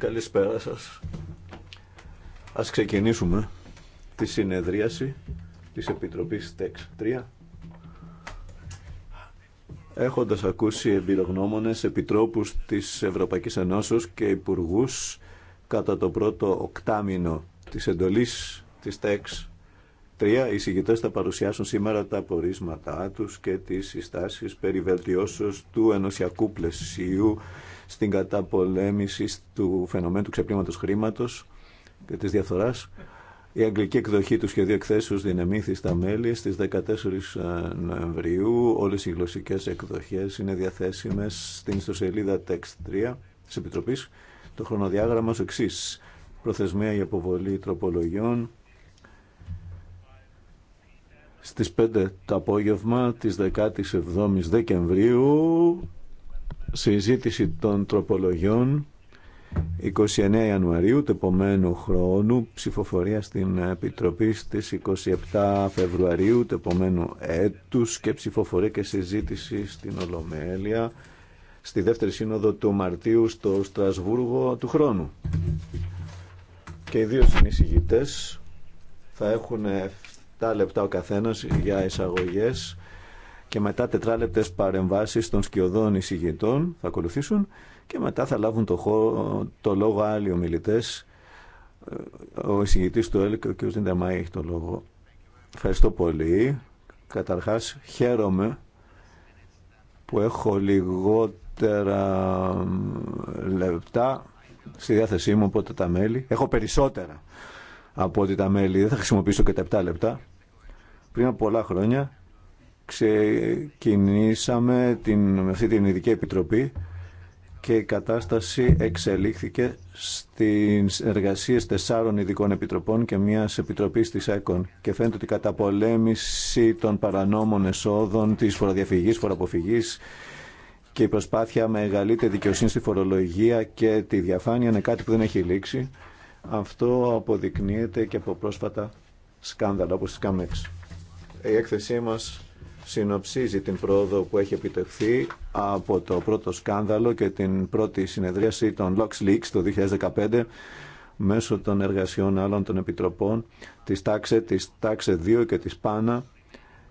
Καλησπέρα σας. Ας ξεκινήσουμε τη συνεδρίαση της Επιτροπής TEX 3. Έχοντας ακούσει εμπειρογνώμονες, επιτρόπους της Ευρωπαϊκής Ενώσεως και υπουργούς κατά το πρώτο οκτάμινο της εντολής της TEX Τρία, οι συγκητές θα παρουσιάσουν σήμερα τα απορίσματά τους και τις συστάσεις περί βελτιώσεως του ενωσιακού πλαισίου στην καταπολέμηση του φαινομένου του ξεπλήματος χρήματος και της διαφθοράς. Η αγγλική εκδοχή του σχεδίου εκθέσεως δυναμήθη στα μέλη στις 14 ε, Νοεμβρίου. Όλες οι γλωσσικές εκδοχές είναι διαθέσιμες στην ιστοσελίδα Text 3 της Επιτροπής. Το χρονοδιάγραμμα ως εξής. Προθεσμία για αποβολή τροπολογιών στις 5 το απόγευμα της 17ης Δεκεμβρίου συζήτηση των τροπολογιών 29 Ιανουαρίου του επόμενου χρόνου ψηφοφορία στην Επιτροπή στις 27 Φεβρουαρίου του επόμενου έτους και ψηφοφορία και συζήτηση στην Ολομέλεια στη δεύτερη σύνοδο του Μαρτίου στο Στρασβούργο του χρόνου. Και οι δύο συνεισηγητές θα έχουν 7 λεπτά ο καθένας για εισαγωγές και μετά τετράλεπτες παρεμβάσεις των σκιωδών εισηγητών θα ακολουθήσουν και μετά θα λάβουν το, χώ, το λόγο άλλοι ομιλητές. Ο εισηγητής του ΕΛΚ, ο κ. Νταμάη, έχει το λόγο. Ευχαριστώ πολύ. Καταρχάς χαίρομαι που έχω λιγότερα λεπτά στη διάθεσή μου από τα μέλη. Έχω περισσότερα από ότι τα μέλη. Δεν θα χρησιμοποιήσω και τα 7 λεπτά. Πριν από πολλά χρόνια ξεκινήσαμε την, αυτή την ειδική επιτροπή και η κατάσταση εξελίχθηκε στις εργασίες τεσσάρων ειδικών επιτροπών και μια επιτροπής τη ΕΚΟΝ. Και φαίνεται ότι η καταπολέμηση των παρανόμων εσόδων, της φοροδιαφυγής, φοροαποφυγή και η προσπάθεια μεγαλύτερη δικαιοσύνη στη φορολογία και τη διαφάνεια είναι κάτι που δεν έχει λήξει. Αυτό αποδεικνύεται και από πρόσφατα σκάνδαλα όπως τη ΚΑΜΕΞ. Η έκθεσή μας συνοψίζει την πρόοδο που έχει επιτευχθεί από το πρώτο σκάνδαλο και την πρώτη συνεδρίαση των Lux Leaks το 2015 μέσω των εργασιών άλλων των επιτροπών της τάξε, της τάξε 2 και της ΠΑΝΑ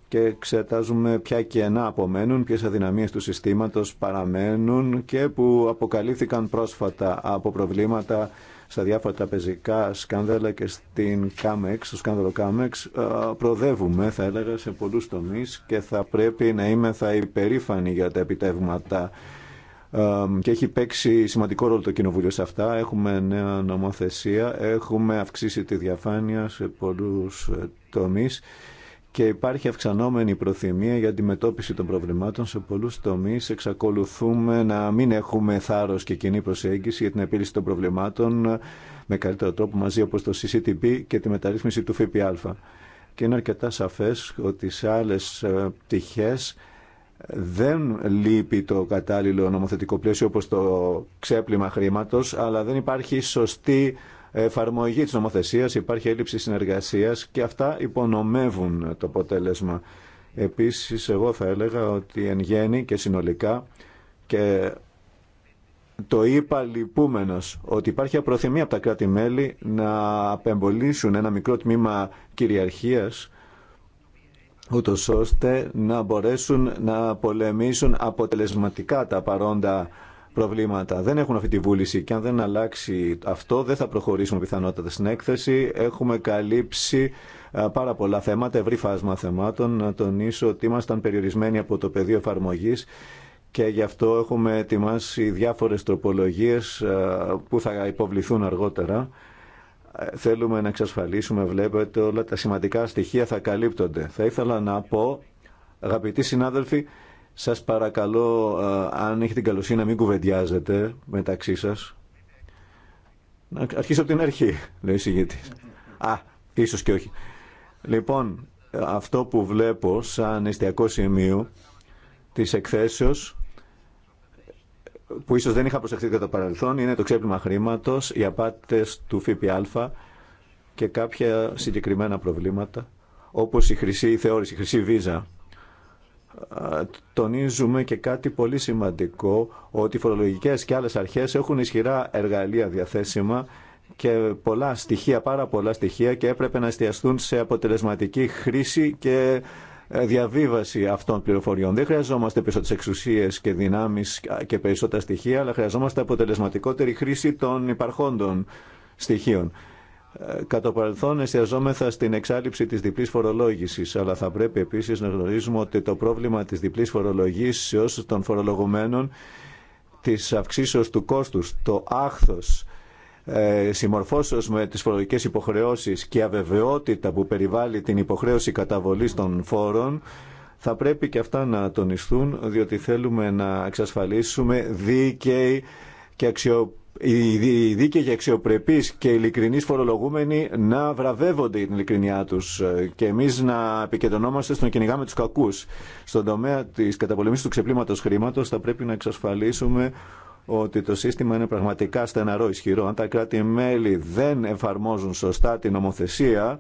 και εξετάζουμε ποια κενά απομένουν, ποιες αδυναμίες του συστήματος παραμένουν και που αποκαλύφθηκαν πρόσφατα από προβλήματα στα διάφορα πεζικά σκάνδαλα και στην Κάμεξ, στο σκάνδαλο Κάμεξ, προοδεύουμε, θα έλεγα, σε πολλούς τομείς και θα πρέπει να είμαι θα υπερήφανοι για τα επιτεύγματα και έχει παίξει σημαντικό ρόλο το Κοινοβούλιο σε αυτά. Έχουμε νέα νομοθεσία, έχουμε αυξήσει τη διαφάνεια σε πολλούς ε, τομείς και υπάρχει αυξανόμενη προθυμία για αντιμετώπιση των προβλημάτων σε πολλούς τομείς. Εξακολουθούμε να μην έχουμε θάρρος και κοινή προσέγγιση για την επίλυση των προβλημάτων με καλύτερο τρόπο μαζί όπως το CCTP και τη μεταρρύθμιση του ΦΠΑ. Και είναι αρκετά σαφές ότι σε άλλε πτυχέ δεν λείπει το κατάλληλο νομοθετικό πλαίσιο όπως το ξέπλυμα χρήματος, αλλά δεν υπάρχει σωστή εφαρμογή της νομοθεσίας, υπάρχει έλλειψη συνεργασίας και αυτά υπονομεύουν το αποτέλεσμα. Επίσης, εγώ θα έλεγα ότι εν γέννη και συνολικά και το είπα λυπούμενος ότι υπάρχει απροθυμία από τα κράτη-μέλη να απεμπολίσουν ένα μικρό τμήμα κυριαρχίας ούτως ώστε να μπορέσουν να πολεμήσουν αποτελεσματικά τα παρόντα προβλήματα. Δεν έχουν αυτή τη βούληση και αν δεν αλλάξει αυτό δεν θα προχωρήσουμε πιθανότατα στην έκθεση. Έχουμε καλύψει πάρα πολλά θέματα, ευρύ φάσμα θεμάτων. Να τονίσω ότι ήμασταν περιορισμένοι από το πεδίο εφαρμογή και γι' αυτό έχουμε ετοιμάσει διάφορες τροπολογίες που θα υποβληθούν αργότερα. Ε, θέλουμε να εξασφαλίσουμε, βλέπετε, όλα τα σημαντικά στοιχεία θα καλύπτονται. Θα ήθελα να πω, αγαπητοί συνάδελφοι, σας παρακαλώ, αν έχετε την καλοσύνη να μην κουβεντιάζετε μεταξύ σας. Να αρχίσω από την αρχή, λέει ο Α, ίσως και όχι. Λοιπόν, αυτό που βλέπω σαν εστιακό σημείο της εκθέσεως που ίσως δεν είχα προσεχθεί κατά το παρελθόν είναι το ξέπλυμα χρήματος, οι απάτες του ΦΠΑ και κάποια συγκεκριμένα προβλήματα όπως η χρυσή θεώρηση, η χρυσή βίζα τονίζουμε και κάτι πολύ σημαντικό, ότι οι φορολογικές και άλλες αρχές έχουν ισχυρά εργαλεία διαθέσιμα και πολλά στοιχεία, πάρα πολλά στοιχεία και έπρεπε να εστιαστούν σε αποτελεσματική χρήση και ε, διαβίβαση αυτών πληροφοριών. Δεν χρειαζόμαστε περισσότερε εξουσίε και δυνάμει και περισσότερα στοιχεία, αλλά χρειαζόμαστε αποτελεσματικότερη χρήση των υπαρχόντων στοιχείων. Ε, κατά παρελθόν εστιαζόμεθα στην εξάλληψη της διπλής φορολόγησης, αλλά θα πρέπει επίσης να γνωρίζουμε ότι το πρόβλημα της διπλής φορολογήσεως των φορολογουμένων, της αυξήσεως του κόστους, το άχθος, ε, συμμορφώσεως με τις φορολογικές υποχρεώσεις και η αβεβαιότητα που περιβάλλει την υποχρέωση καταβολής των φόρων, θα πρέπει και αυτά να τονιστούν, διότι θέλουμε να εξασφαλίσουμε δίκαιη και αξιοπιστή οι δίκαιοι και αξιοπρεπεί και ειλικρινεί φορολογούμενοι να βραβεύονται την ειλικρινιά του. και εμείς να επικεντρωνόμαστε στον κυνηγάμε του κακούς. Στον τομέα της καταπολεμήσης του ξεπλήματο χρήματο θα πρέπει να εξασφαλίσουμε ότι το σύστημα είναι πραγματικά στεναρό, ισχυρό. Αν τα κράτη-μέλη δεν εφαρμόζουν σωστά την νομοθεσία,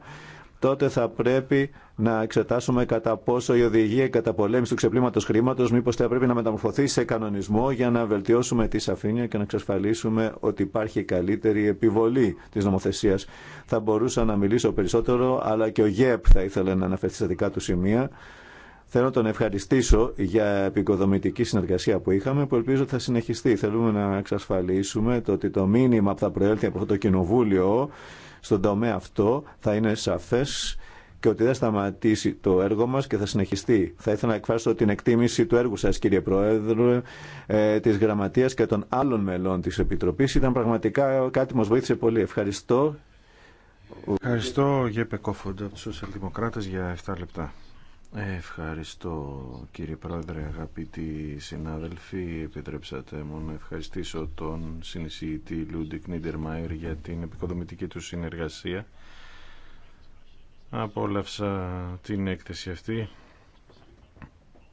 τότε θα πρέπει να εξετάσουμε κατά πόσο η οδηγία κατά πολέμηση του ξεπλήματο χρήματο μήπω θα πρέπει να μεταμορφωθεί σε κανονισμό για να βελτιώσουμε τη σαφήνεια και να εξασφαλίσουμε ότι υπάρχει καλύτερη επιβολή τη νομοθεσία. Θα μπορούσα να μιλήσω περισσότερο, αλλά και ο ΓΕΠ θα ήθελε να αναφερθεί στα δικά του σημεία. Θέλω να τον ευχαριστήσω για επικοδομητική συνεργασία που είχαμε, που ελπίζω θα συνεχιστεί. Θέλουμε να εξασφαλίσουμε το ότι το μήνυμα που θα προέλθει από αυτό το κοινοβούλιο στον τομέα αυτό θα είναι σαφές και ότι δεν σταματήσει το έργο μας και θα συνεχιστεί. Θα ήθελα να εκφράσω την εκτίμηση του έργου σας κύριε Πρόεδρε, ε, της Γραμματείας και των άλλων μελών της Επιτροπής. Ήταν πραγματικά κάτι που μας βοήθησε πολύ. Ευχαριστώ. Ευχαριστώ Γεπε του του τους για 7 λεπτά. Ευχαριστώ κύριε Πρόεδρε, αγαπητοί συνάδελφοι. Επιτρέψατε μου να ευχαριστήσω τον Λούντι Λούντικ Νίντερμαϊρ για την επικοδομητική του συνεργασία. Απόλαυσα την έκθεση αυτή.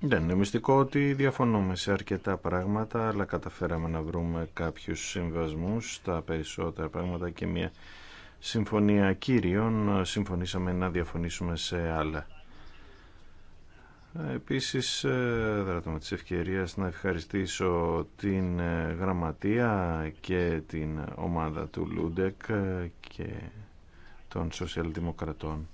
Δεν είναι μυστικό ότι διαφωνούμε σε αρκετά πράγματα, αλλά καταφέραμε να βρούμε κάποιους συμβασμούς στα περισσότερα πράγματα και μια συμφωνία κύριων. Συμφωνήσαμε να διαφωνήσουμε σε άλλα. Επίσης ε, δράτω με τις ευκαιρίες να ευχαριστήσω την ε, γραμματεία και την ομάδα του Λούντεκ ε, και των σοσιαλδημοκρατών.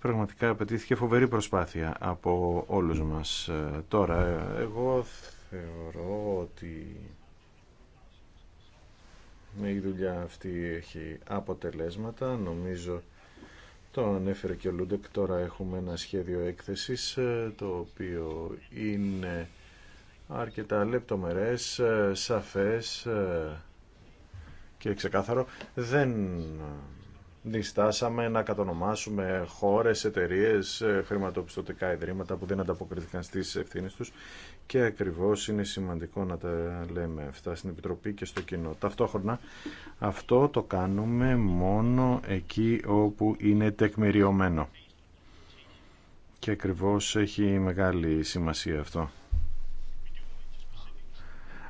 Πραγματικά απαιτήθηκε φοβερή προσπάθεια από όλους μας. Τώρα εγώ θεωρώ ότι η δουλειά αυτή έχει αποτελέσματα. Νομίζω το ανέφερε και ο Λούντεκ. Τώρα έχουμε ένα σχέδιο έκθεσης ε, το οποίο είναι αρκετά λεπτομερές, ε, σαφές ε, και ξεκάθαρο. Δεν διστάσαμε να κατονομάσουμε χώρες, εταιρείες, χρηματοπιστωτικά ιδρύματα που δεν ανταποκριθήκαν στις ευθύνες τους και ακριβώς είναι σημαντικό να τα λέμε αυτά στην Επιτροπή και στο κοινό. Ταυτόχρονα αυτό το κάνουμε μόνο εκεί όπου είναι τεκμηριωμένο. Και ακριβώς έχει μεγάλη σημασία αυτό.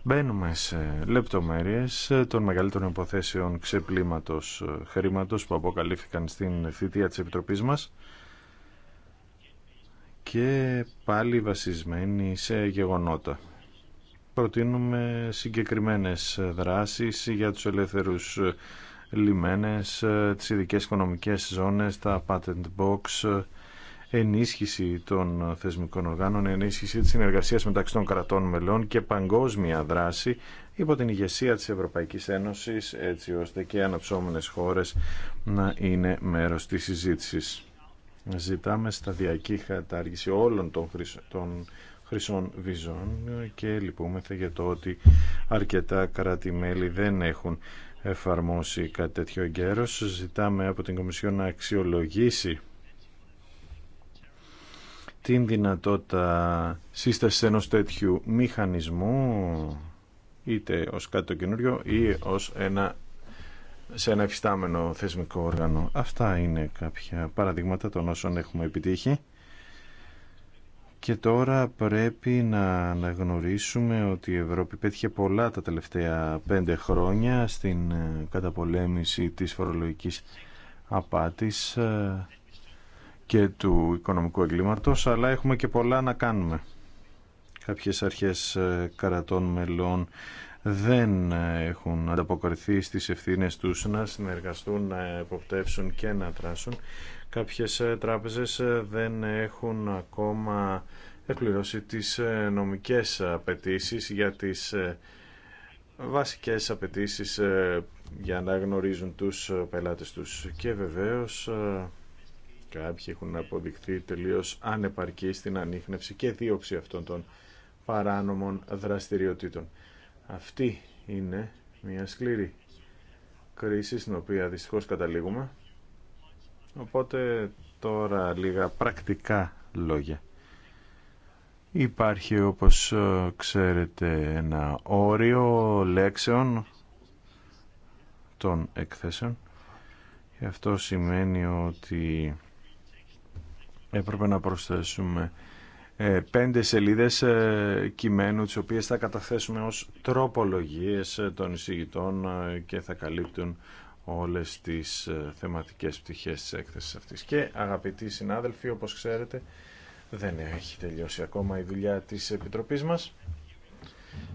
Μπαίνουμε σε λεπτομέρειες των μεγαλύτερων υποθέσεων ξεπλήματος χρήματος που αποκαλύφθηκαν στην θητεία της Επιτροπής μας και πάλι βασισμένη σε γεγονότα. Προτείνουμε συγκεκριμένες δράσεις για τους ελεύθερους λιμένες, τις ειδικές οικονομικές ζώνες, τα patent box, ενίσχυση των θεσμικών οργάνων, ενίσχυση της συνεργασίας μεταξύ των κρατών μελών και παγκόσμια δράση υπό την ηγεσία της Ευρωπαϊκής Ένωσης έτσι ώστε και αναψώμενες χώρες να είναι μέρος της συζήτησης. Ζητάμε σταδιακή κατάργηση όλων των, χρυσών βίζων και λυπούμεθα για το ότι αρκετά κράτη-μέλη δεν έχουν εφαρμόσει κάτι τέτοιο εγκαίρος. Ζητάμε από την Κομισιόν να αξιολογήσει την δυνατότητα σύστασης ενός τέτοιου μηχανισμού είτε ως κάτι το καινούριο ή ως ένα σε ένα εφιστάμενο θεσμικό όργανο. Αυτά είναι κάποια παραδείγματα των όσων έχουμε επιτύχει. Και τώρα πρέπει να αναγνωρίσουμε ότι η Ευρώπη πέτυχε πολλά τα τελευταία πέντε χρόνια στην ε, καταπολέμηση της φορολογικής απάτης ε, και του οικονομικού εγκλήματος, αλλά έχουμε και πολλά να κάνουμε. Κάποιες αρχές ε, κρατών μελών δεν έχουν ανταποκριθεί στις ευθύνες τους να συνεργαστούν, να εποπτεύσουν και να τράσουν Κάποιες ε, τράπεζες ε, δεν έχουν ακόμα εκπληρώσει τις ε, νομικές απαιτήσεις για τις βασικές απαιτήσεις για να γνωρίζουν τους πελάτες τους. Και βεβαίως κάποιοι έχουν αποδειχθεί τελείως ανεπαρκή στην ανείχνευση και δίωξη αυτών των παράνομων δραστηριοτήτων. Αυτή είναι μια σκληρή κρίση στην οποία δυστυχώς καταλήγουμε. Οπότε τώρα λίγα πρακτικά λόγια. Υπάρχει όπως ε, ξέρετε ένα όριο λέξεων των εκθέσεων και αυτό σημαίνει ότι έπρεπε να προσθέσουμε ε, πέντε σελίδες ε, κειμένου τις οποίες θα καταθέσουμε ως τροπολογίες ε, των εισηγητών και θα καλύπτουν όλες τις θεματικές πτυχές της έκθεσης αυτής. Και αγαπητοί συνάδελφοι, όπως ξέρετε, δεν έχει τελειώσει ακόμα η δουλειά της Επιτροπής μας.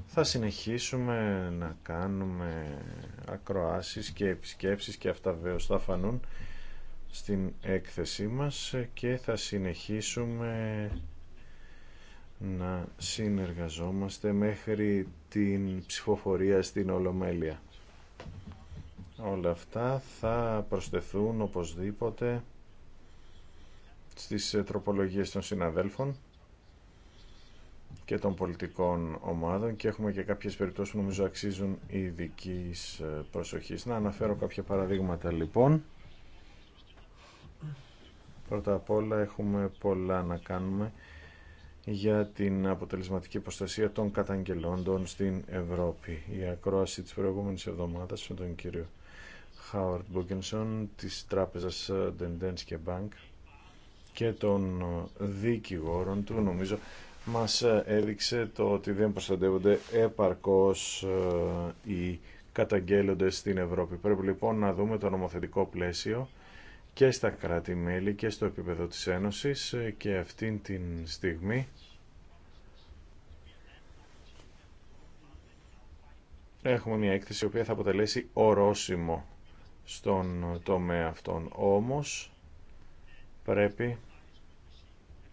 Θα συνεχίσουμε να κάνουμε ακροάσεις και επισκέψεις και αυτά βέβαια θα φανούν στην έκθεσή μας και θα συνεχίσουμε να συνεργαζόμαστε μέχρι την ψηφοφορία στην Ολομέλεια. Όλα αυτά θα προσθεθούν οπωσδήποτε στις ε, τροπολογίες των συναδέλφων και των πολιτικών ομάδων και έχουμε και κάποιες περιπτώσεις που νομίζω αξίζουν ειδική ε, προσοχής. Να αναφέρω κάποια παραδείγματα λοιπόν. Πρώτα απ' όλα έχουμε πολλά να κάνουμε για την αποτελεσματική προστασία των καταγγελόντων στην Ευρώπη. Η ακρόαση της προηγούμενης εβδομάδας με τον κύριο Χάουαρτ Μπούγκενσον της τράπεζας Dendenske Bank και των δικηγόρων του νομίζω μας έδειξε το ότι δεν προστατεύονται επαρκώς ε, οι καταγγέλλοντες στην Ευρώπη. Πρέπει λοιπόν να δούμε το νομοθετικό πλαίσιο και στα κράτη-μέλη και στο επίπεδο της Ένωσης ε, και αυτήν την στιγμή έχουμε μια έκθεση η οποία θα αποτελέσει ορόσημο στον τομέα αυτών. Όμως πρέπει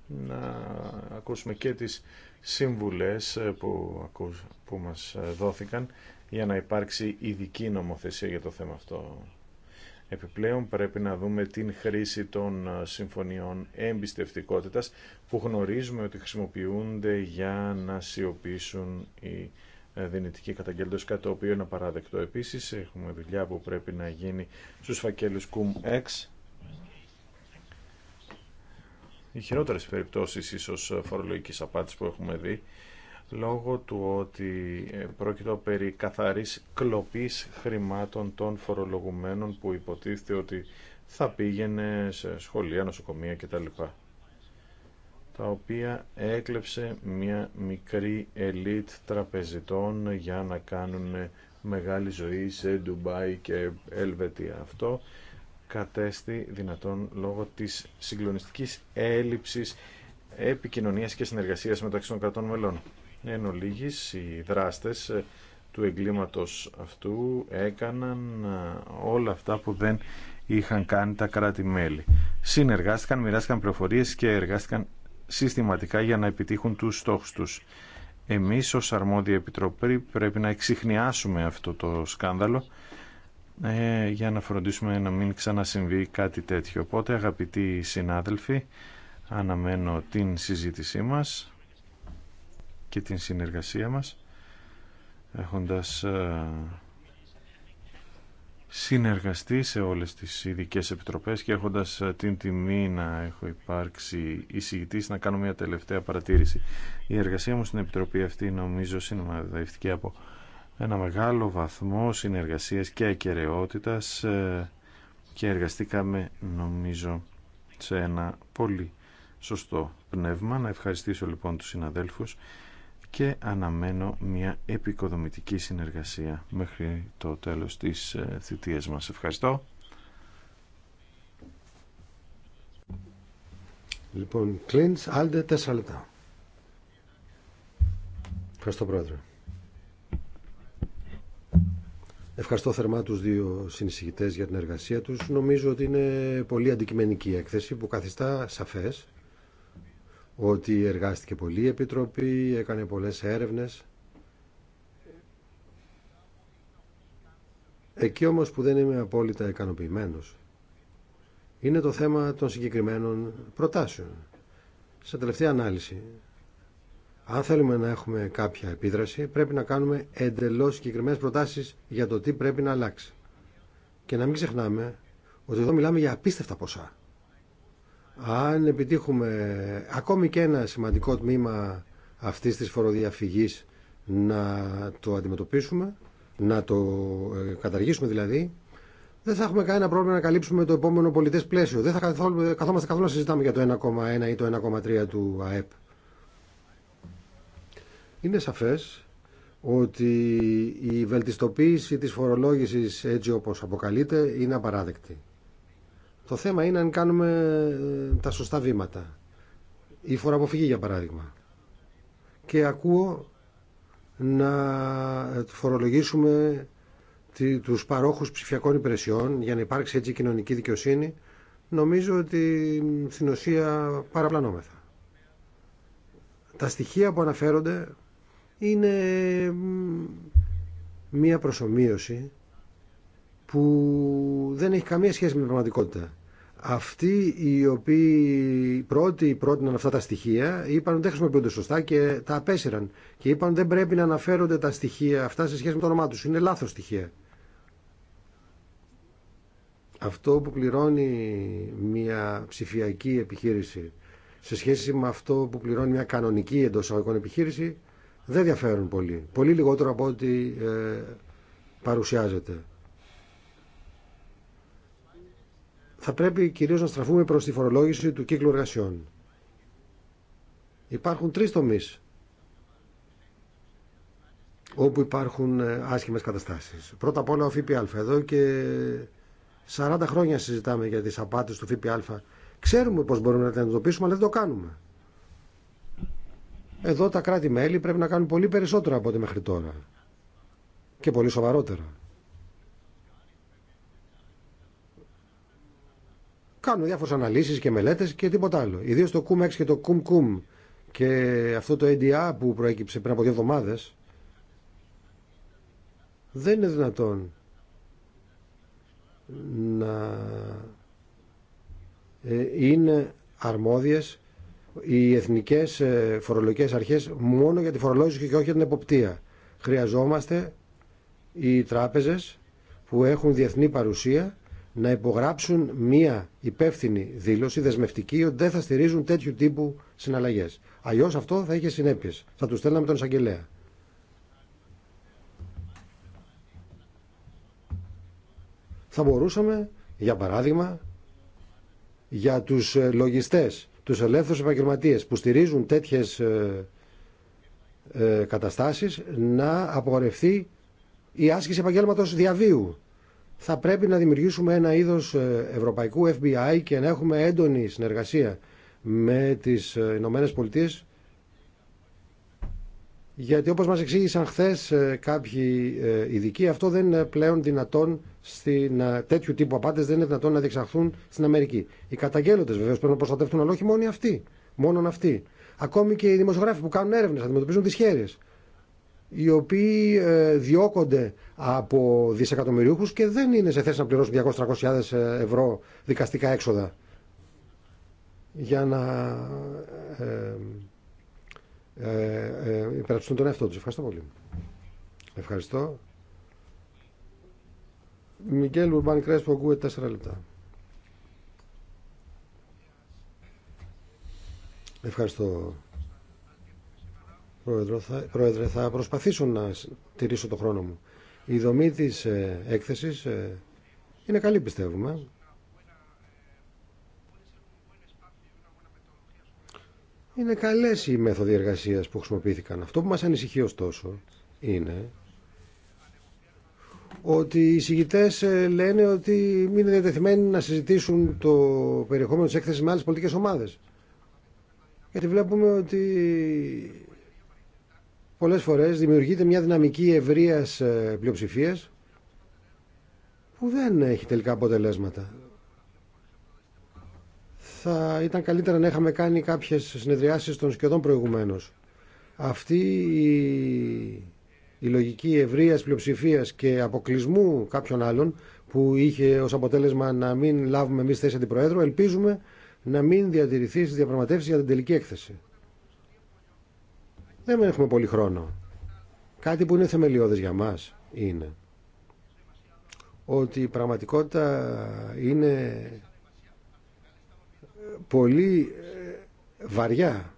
να ακούσουμε και τις σύμβουλες ε, που, που μας ε, δόθηκαν για να υπάρξει ειδική νομοθεσία για το θέμα αυτό. Επιπλέον πρέπει να δούμε την χρήση των ε, συμφωνιών εμπιστευτικότητας που γνωρίζουμε ότι χρησιμοποιούνται για να σιωπήσουν οι ε, δυνητικοί καταγγέλτες, κάτι το οποίο είναι απαράδεκτο. Επίσης έχουμε δουλειά που πρέπει να γίνει στους φακέλους CUM-X. Οι χειρότερες περιπτώσεις ίσως ε, φορολογικής απάτης που έχουμε δει λόγω του ότι ε, πρόκειται περί καθαρής κλοπής χρημάτων των φορολογουμένων που υποτίθεται ότι θα πήγαινε σε σχολεία, νοσοκομεία κτλ. Τα οποία έκλεψε μια μικρή ελίτ τραπεζιτών για να κάνουν μεγάλη ζωή σε Ντουμπάι και Ελβετία. Αυτό κατέστη δυνατόν λόγω της συγκλονιστικής έλλειψης επικοινωνίας και συνεργασίας μεταξύ των κρατών μελών. Εν ολίγης, οι δράστες ε, του εγκλήματος αυτού έκαναν ε, όλα αυτά που δεν είχαν κάνει τα κράτη-μέλη. Συνεργάστηκαν, μοιράστηκαν πληροφορίες και εργάστηκαν συστηματικά για να επιτύχουν τους στόχους τους. Εμείς ως αρμόδια επιτροπή πρέπει να εξηχνιάσουμε αυτό το σκάνδαλο ε, για να φροντίσουμε να μην ξανασυμβεί κάτι τέτοιο. Οπότε αγαπητοί συνάδελφοι, αναμένω την συζήτησή μας και την συνεργασία μας έχοντας ε, συνεργαστεί σε όλες τις ειδικέ επιτροπές και έχοντας ε, την τιμή να έχω υπάρξει εισηγητής να κάνω μια τελευταία παρατήρηση. Η εργασία μου στην Επιτροπή αυτή νομίζω συνομαδευτική από ένα μεγάλο βαθμό συνεργασίας και ακαιρεότητας ε, και εργαστήκαμε νομίζω σε ένα πολύ σωστό πνεύμα. Να ευχαριστήσω λοιπόν τους συναδέλφους και αναμένω μια επικοδομητική συνεργασία μέχρι το τέλος της ε, θητείας μας. Ευχαριστώ. Λοιπόν, τέσσερα λεπτά. Ευχαριστώ, Ευχαριστώ θερμά τους δύο συνεισηγητές για την εργασία τους. Νομίζω ότι είναι πολύ αντικειμενική έκθεση που καθιστά σαφές ότι εργάστηκε πολύ η Επιτροπή, έκανε πολλές έρευνες. Εκεί όμως που δεν είμαι απόλυτα ικανοποιημένος είναι το θέμα των συγκεκριμένων προτάσεων. Σε τελευταία ανάλυση, αν θέλουμε να έχουμε κάποια επίδραση, πρέπει να κάνουμε εντελώς συγκεκριμένες προτάσεις για το τι πρέπει να αλλάξει. Και να μην ξεχνάμε ότι εδώ μιλάμε για απίστευτα ποσά. Αν επιτύχουμε ακόμη και ένα σημαντικό τμήμα αυτής της φοροδιαφυγής να το αντιμετωπίσουμε, να το ε, καταργήσουμε δηλαδή, δεν θα έχουμε κανένα πρόβλημα να καλύψουμε το επόμενο πολιτέ πλαίσιο. Δεν θα καθόλου, καθόμαστε καθόλου να συζητάμε για το 1,1 ή το 1,3 του ΑΕΠ. Είναι σαφές ότι η βελτιστοποίηση της φορολόγησης έτσι όπως αποκαλείται είναι απαράδεκτη. Το θέμα είναι αν κάνουμε ε, τα σωστά βήματα. Η φοροαποφυγή για παράδειγμα. Και ακούω να ε, φορολογήσουμε τους παρόχους ψηφιακών υπηρεσιών για να υπάρξει έτσι κοινωνική δικαιοσύνη. Νομίζω ότι στην ουσία παραπλανόμεθα. Τα στοιχεία που αναφέρονται είναι μία προσωμείωση που δεν έχει καμία σχέση με την πραγματικότητα αυτοί οι οποίοι πρώτοι πρότειναν αυτά τα στοιχεία είπαν ότι δεν χρησιμοποιούνται σωστά και τα απέσυραν. Και είπαν ότι δεν πρέπει να αναφέρονται τα στοιχεία αυτά σε σχέση με το όνομά του. Είναι λάθο στοιχεία. Αυτό που πληρώνει μια ψηφιακή επιχείρηση σε σχέση με αυτό που πληρώνει μια κανονική εντό αγωγικών επιχείρηση δεν διαφέρουν πολύ. Πολύ λιγότερο από ό,τι ε, παρουσιάζεται. θα πρέπει κυρίως να στραφούμε προς τη φορολόγηση του κύκλου εργασιών. Υπάρχουν τρεις τομεί όπου υπάρχουν ε, άσχημες καταστάσεις. Πρώτα απ' όλα ο ΦΠΑ. Εδώ και 40 χρόνια συζητάμε για τι απάτες του ΦΠΑ. Ξέρουμε πώς μπορούμε να τα αντιμετωπίσουμε, αλλά δεν το κάνουμε. Εδώ τα κράτη-μέλη πρέπει να κάνουν πολύ περισσότερο από ό,τι μέχρι τώρα. Και πολύ σοβαρότερα. κάνουν διάφορε αναλύσεις και μελέτες και τίποτα άλλο. Ιδίω το κουμ και το κουμ και αυτό το NDA που προέκυψε πριν από δύο εβδομάδε. δεν είναι δυνατόν να ε, είναι αρμόδιες οι εθνικές ε, φορολογικές αρχές μόνο για τη φορολόγηση και όχι για την εποπτεία. Χρειαζόμαστε οι τράπεζες που έχουν διεθνή παρουσία να υπογράψουν μία υπεύθυνη δήλωση δεσμευτική ότι δεν θα στηρίζουν τέτοιου τύπου συναλλαγέ. Αλλιώ αυτό θα είχε συνέπειε. Θα του στέλναμε τον εισαγγελέα. Θα μπορούσαμε, για παράδειγμα, για τους ε, λογιστές, τους ελεύθερους επαγγελματίε που στηρίζουν τέτοιες ε, ε, καταστάσεις να απογορευτεί η άσκηση επαγγέλματος διαβίου θα πρέπει να δημιουργήσουμε ένα είδος ε, ευρωπαϊκού FBI και να έχουμε έντονη συνεργασία με τις ε, Ηνωμένε Πολιτείε. Γιατί όπως μας εξήγησαν χθες ε, κάποιοι ειδικοί, αυτό δεν είναι πλέον δυνατόν, στην, τέτοιου τύπου απάντες δεν είναι δυνατόν να διεξαχθούν στην Αμερική. Οι καταγγέλλοντες βεβαίω πρέπει να προστατεύουν, αλλά όχι μόνοι αυτοί. Μόνον αυτοί. Ακόμη και οι δημοσιογράφοι που κάνουν έρευνες, αντιμετωπίζουν δυσχέρειες οι οποίοι ε, διώκονται από δισεκατομμυριούχους και δεν είναι σε θέση να πληρώσουν 200-300 ε, ευρώ δικαστικά έξοδα για να ε, ε, ε, τον εαυτό τους. Ευχαριστώ πολύ. Ευχαριστώ. Μικέλ Ουρμπάν Κρέσπο, 4 λεπτά. Ευχαριστώ, Πρόεδρο, θα, Πρόεδρε, θα προσπαθήσω να τηρήσω το χρόνο μου. Η δομή της ε, έκθεσης ε, είναι καλή, πιστεύουμε. Είναι καλές οι μέθοδοι εργασίας που χρησιμοποιήθηκαν. Αυτό που μας ανησυχεί ωστόσο είναι ότι οι συγητές ε, λένε ότι μην είναι διατεθειμένοι να συζητήσουν το περιεχόμενο της έκθεσης με άλλες πολιτικές ομάδες. Γιατί βλέπουμε ότι πολλές φορές δημιουργείται μια δυναμική ευρείας ε, πλειοψηφία που δεν έχει τελικά αποτελέσματα. Θα ήταν καλύτερα να είχαμε κάνει κάποιες συνεδριάσεις των σχεδόν προηγουμένως. Αυτή η η λογική ευρεία πλειοψηφία και αποκλεισμού κάποιων άλλων που είχε ω αποτέλεσμα να μην λάβουμε εμεί θέση αντιπροέδρου, ελπίζουμε να μην διατηρηθεί στι διαπραγματεύσει για την τελική έκθεση. Δεν έχουμε πολύ χρόνο. Κάτι που είναι θεμελιώδες για μας είναι ότι η πραγματικότητα είναι πολύ ε, βαριά,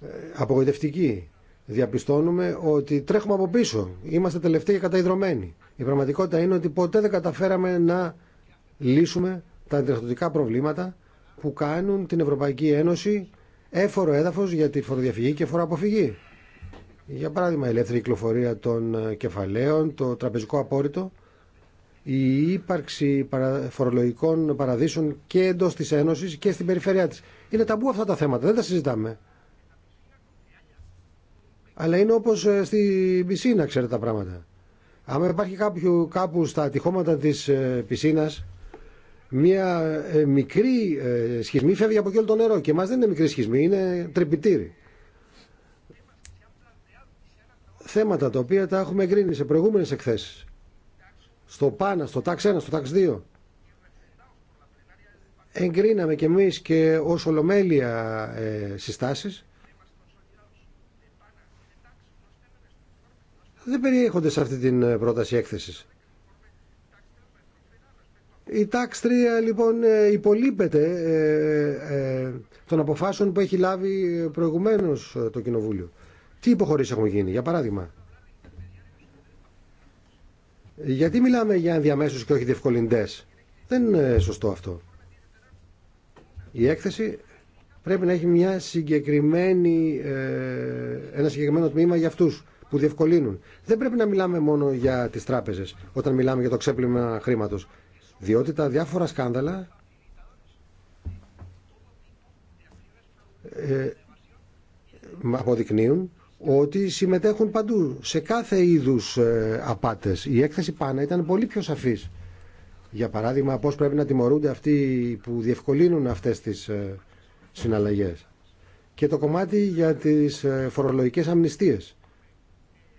ε, απογοητευτική. Διαπιστώνουμε ότι τρέχουμε από πίσω. Είμαστε τελευταίοι και καταϊδρωμένοι. Η πραγματικότητα είναι ότι ποτέ δεν καταφέραμε να λύσουμε τα αντιδραστοτικά προβλήματα που κάνουν την Ευρωπαϊκή Ένωση έφορο έδαφος για τη φοροδιαφυγή και φοροαποφυγή. Για παράδειγμα, η ελεύθερη κυκλοφορία των ε, κεφαλαίων, το τραπεζικό απόρριτο, η ύπαρξη φορολογικών παραδείσων και εντό τη Ένωση και στην περιφέρειά τη. Είναι ταμπού αυτά τα θέματα, δεν τα συζητάμε. Αλλά είναι όπω ε, στην πισίνα, ξέρετε τα πράγματα. Αν υπάρχει κάποιο, κάπου στα ατυχώματα τη ε, πισίνα. Μία ε, μικρή ε, σχισμή φεύγει από όλο το νερό και μας δεν είναι μικρή σχισμή, είναι τρεπιτήρι. Θέματα τα οποία τα έχουμε εγκρίνει σε προηγούμενες εκθέσεις. Στο ΠΑΝΑ, στο ΤΑΞ 1, στο ΤΑΞ 2. Εγκρίναμε κι εμείς και ως ολομέλεια ε, συστάσεις. Δεν περιέχονται σε αυτή την ε, πρόταση έκθεσης. Η τάξη 3 λοιπόν ε, υπολείπεται ε, ε, των αποφάσεων που έχει λάβει προηγουμένως το Κοινοβούλιο. Τι υποχωρήσει έχουν γίνει, για παράδειγμα. Γιατί μιλάμε για ενδιαμέσους και όχι διευκολυντές. Δεν είναι σωστό αυτό. Η έκθεση πρέπει να έχει μια συγκεκριμένη, ένα συγκεκριμένο τμήμα για αυτούς που διευκολύνουν. Δεν πρέπει να μιλάμε μόνο για τις τράπεζες όταν μιλάμε για το ξέπλυμα χρήματος. Διότι τα διάφορα σκάνδαλα ε, αποδεικνύουν ότι συμμετέχουν παντού σε κάθε είδους ε, απάτες. Η έκθεση Πάνα ήταν πολύ πιο σαφής. Για παράδειγμα, πώς πρέπει να τιμωρούνται αυτοί που διευκολύνουν αυτές τις ε, συναλλαγές. Και το κομμάτι για τις φορολογικές αμνηστίες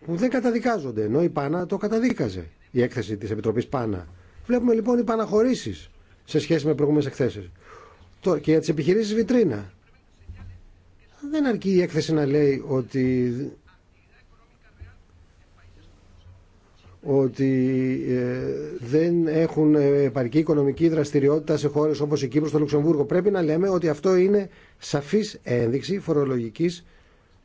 που δεν καταδικάζονται, ενώ η Πάνα το καταδίκαζε, η έκθεση της Επιτροπής Πάνα. Βλέπουμε λοιπόν οι παναχωρήσει σε σχέση με προηγούμενες εκθέσεις. και για τι επιχειρήσει βιτρίνα. Δεν αρκεί η έκθεση να λέει ότι ότι ε, δεν έχουν επαρκή οικονομική δραστηριότητα σε χώρες όπως η Κύπρος, το Λουξεμβούργο. Πρέπει να λέμε ότι αυτό είναι σαφής ένδειξη φορολογικής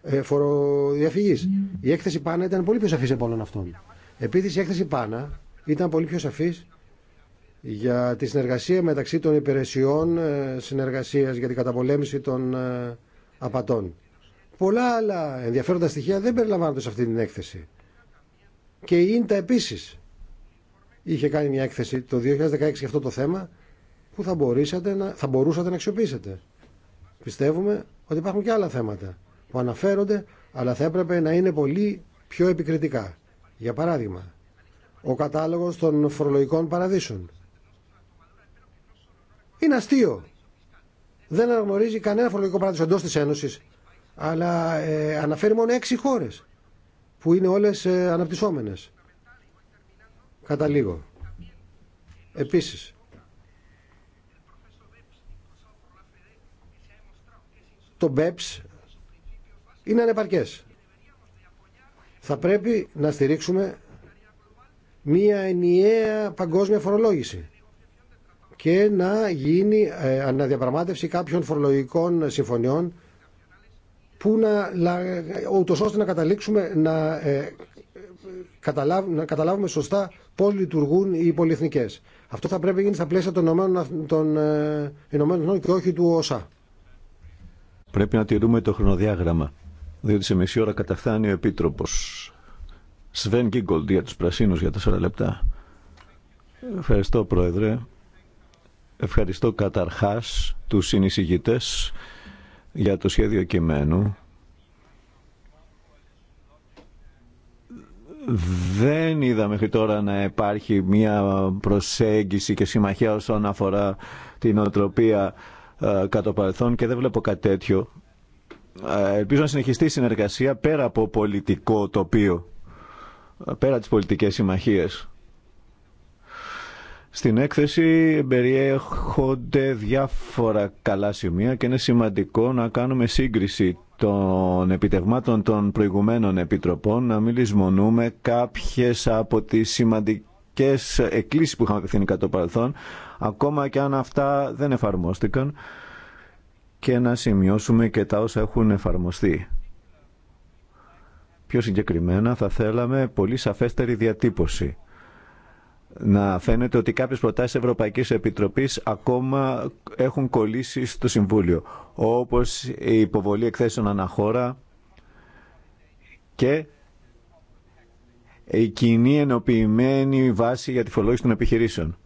ε, φοροδιαφυγής. Η έκθεση Πάνα ήταν πολύ πιο σαφής από όλων αυτών. Επίσης η έκθεση Πάνα ήταν πολύ πιο σαφής για τη συνεργασία μεταξύ των υπηρεσιών ε, συνεργασίας για την καταπολέμηση των ε, απατών. Πολλά άλλα ενδιαφέροντα στοιχεία δεν περιλαμβάνονται σε αυτή την έκθεση. Και η ίντα επίσης είχε κάνει μια έκθεση το 2016 για αυτό το θέμα που θα, μπορούσατε να, θα μπορούσατε να αξιοποιήσετε. Πιστεύουμε ότι υπάρχουν και άλλα θέματα που αναφέρονται αλλά θα έπρεπε να είναι πολύ πιο επικριτικά. Για παράδειγμα, ο κατάλογος των φορολογικών παραδείσων είναι αστείο. Δεν αναγνωρίζει κανένα φορολογικό παράδεισο εντό τη Ένωση, αλλά ε, αναφέρει μόνο έξι χώρε που είναι όλε ε, αναπτυσσόμενε. Κατά λίγο. Επίση. Το BEPS είναι ανεπαρκές. Θα πρέπει να στηρίξουμε μία ενιαία παγκόσμια φορολόγηση και να γίνει ε, αναδιαπραγμάτευση κάποιων φορολογικών συμφωνιών που να, ούτως ώστε να καταλήξουμε ε, να, καταλάβουμε, σωστά πώς λειτουργούν οι πολυεθνικές. Αυτό θα πρέπει να γίνει στα πλαίσια των Ηνωμένων, των ε, και όχι του ΟΣΑ. Πρέπει να τηρούμε το χρονοδιάγραμμα, διότι σε μισή ώρα καταφθάνει ο Επίτροπος. Σβέν Γκίγκολντ για τους Πρασίνους για τέσσερα λεπτά. Ευχαριστώ Πρόεδρε. Ευχαριστώ καταρχάς τους συνεισηγητές για το σχέδιο κειμένου. Δεν είδα μέχρι τώρα να υπάρχει μία προσέγγιση και συμμαχία όσον αφορά την οτροπία ε, κατ' παρελθόν και δεν βλέπω κάτι τέτοιο. Ε, ελπίζω να συνεχιστεί η συνεργασία πέρα από πολιτικό τοπίο, ε, πέρα από τις πολιτικές συμμαχίες. Στην έκθεση περιέχονται διάφορα καλά σημεία και είναι σημαντικό να κάνουμε σύγκριση των επιτευμάτων των προηγουμένων επιτροπών, να μην λησμονούμε κάποιες από τις σημαντικές εκκλήσεις που είχαμε απευθύνει κατά το παρελθόν, ακόμα και αν αυτά δεν εφαρμόστηκαν, και να σημειώσουμε και τα όσα έχουν εφαρμοστεί. Πιο συγκεκριμένα θα θέλαμε πολύ σαφέστερη διατύπωση να φαίνεται ότι κάποιες προτάσεις Ευρωπαϊκής Επιτροπής ακόμα έχουν κολλήσει στο Συμβούλιο, όπως η υποβολή εκθέσεων αναχώρα και η κοινή ενοποιημένη βάση για τη φορολόγηση των επιχειρήσεων.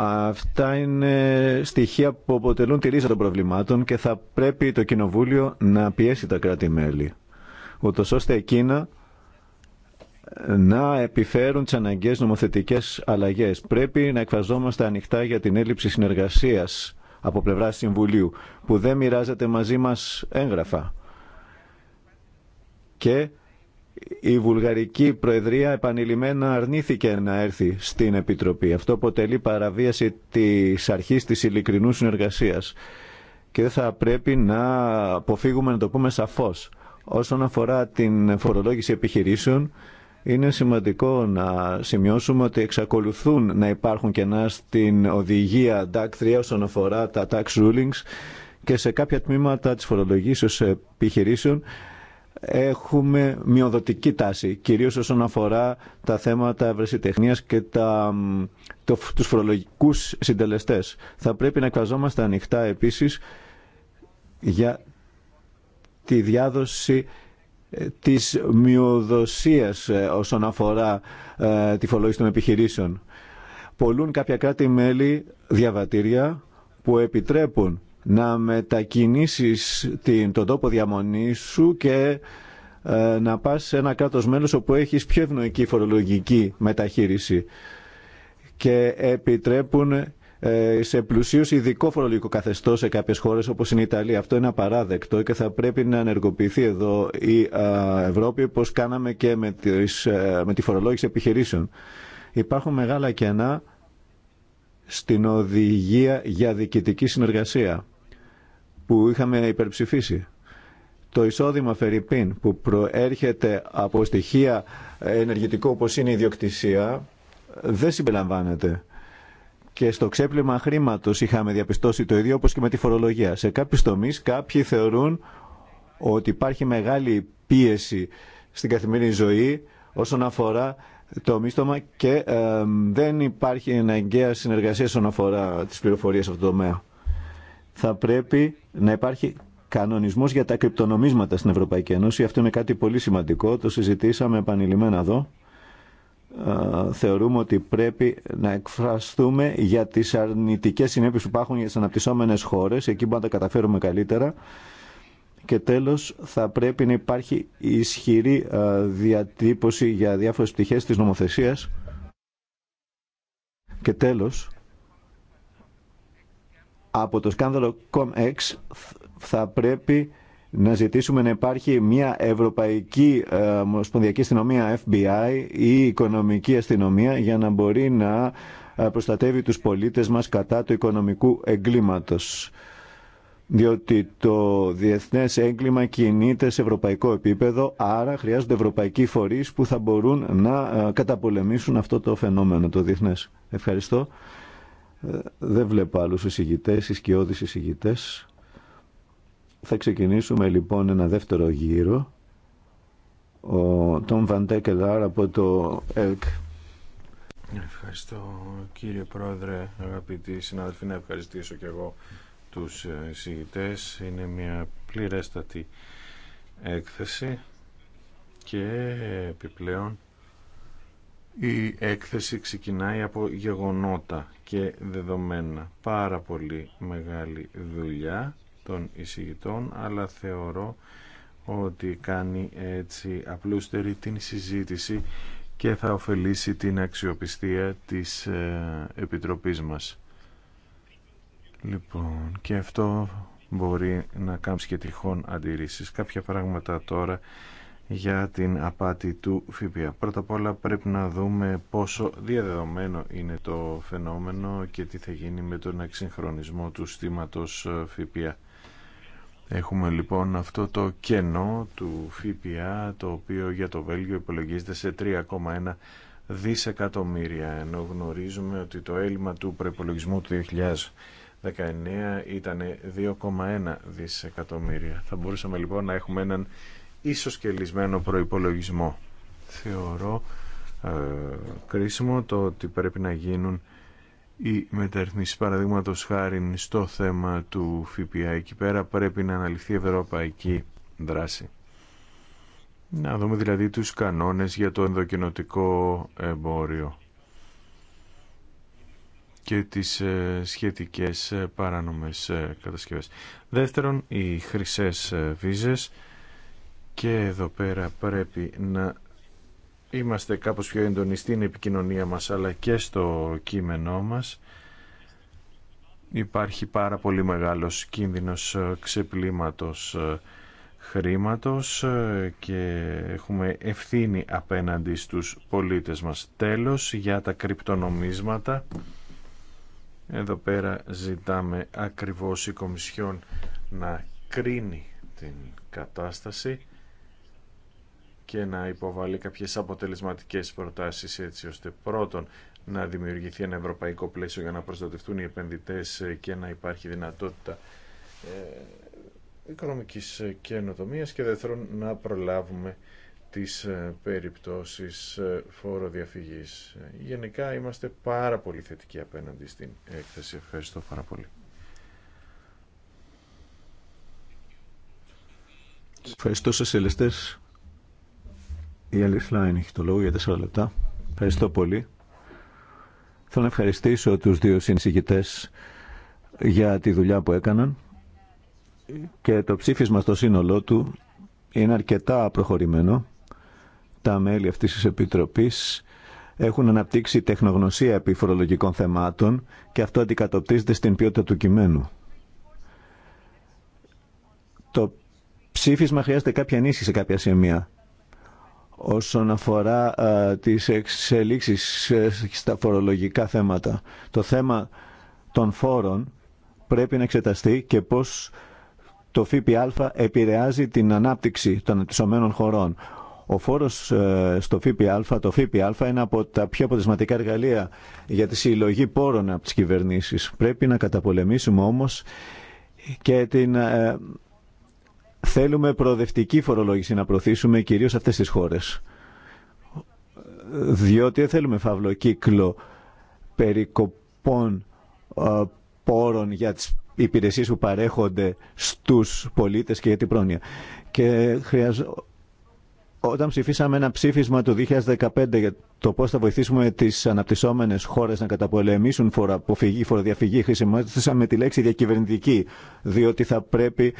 Αυτά είναι στοιχεία που αποτελούν τη ρίζα των προβλημάτων και θα πρέπει το Κοινοβούλιο να πιέσει τα κράτη-μέλη, ούτως ώστε εκείνα να επιφέρουν τι αναγκαίε νομοθετικέ αλλαγέ. Πρέπει να εκφραζόμαστε ανοιχτά για την έλλειψη συνεργασία από πλευρά Συμβουλίου, που δεν μοιράζεται μαζί μα έγγραφα. Και η Βουλγαρική Προεδρία επανειλημμένα αρνήθηκε να έρθει στην Επιτροπή. Αυτό αποτελεί παραβίαση της αρχής της ειλικρινούς συνεργασίας. Και θα πρέπει να αποφύγουμε να το πούμε σαφώς. Όσον αφορά την φορολόγηση επιχειρήσεων, είναι σημαντικό να σημειώσουμε ότι εξακολουθούν να υπάρχουν κενά στην οδηγία DAC 3 όσον αφορά τα tax rulings και σε κάποια τμήματα της ως επιχειρήσεων έχουμε μειοδοτική τάση, κυρίως όσον αφορά τα θέματα ευρεσιτεχνίας και τα, το, τους φορολογικούς συντελεστές. Θα πρέπει να εκφραζόμαστε ανοιχτά επίσης για τη διάδοση ε, της μειοδοσίας ε, όσον αφορά ε, τη φορολόγηση των επιχειρήσεων. Πολλούν κάποια κράτη-μέλη διαβατήρια που επιτρέπουν να μετακινήσεις την, τον τόπο διαμονή σου και να πας σε ένα κράτος μέλος όπου έχεις πιο ευνοϊκή φορολογική μεταχείριση και επιτρέπουν ε, σε πλουσίου ειδικό φορολογικό καθεστώ σε κάποιε χώρε όπω είναι η Ιταλία. Αυτό είναι απαράδεκτο και θα πρέπει να ενεργοποιηθεί εδώ η Ευρώπη όπω κάναμε και με, ε, με τη φορολόγηση επιχειρήσεων. Υπάρχουν μεγάλα κενά στην οδηγία για διοικητική συνεργασία που είχαμε υπερψηφίσει. Το εισόδημα Φερρυπίν που προέρχεται από στοιχεία ενεργητικό όπως είναι η ιδιοκτησία δεν συμπεριλαμβάνεται και στο ξέπλυμα χρήματο είχαμε διαπιστώσει το ίδιο όπω και με τη φορολογία. Σε κάποιου τομεί κάποιοι θεωρούν ότι υπάρχει μεγάλη πίεση στην καθημερινή ζωή όσον αφορά το μίστομα και ε, δεν υπάρχει αναγκαία συνεργασία όσον αφορά τι πληροφορίε σε αυτό το τομέα. Θα πρέπει να υπάρχει κανονισμό για τα κρυπτονομίσματα στην Ευρωπαϊκή Ένωση. Αυτό είναι κάτι πολύ σημαντικό. Το συζητήσαμε επανειλημμένα εδώ θεωρούμε ότι πρέπει να εκφραστούμε για τις αρνητικές συνέπειες που υπάρχουν για τις αναπτυσσόμενες χώρες, εκεί που να τα καταφέρουμε καλύτερα. Και τέλος θα πρέπει να υπάρχει ισχυρή διατύπωση για διάφορες πτυχέ της νομοθεσίας. Και τέλος, από το σκάνδαλο COMEX θα πρέπει να ζητήσουμε να υπάρχει μια ευρωπαϊκή ε, ομοσπονδιακή αστυνομία FBI ή οικονομική αστυνομία για να μπορεί να ε, προστατεύει τους πολίτες μας κατά του οικονομικού εγκλήματος. Διότι το διεθνές έγκλημα κινείται σε ευρωπαϊκό επίπεδο, άρα χρειάζονται ευρωπαϊκοί φορείς που θα μπορούν να ε, καταπολεμήσουν αυτό το φαινόμενο το διεθνές. Ευχαριστώ. Δεν βλέπω άλλους εισηγητές, εισηγητές. Θα ξεκινήσουμε λοιπόν ένα δεύτερο γύρο. Ο Τόμ Βαντέκελάρ από το ΕΛΚ. Ευχαριστώ κύριε Πρόεδρε, αγαπητοί συνάδελφοι, να ευχαριστήσω και εγώ τους ε, συγητές. Είναι μια πληρέστατη έκθεση και επιπλέον η έκθεση ξεκινάει από γεγονότα και δεδομένα. Πάρα πολύ μεγάλη δουλειά των εισηγητών αλλά θεωρώ ότι κάνει έτσι απλούστερη την συζήτηση και θα ωφελήσει την αξιοπιστία της ε, Επιτροπής μας. Λοιπόν, και αυτό μπορεί να κάμψει και τυχόν αντιρρήσεις. Κάποια πράγματα τώρα για την απάτη του ΦΠΑ. Πρώτα απ' όλα πρέπει να δούμε πόσο διαδεδομένο είναι το φαινόμενο και τι θα γίνει με τον εξυγχρονισμό του στήματος ε, ΦΠΑ. Έχουμε λοιπόν αυτό το κενό του ΦΠΑ το οποίο για το Βέλγιο υπολογίζεται σε 3,1 δισεκατομμύρια ενώ γνωρίζουμε ότι το έλλειμμα του προϋπολογισμού του 2019 ήταν 2,1 δισεκατομμύρια. Θα μπορούσαμε λοιπόν να έχουμε έναν ίσως κελισμένο προϋπολογισμό. Θεωρώ ε, κρίσιμο το ότι πρέπει να γίνουν η παραδειγμα παραδείγματο χάρη στο θέμα του ΦΠΑ εκεί πέρα πρέπει να αναλυθεί ευρωπαϊκή δράση. Να δούμε δηλαδή τους κανόνες για το ενδοκινοτικό εμπόριο και τις ε, σχετικές ε, παράνομες ε, κατασκευές. Δεύτερον, οι χρυσές βίζες και εδώ πέρα πρέπει να είμαστε κάπως πιο εντονοί στην επικοινωνία μας αλλά και στο κείμενό μας υπάρχει πάρα πολύ μεγάλος κίνδυνος ε, ξεπλήματος ε, χρήματος ε, και έχουμε ευθύνη απέναντι στους πολίτες μας. Τέλος, για τα κρυπτονομίσματα, εδώ πέρα ζητάμε ακριβώς η Κομισιόν να κρίνει την κατάσταση και να υποβάλει κάποιες αποτελεσματικές προτάσεις έτσι ώστε πρώτον να δημιουργηθεί ένα ευρωπαϊκό πλαίσιο για να προστατευτούν οι επενδυτές και να υπάρχει δυνατότητα ε, οικονομικής καινοτομίας και δεύτερον να προλάβουμε τις ε, περιπτώσεις ε, φοροδιαφυγής. Γενικά είμαστε πάρα πολύ θετικοί απέναντι στην έκθεση. Ευχαριστώ πάρα πολύ. Ευχαριστώ σας η Alice Line έχει το λόγο για τέσσερα λεπτά. Ευχαριστώ πολύ. Θέλω να ευχαριστήσω τους δύο συνεισηγητές για τη δουλειά που έκαναν και το ψήφισμα στο σύνολό του είναι αρκετά προχωρημένο. Τα μέλη αυτής της Επιτροπής έχουν αναπτύξει τεχνογνωσία επί φορολογικών θεμάτων και αυτό αντικατοπτρίζεται στην ποιότητα του κειμένου. Το ψήφισμα χρειάζεται κάποια ενίσχυση σε κάποια σημεία όσον αφορά τις εξελίξεις στα φορολογικά θέματα. Το θέμα των φόρων πρέπει να εξεταστεί και πώς το ΦΠΑ επηρεάζει την ανάπτυξη των αντισωμένων χωρών. Ο φόρος ε, στο ΦΠΑ, το ΦΠΑ είναι από τα πιο αποτελεσματικά εργαλεία για τη συλλογή πόρων από τις κυβερνήσεις. Πρέπει να καταπολεμήσουμε όμως και την ε, Θέλουμε προοδευτική φορολόγηση να προωθήσουμε κυρίως αυτές τις χώρες. Διότι δεν θέλουμε φαύλο κύκλο περικοπών πόρων για τις υπηρεσίες που παρέχονται στους πολίτες και για την πρόνοια. Και χρειαζό... Όταν ψηφίσαμε ένα ψήφισμα το 2015 για το πώς θα βοηθήσουμε τις αναπτυσσόμενες χώρες να καταπολεμήσουν φοροαποφυγή, φοροδιαφυγή, χρησιμοποιήσαμε τη λέξη διακυβερνητική, διότι θα πρέπει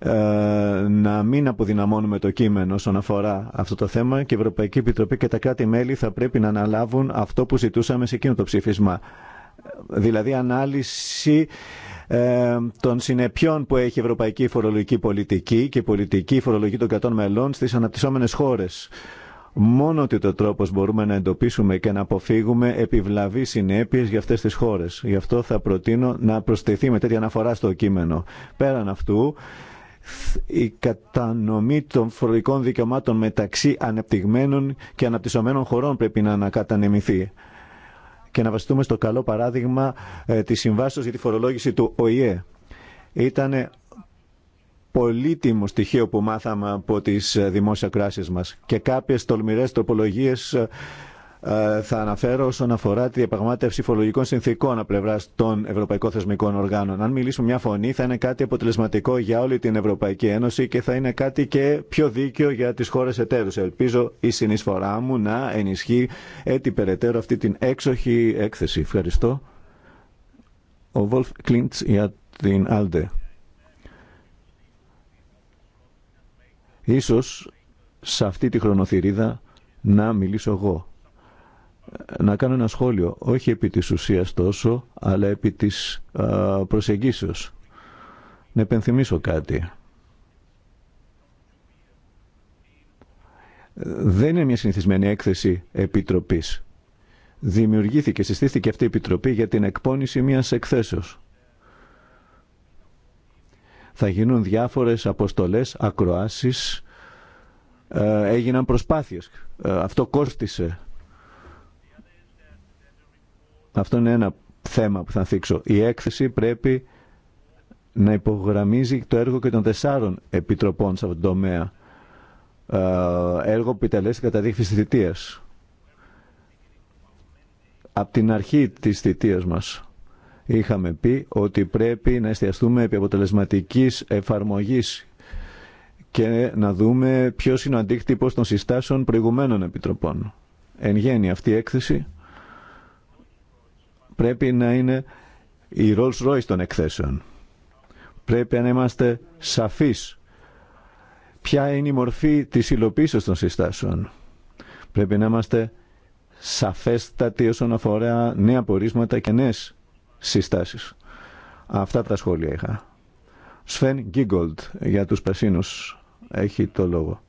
ε, να μην αποδυναμώνουμε το κείμενο όσον αφορά αυτό το θέμα και η Ευρωπαϊκή Επιτροπή και τα κράτη-μέλη θα πρέπει να αναλάβουν αυτό που ζητούσαμε σε εκείνο το ψήφισμα. Δηλαδή ανάλυση ε, των συνεπιών που έχει η ευρωπαϊκή φορολογική πολιτική και η πολιτική φορολογική των Κατών μελών στις αναπτυσσόμενες χώρες. Μόνο ότι το τρόπος μπορούμε να εντοπίσουμε και να αποφύγουμε επιβλαβεί συνέπειε για αυτές τις χώρες. Γι' αυτό θα προτείνω να προσθεθεί με τέτοια αναφορά στο κείμενο. Πέραν αυτού, η κατανομή των φορολογικών δικαιωμάτων μεταξύ ανεπτυγμένων και αναπτυσσομένων χωρών πρέπει να ανακατανεμηθεί και να βασιστούμε στο καλό παράδειγμα ε, της συμβάσεως για τη φορολόγηση του ΟΗΕ. Ήταν πολύτιμο στοιχείο που μάθαμε από τις ε, δημόσια κράσεις μας και κάποιες τολμηρές τροπολογίες ε, ε, θα αναφέρω όσον αφορά τη διαπραγμάτευση φορολογικών συνθήκων από πλευρά των ευρωπαϊκών θεσμικών οργάνων. Αν μιλήσουμε μια φωνή, θα είναι κάτι αποτελεσματικό για όλη την Ευρωπαϊκή Ένωση και θα είναι κάτι και πιο δίκαιο για τι χώρε εταίρου. Ελπίζω η συνεισφορά μου να ενισχύει έτσι περαιτέρω αυτή την έξοχη έκθεση. Ευχαριστώ. Ο Βολφ Κλίντ για την Άλντε. Ίσως σε αυτή τη χρονοθυρίδα να μιλήσω εγώ να κάνω ένα σχόλιο, όχι επί της ουσίας τόσο, αλλά επί της προσεγγίσεως. Να επενθυμίσω κάτι. Δεν είναι μια συνηθισμένη έκθεση επιτροπής. Δημιουργήθηκε, συστήθηκε αυτή η επιτροπή για την εκπόνηση μιας εκθέσεως. Θα γίνουν διάφορες αποστολές, ακροάσεις, ε, έγιναν προσπάθειες. Ε, αυτό κόστισε αυτό είναι ένα θέμα που θα θίξω. Η έκθεση πρέπει να υπογραμμίζει το έργο και των τεσσάρων επιτροπών σε αυτόν τον τομέα. Ε, έργο που επιτελέσει κατά τη θητείας. Από την αρχή της θητείας μας είχαμε πει ότι πρέπει να εστιαστούμε επί αποτελεσματικής εφαρμογής και να δούμε ποιος είναι ο αντίκτυπος των συστάσεων προηγουμένων επιτροπών. Εν γέννη αυτή η έκθεση πρέπει να είναι η Rolls Royce των εκθέσεων. Πρέπει να είμαστε σαφείς ποια είναι η μορφή της υλοποίησης των συστάσεων. Πρέπει να είμαστε σαφέστατοι όσον αφορά νέα πορίσματα και νέες συστάσεις. Αυτά τα σχόλια είχα. Σφεν Γκίγκολτ για τους Πασίνους έχει το λόγο.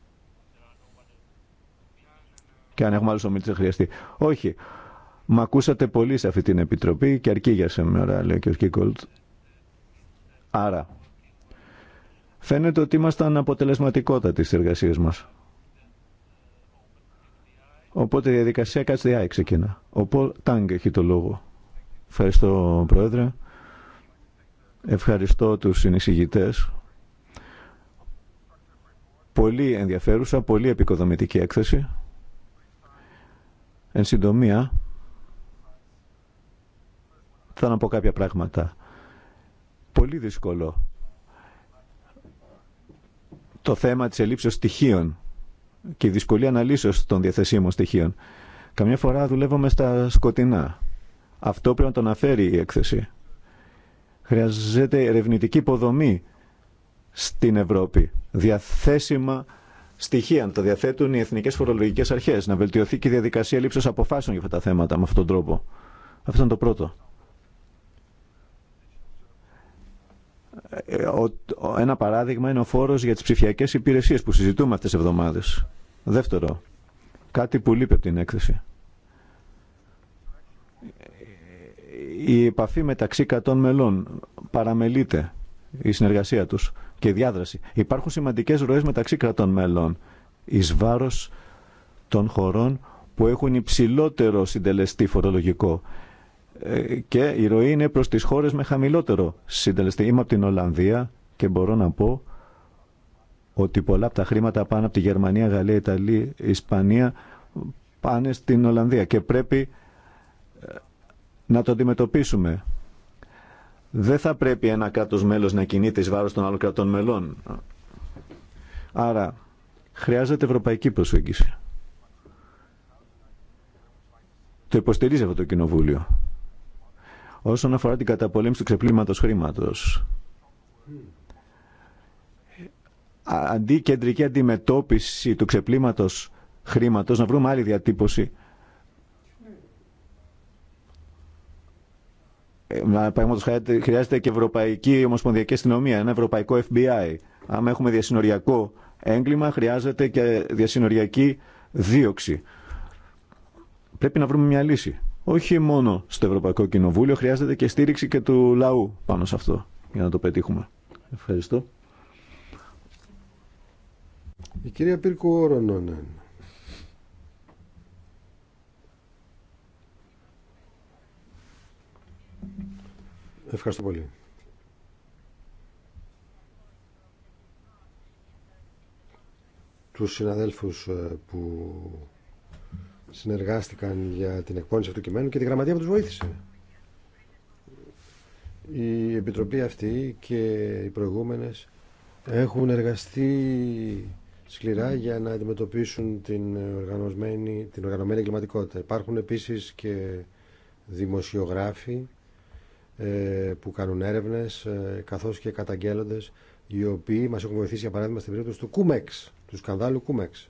Και αν έχουμε άλλους θα χρειαστεί. Όχι. Μ' ακούσατε πολύ σε αυτή την επιτροπή και αρκεί για σήμερα, λέει και ο Κίκολτ. Άρα, φαίνεται ότι ήμασταν αποτελεσματικότατοι στις εργασίες μας. Οπότε η διαδικασία κάτσε διά ξεκινά. Ο Πολ Τάγκ έχει το λόγο. Ευχαριστώ, Πρόεδρε. Ευχαριστώ τους συνεισηγητές. Πολύ ενδιαφέρουσα, πολύ επικοδομητική έκθεση. Εν συντομία, θα να πω κάποια πράγματα. Πολύ δύσκολο το θέμα της ελλείψεως στοιχείων και η δυσκολία αναλύσεως των διαθεσίμων στοιχείων. Καμιά φορά δουλεύουμε στα σκοτεινά. Αυτό πρέπει να το αναφέρει η έκθεση. Χρειάζεται ερευνητική υποδομή στην Ευρώπη. Διαθέσιμα στοιχεία να τα διαθέτουν οι εθνικές φορολογικές αρχές. Να βελτιωθεί και η διαδικασία λήψης αποφάσεων για αυτά τα θέματα με αυτόν τον τρόπο. Αυτό είναι το πρώτο. Ε, ένα παράδειγμα είναι ο φόρο για τις ψηφιακές υπηρεσίες που συζητούμε αυτέ τις εβδομάδες. Δεύτερο, κάτι που λείπει από την έκθεση. Η επαφή μεταξύ κατών μελών παραμελείται η συνεργασία τους και η διάδραση. Υπάρχουν σημαντικές ροές μεταξύ κρατών μελών εις βάρος των χωρών που έχουν υψηλότερο συντελεστή φορολογικό και η ροή είναι προς τις χώρες με χαμηλότερο συντελεστή. Είμαι από την Ολλανδία και μπορώ να πω ότι πολλά από τα χρήματα πάνε από τη Γερμανία, Γαλλία, Ιταλία, Ισπανία πάνε στην Ολλανδία και πρέπει ε, να το αντιμετωπίσουμε. Δεν θα πρέπει ένα κράτος μέλος να κινείται εις βάρος των άλλων κρατών μελών. Άρα χρειάζεται ευρωπαϊκή προσέγγιση. Το υποστηρίζει αυτό το κοινοβούλιο όσον αφορά την καταπολέμηση του ξεπλήματος χρήματος. Αντί κεντρική αντιμετώπιση του ξεπλήματος χρήματος, να βρούμε άλλη διατύπωση. Ε, παραδείγματος χρειάζεται και Ευρωπαϊκή Ομοσπονδιακή Αστυνομία, ένα Ευρωπαϊκό FBI. Άμα έχουμε διασυνοριακό έγκλημα, χρειάζεται και διασυνοριακή δίωξη. Πρέπει να βρούμε μια λύση όχι μόνο στο Ευρωπαϊκό Κοινοβούλιο, χρειάζεται και στήριξη και του λαού πάνω σε αυτό για να το πετύχουμε. Ευχαριστώ. Η κυρία Πύρκου Ευχαριστώ πολύ. Τους συναδέλφους ε, που συνεργάστηκαν για την εκπόνηση αυτού του κειμένου και τη γραμματεία που τους βοήθησε. Η Επιτροπή αυτή και οι προηγούμενες έχουν εργαστεί σκληρά για να αντιμετωπίσουν την, οργανωμένη, την οργανωμένη εγκληματικότητα. Υπάρχουν επίσης και δημοσιογράφοι ε, που κάνουν έρευνες ε, καθώς και καταγγέλλοντες οι οποίοι μας έχουν βοηθήσει για παράδειγμα στην περίπτωση του Κούμεξ, του σκανδάλου Κούμεξ.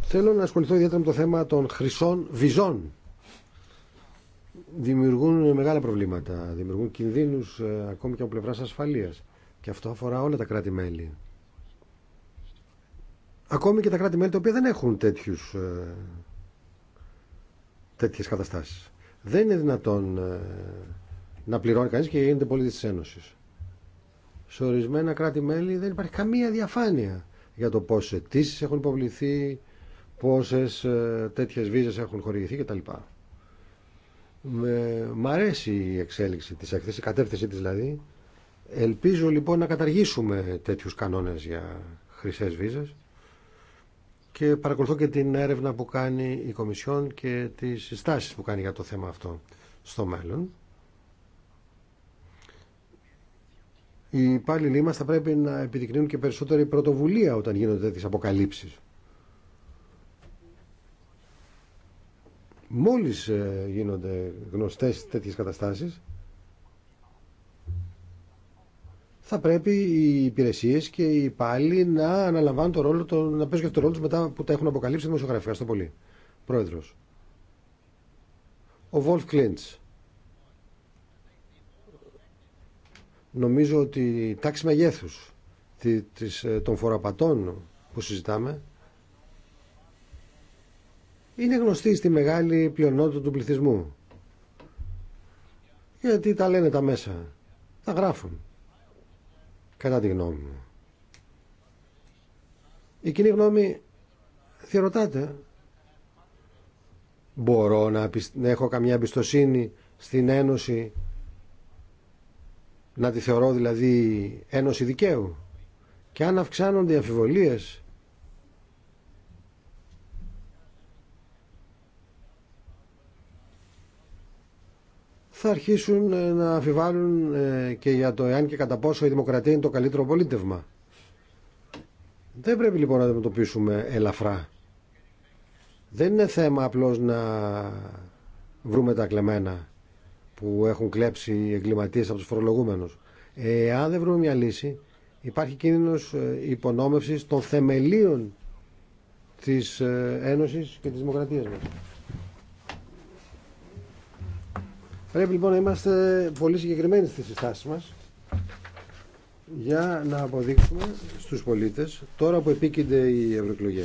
Θέλω να ασχοληθώ ιδιαίτερα με το θέμα των χρυσών βυζών. Δημιουργούν μεγάλα προβλήματα, δημιουργούν κινδύνους ε, ακόμη και από πλευράς ασφαλείας. Και αυτό αφορά όλα τα κράτη-μέλη. Ακόμη και τα κράτη-μέλη τα οποία δεν έχουν τέτοιους, ε, τέτοιες καταστάσεις. Δεν είναι δυνατόν ε, να πληρώνει κανείς και γίνεται πολίτη της Ένωσης. Σε ορισμένα κράτη-μέλη δεν υπάρχει καμία διαφάνεια για το πόσε αιτήσει έχουν υποβληθεί, πόσε τέτοιε βίζε έχουν χορηγηθεί κτλ. Μ' αρέσει η εξέλιξη της έκθεση, η κατεύθυνση τη δηλαδή. Ελπίζω λοιπόν να καταργήσουμε τέτοιου κανόνε για χρυσέ βίζες και παρακολουθώ και την έρευνα που κάνει η Κομισιόν και τις συστάσεις που κάνει για το θέμα αυτό στο μέλλον. οι υπάλληλοι μα θα πρέπει να επιδεικνύουν και περισσότερη πρωτοβουλία όταν γίνονται τέτοιε αποκαλύψει. Μόλις ε, γίνονται γνωστές τέτοιες καταστάσεις, θα πρέπει οι υπηρεσίε και οι υπάλληλοι να αναλαμβάνουν το ρόλο το, να παίζουν και το ρόλο του μετά που τα έχουν αποκαλύψει δημοσιογραφικά. Ευχαριστώ πολύ. Πρόεδρο. Ο Βολφ Κλίντ. νομίζω ότι η τάξη μεγέθους ε, των φοραπατών που συζητάμε είναι γνωστή στη μεγάλη πλειονότητα του πληθυσμού. Γιατί τα λένε τα μέσα. Τα γράφουν. Κατά τη γνώμη μου. Η κοινή γνώμη θεωρωτάται. Μπορώ να έχω καμιά εμπιστοσύνη στην Ένωση να τη θεωρώ δηλαδή ένωση δικαίου και αν αυξάνονται οι αμφιβολίες θα αρχίσουν ε, να αμφιβάλλουν ε, και για το εάν και κατά πόσο η δημοκρατία είναι το καλύτερο πολίτευμα. Δεν πρέπει λοιπόν να αντιμετωπίσουμε ελαφρά. Δεν είναι θέμα απλώς να βρούμε τα κλεμμένα που έχουν κλέψει οι εγκληματίες από τους φορολογούμενους. Αν δεν βρούμε μια λύση, υπάρχει κίνδυνος ε, υπονόμευσης των θεμελίων της ε, Ένωσης και της δημοκρατία μας. Πρέπει λοιπόν να είμαστε πολύ συγκεκριμένοι στις συστάσεις μας για να αποδείξουμε στους πολίτες, τώρα που επίκυνται οι ευρωεκλογέ,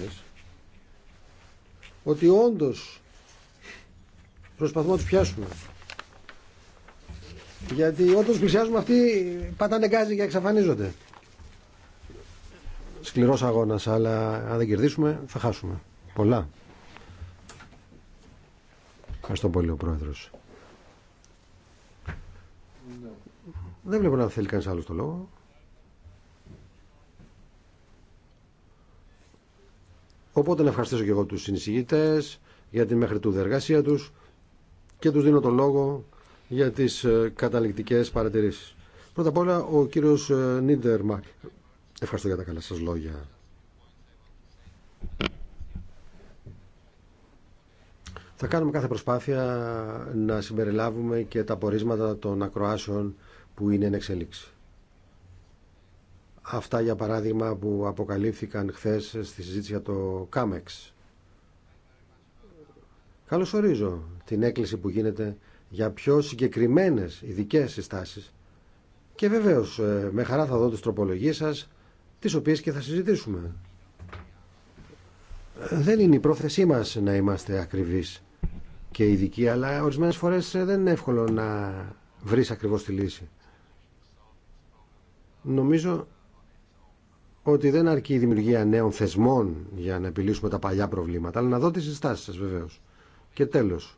ότι όντως προσπαθούμε να τους πιάσουμε. Γιατί όταν τους πλησιάζουμε αυτοί πατάνε γκάζι και εξαφανίζονται. Σκληρός αγώνα, αλλά αν δεν κερδίσουμε θα χάσουμε. Πολλά. Ευχαριστώ πολύ ο πρόεδρο. Δεν βλέπω να θέλει κανεί άλλο το λόγο. Οπότε να ευχαριστήσω και εγώ τους συνεισηγητές για τη μέχρι του εργασία τους και τους δίνω το λόγο για τις ε, καταληκτικές παρατηρήσεις. Πρώτα απ' όλα ο κύριος ε, Νίντερ Μακ. Ευχαριστώ για τα καλά σας λόγια. Θα κάνουμε κάθε προσπάθεια να συμπεριλάβουμε και τα πορίσματα των ακροάσεων που είναι εν εξελίξη. Αυτά για παράδειγμα που αποκαλύφθηκαν χθες στη συζήτηση για το ΚΑΜΕΞ. Καλώς ορίζω την έκκληση που γίνεται για πιο συγκεκριμένες ειδικέ συστάσεις και βεβαίως ε, με χαρά θα δω τις τροπολογίες σας τις οποίες και θα συζητήσουμε. Δεν είναι η πρόθεσή μας να είμαστε ακριβείς και ειδικοί αλλά ορισμένες φορές ε, δεν είναι εύκολο να βρεις ακριβώς τη λύση. Νομίζω ότι δεν αρκεί η δημιουργία νέων θεσμών για να επιλύσουμε τα παλιά προβλήματα αλλά να δω τις συστάσεις σας βεβαίως. Και τέλος,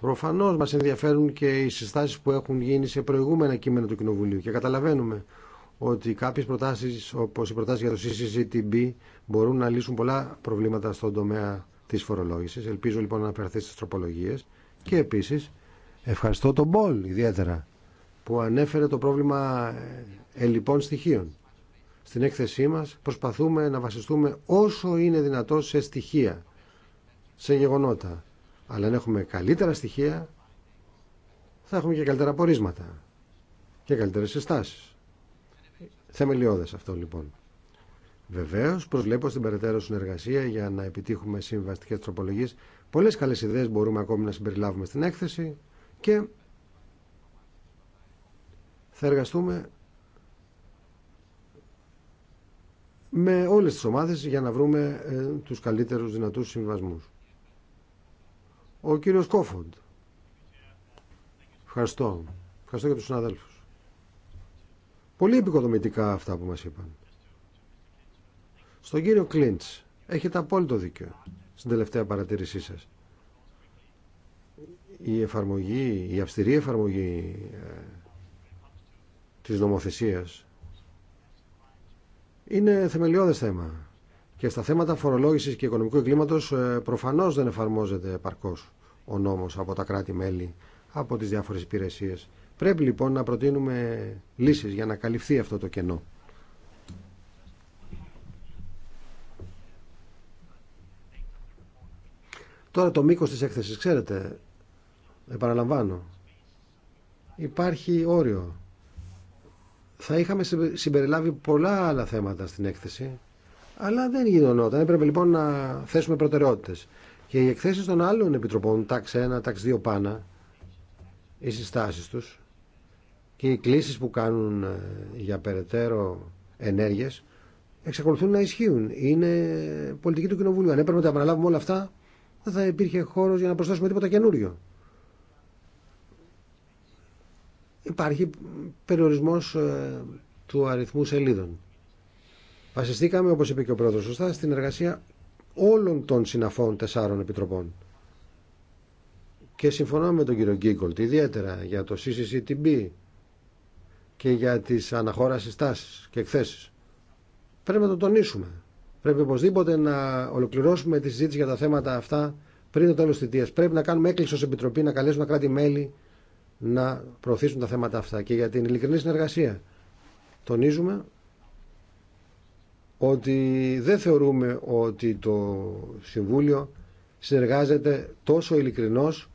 Προφανώ μα ενδιαφέρουν και οι συστάσει που έχουν γίνει σε προηγούμενα κείμενα του Κοινοβουλίου και καταλαβαίνουμε ότι κάποιε προτάσει, όπω οι προτάση για το CCCTB μπορούν να λύσουν πολλά προβλήματα στον τομέα τη φορολόγηση. Ελπίζω λοιπόν να αναφερθεί στι τροπολογίε. και επίση ευχαριστώ τον Μπολ ιδιαίτερα που ανέφερε το πρόβλημα ε, ελλειπών στοιχείων. Στην έκθεσή μα, προσπαθούμε να βασιστούμε όσο είναι δυνατό σε στοιχεία, σε γεγονότα. Αλλά αν έχουμε καλύτερα στοιχεία, θα έχουμε και καλύτερα πορίσματα και καλύτερες συστάσει. Θεμελιώδε αυτό λοιπόν. Βεβαίω, προσβλέπω στην περαιτέρω συνεργασία για να επιτύχουμε συμβαστικές τροπολογίες. Πολλέ καλέ ιδέε μπορούμε ακόμη να συμπεριλάβουμε στην έκθεση και θα εργαστούμε με όλες τις ομάδες για να βρούμε ε, τους καλύτερους δυνατούς συμβασμούς. Ο κύριος Κόφοντ. Ευχαριστώ. Ευχαριστώ για τους συναδέλφους. Πολύ επικοδομητικά αυτά που μας είπαν. Στον κύριο Κλίντς, έχετε απόλυτο δίκιο στην τελευταία παρατήρησή σας. Η εφαρμογή, η αυστηρή εφαρμογή ε, της νομοθεσίας είναι θεμελιώδες θέμα. Και στα θέματα φορολόγησης και οικονομικού εγκλήματος ε, προφανώς δεν εφαρμόζεται παρκώς ο νόμος από τα κράτη-μέλη, από τις διάφορες υπηρεσίε. Πρέπει λοιπόν να προτείνουμε λύσεις για να καλυφθεί αυτό το κενό. Τώρα το μήκος της έκθεσης, ξέρετε, επαναλαμβάνω, υπάρχει όριο. Θα είχαμε συμπεριλάβει πολλά άλλα θέματα στην έκθεση αλλά δεν γινόταν. Έπρεπε λοιπόν να θέσουμε προτεραιότητες. Και οι εκθέσει των άλλων επιτροπών, τάξ 1, τάξ 2 πάνω, οι συστάσει του και οι κλήσει που κάνουν ε, για περαιτέρω ενέργειες εξακολουθούν να ισχύουν. Είναι πολιτική του Κοινοβουλίου. Αν έπρεπε να τα επαναλάβουμε όλα αυτά, δεν θα υπήρχε χώρο για να προσθέσουμε τίποτα καινούριο. Υπάρχει περιορισμός ε, του αριθμού σελίδων. Βασιστήκαμε, όπω είπε και ο πρόεδρο σωστά, στην εργασία όλων των συναφών τεσσάρων επιτροπών. Και συμφωνώ με τον κύριο Γκίγκολτ, ιδιαίτερα για το CCCTB και για τι αναχώρασει τάσει και εκθέσει. Πρέπει να το τονίσουμε. Πρέπει οπωσδήποτε να ολοκληρώσουμε τη συζήτηση για τα θέματα αυτά πριν το τέλο τη θητεία. Πρέπει να κάνουμε έκκληση ω Επιτροπή να καλέσουμε κράτη-μέλη να προωθήσουν τα θέματα αυτά. Και για την ειλικρινή συνεργασία. Τονίζουμε ότι δεν θεωρούμε ότι το Συμβούλιο συνεργάζεται τόσο ειλικρινώς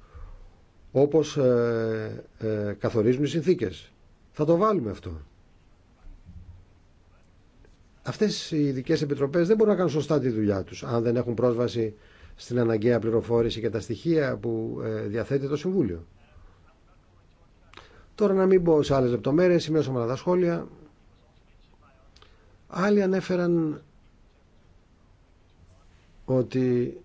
όπως ε, ε, καθορίζουν οι συνθήκες. Θα το βάλουμε αυτό. Αυτές οι ειδικέ επιτροπές δεν μπορούν να κάνουν σωστά τη δουλειά τους αν δεν έχουν πρόσβαση στην αναγκαία πληροφόρηση και τα στοιχεία που ε, διαθέτει το Συμβούλιο. Τώρα να μην πω σε άλλες λεπτομέρειες, σημείωσαμε τα σχόλια. Άλλοι ανέφεραν ότι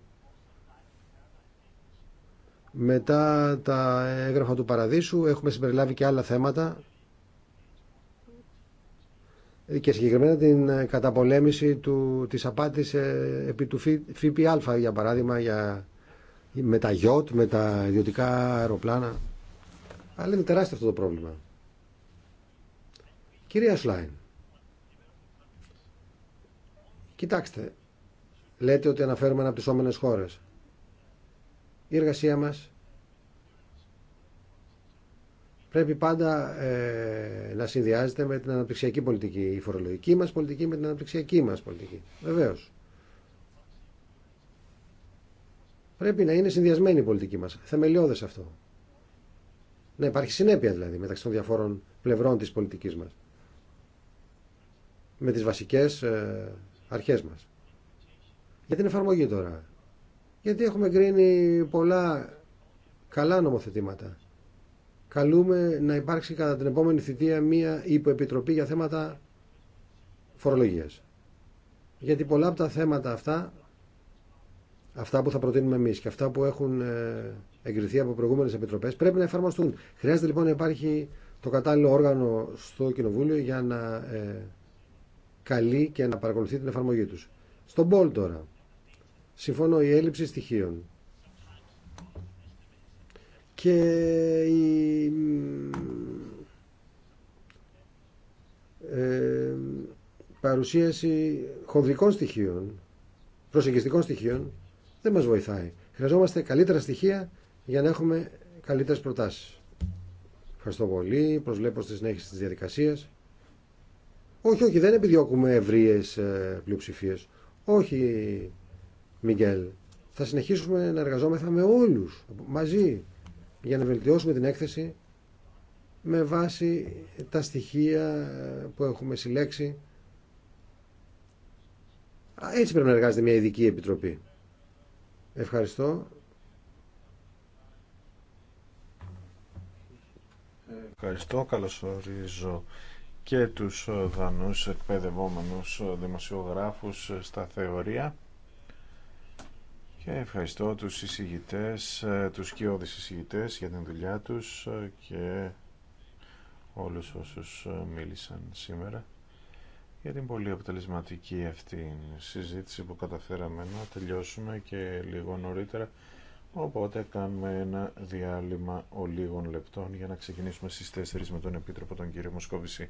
μετά τα έγγραφα του Παραδείσου έχουμε συμπεριλάβει και άλλα θέματα και συγκεκριμένα την καταπολέμηση του, της απάτης ε, επί του ΦΠΑ για παράδειγμα για, με τα γιότ, με τα ιδιωτικά αεροπλάνα αλλά είναι τεράστιο αυτό το πρόβλημα Κυρία Σλάιν Κοιτάξτε, λέτε ότι αναφέρουμε αναπτυσσόμενες χώρες. Η εργασία μας πρέπει πάντα ε, να συνδυάζεται με την αναπτυξιακή πολιτική. Η φορολογική μας πολιτική με την αναπτυξιακή μας πολιτική. Βεβαίως. Πρέπει να είναι συνδυασμένη η πολιτική μας. Θεμελιώδες αυτό. Να υπάρχει συνέπεια δηλαδή μεταξύ των διαφόρων πλευρών της πολιτικής μας. Με τις βασικές ε, αρχές μας. Για την εφαρμογή τώρα. Γιατί έχουμε εγκρίνει πολλά καλά νομοθετήματα. Καλούμε να υπάρξει κατά την επόμενη θητεία μία υποεπιτροπή για θέματα φορολογίας. Γιατί πολλά από τα θέματα αυτά, αυτά που θα προτείνουμε εμείς και αυτά που έχουν ε, εγκριθεί από προηγούμενες επιτροπές, πρέπει να εφαρμοστούν. Χρειάζεται λοιπόν να υπάρχει το κατάλληλο όργανο στο Κοινοβούλιο για να ε, καλή και να παρακολουθεί την εφαρμογή τους. Στον Πολ τώρα. Συμφωνώ η έλλειψη στοιχείων. Και η... Ε, παρουσίαση χονδρικών στοιχείων, προσεγγιστικών στοιχείων, δεν μας βοηθάει. Χρειαζόμαστε καλύτερα στοιχεία για να έχουμε καλύτερες προτάσεις. Ευχαριστώ πολύ, προσβλέπω στη συνέχιση της διαδικασίας όχι, όχι, δεν επιδιώκουμε ευρείε πλειοψηφίε. Όχι, Μιγκέλ, Θα συνεχίσουμε να εργαζόμεθα με όλου μαζί για να βελτιώσουμε την έκθεση με βάση τα στοιχεία ε, που έχουμε συλλέξει. Έτσι πρέπει να εργάζεται μια ειδική επιτροπή. Ευχαριστώ. Ευχαριστώ και τους ε, δανούς εκπαιδευόμενους ε, δημοσιογράφους ε, στα θεωρία και ευχαριστώ τους εισηγητές, τους κοιόδης εισηγητές για την δουλειά τους και όλους όσους μίλησαν σήμερα για την πολύ αποτελεσματική αυτή συζήτηση που καταφέραμε να τελειώσουμε και λίγο νωρίτερα Οπότε κάνουμε ένα διάλειμμα ολίγων λεπτών για να ξεκινήσουμε στις 4 με τον Επίτροπο τον κύριο Μοσκόβηση.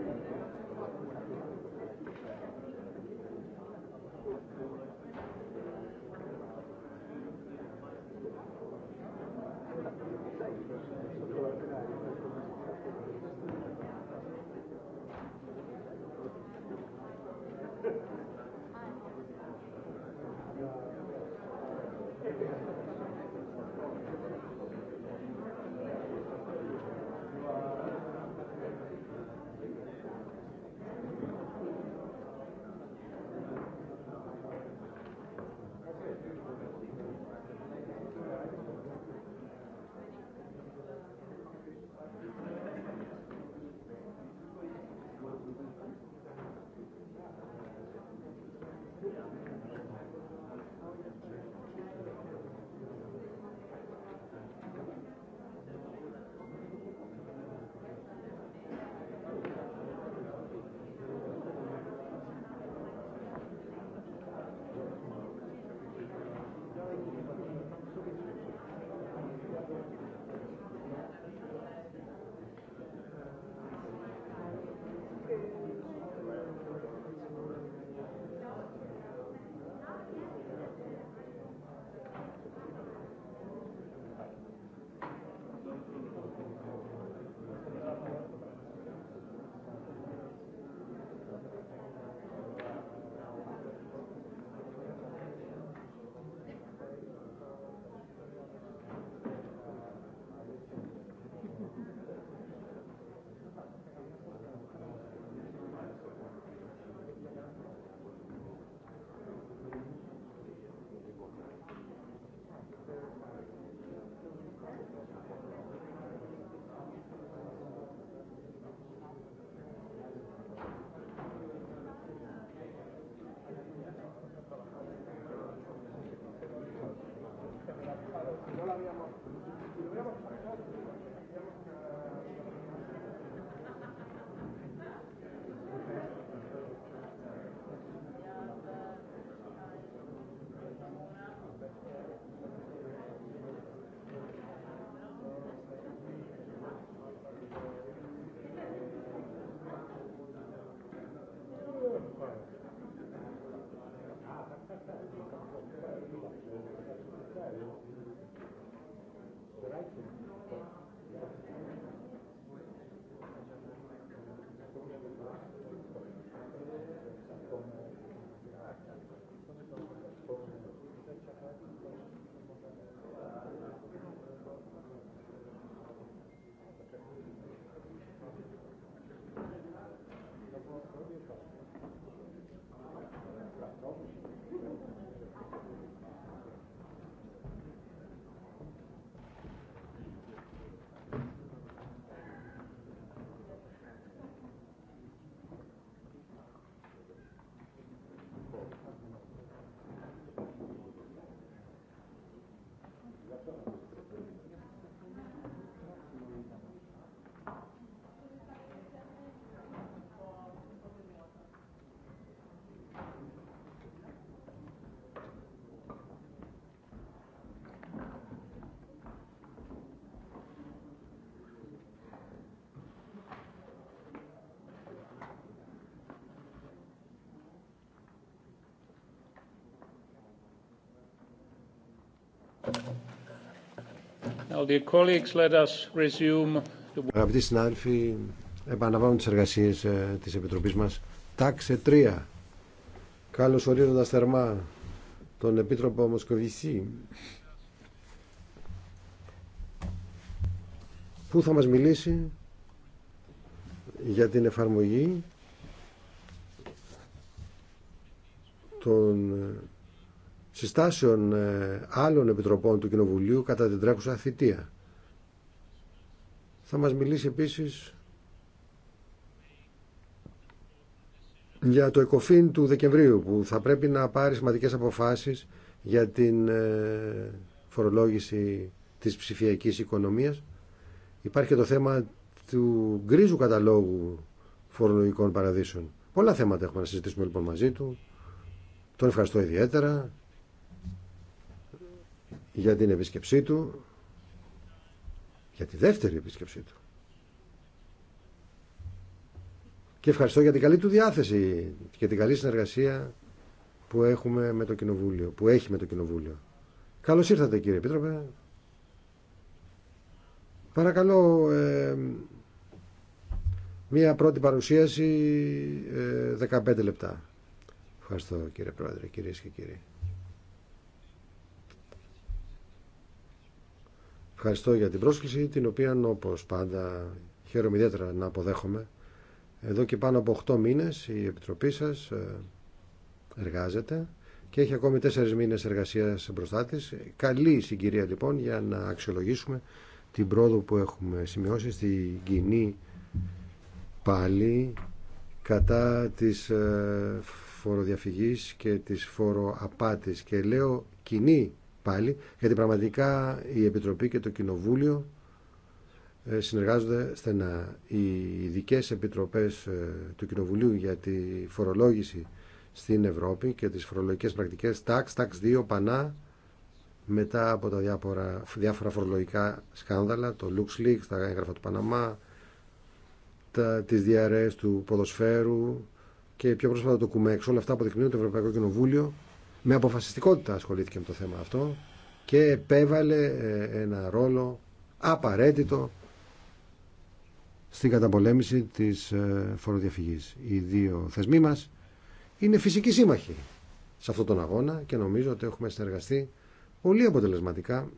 like him. But Αγαπητοί συνάδελφοι, επαναλαμβάνουμε τις εργασίες ε, της Επιτροπής μας. Τάξε 3. Καλώς ορίζοντα θερμά τον Επίτροπο Μοσκοβισή. Πού θα μας μιλήσει για την εφαρμογή των συστάσεων ε, άλλων επιτροπών του Κοινοβουλίου κατά την τρέχουσα θητεία. Θα μας μιλήσει επίσης για το ΕΚΟΦΗΝ του Δεκεμβρίου που θα πρέπει να πάρει σημαντικές αποφάσεις για την ε, φορολόγηση της ψηφιακής οικονομίας. Υπάρχει και το θέμα του γκρίζου καταλόγου φορολογικών παραδείσων. Πολλά θέματα έχουμε να συζητήσουμε λοιπόν μαζί του. Τον ευχαριστώ ιδιαίτερα για την επίσκεψή του, για τη δεύτερη επίσκεψή του. Και ευχαριστώ για την καλή του διάθεση και την καλή συνεργασία που έχουμε με το Κοινοβούλιο, που έχει με το Κοινοβούλιο. Καλώς ήρθατε κύριε Επίτροπε. Παρακαλώ ε, μία πρώτη παρουσίαση 15 ε, λεπτά. Ευχαριστώ κύριε Πρόεδρε, κυρίες και κύριοι. Ευχαριστώ για την πρόσκληση, την οποία όπως πάντα χαίρομαι ιδιαίτερα να αποδέχομαι. Εδώ και πάνω από 8 μήνες η Επιτροπή σας ε, εργάζεται και έχει ακόμη 4 μήνες εργασίας μπροστά της. Καλή συγκυρία λοιπόν για να αξιολογήσουμε την πρόοδο που έχουμε σημειώσει στη κοινή πάλι κατά της ε, φοροδιαφυγής και της φοροαπάτης και λέω κοινή πάλι, γιατί πραγματικά η Επιτροπή και το Κοινοβούλιο ε, συνεργάζονται στενά. Οι ειδικέ επιτροπές ε, του Κοινοβουλίου για τη φορολόγηση στην Ευρώπη και τις φορολογικές πρακτικές, tax, tax 2, πανά, μετά από τα διάφορα, φορολογικά σκάνδαλα, το LuxLeaks, τα έγγραφα του Παναμά, τα, τις διαρρές του ποδοσφαίρου και πιο πρόσφατα το Κουμέξ. Όλα αυτά αποδεικνύουν το Ευρωπαϊκό Κοινοβούλιο με αποφασιστικότητα ασχολήθηκε με το θέμα αυτό και επέβαλε ε, ένα ρόλο απαραίτητο στην καταπολέμηση της ε, φοροδιαφυγής. Οι δύο θεσμοί μας είναι φυσικοί σύμμαχοι σε αυτόν τον αγώνα και νομίζω ότι έχουμε συνεργαστεί πολύ αποτελεσματικά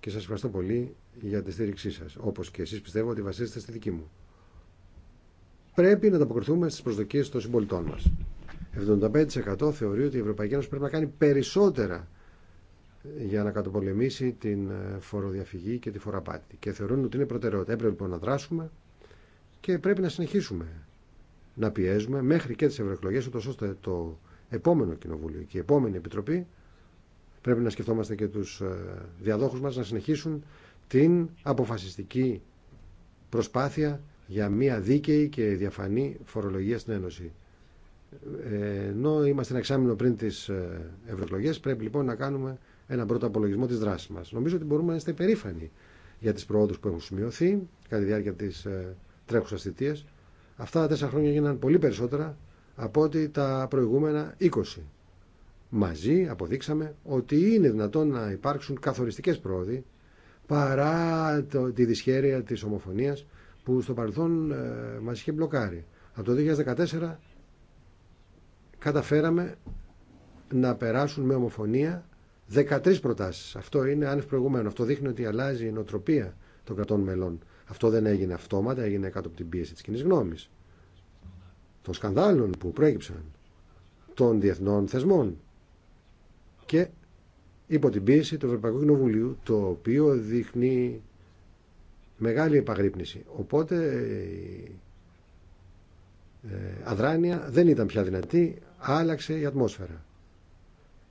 και σας ευχαριστώ πολύ για τη στήριξή σας, όπως και εσείς πιστεύω ότι βασίζεστε στη δική μου. Πρέπει να ανταποκριθούμε στις προσδοκίες των συμπολιτών μας. 75% θεωρεί ότι η Ευρωπαϊκή Ένωση πρέπει να κάνει περισσότερα για να κατοπολεμήσει την ε, φοροδιαφυγή και τη φοραπάτη. Και θεωρούν ότι είναι προτεραιότητα. Έπρεπε λοιπόν να δράσουμε και πρέπει να συνεχίσουμε να πιέζουμε μέχρι και τι ευρωεκλογέ, ούτως ώστε το επόμενο κοινοβούλιο και η επόμενη επιτροπή πρέπει να σκεφτόμαστε και τους ε, διαδόχους μας να συνεχίσουν την αποφασιστική προσπάθεια για μια δίκαιη και διαφανή φορολογία στην Ένωση ενώ είμαστε ένα εξάμεινο πριν τι ε, ευρωεκλογέ, πρέπει λοιπόν να κάνουμε ένα πρώτο απολογισμό τη δράση μα. Νομίζω ότι μπορούμε να είστε περήφανοι για τι προόδου που έχουν σημειωθεί κατά τη διάρκεια τη ε, τρέχουσα θητεία. Αυτά τα τέσσερα χρόνια γίνανε πολύ περισσότερα από ότι τα προηγούμενα 20. Μαζί αποδείξαμε ότι είναι δυνατόν να υπάρξουν καθοριστικές πρόοδοι παρά το, τη δυσχέρεια της ομοφωνίας που στο παρελθόν ε, μας είχε μπλοκάρει. Από το 2014 καταφέραμε να περάσουν με ομοφωνία 13 προτάσει. Αυτό είναι άνευ προηγουμένο. Αυτό δείχνει ότι αλλάζει η νοοτροπία των κρατών μελών. Αυτό δεν έγινε αυτόματα, έγινε κάτω από την πίεση τη κοινή γνώμη, Των σκανδάλων που προέκυψαν. Των διεθνών θεσμών. Και υπό την πίεση του Ευρωπαϊκού Κοινοβουλίου, το οποίο δείχνει μεγάλη επαγρύπνηση. Οπότε η ε, ε, αδράνεια δεν ήταν πια δυνατή, άλλαξε η ατμόσφαιρα.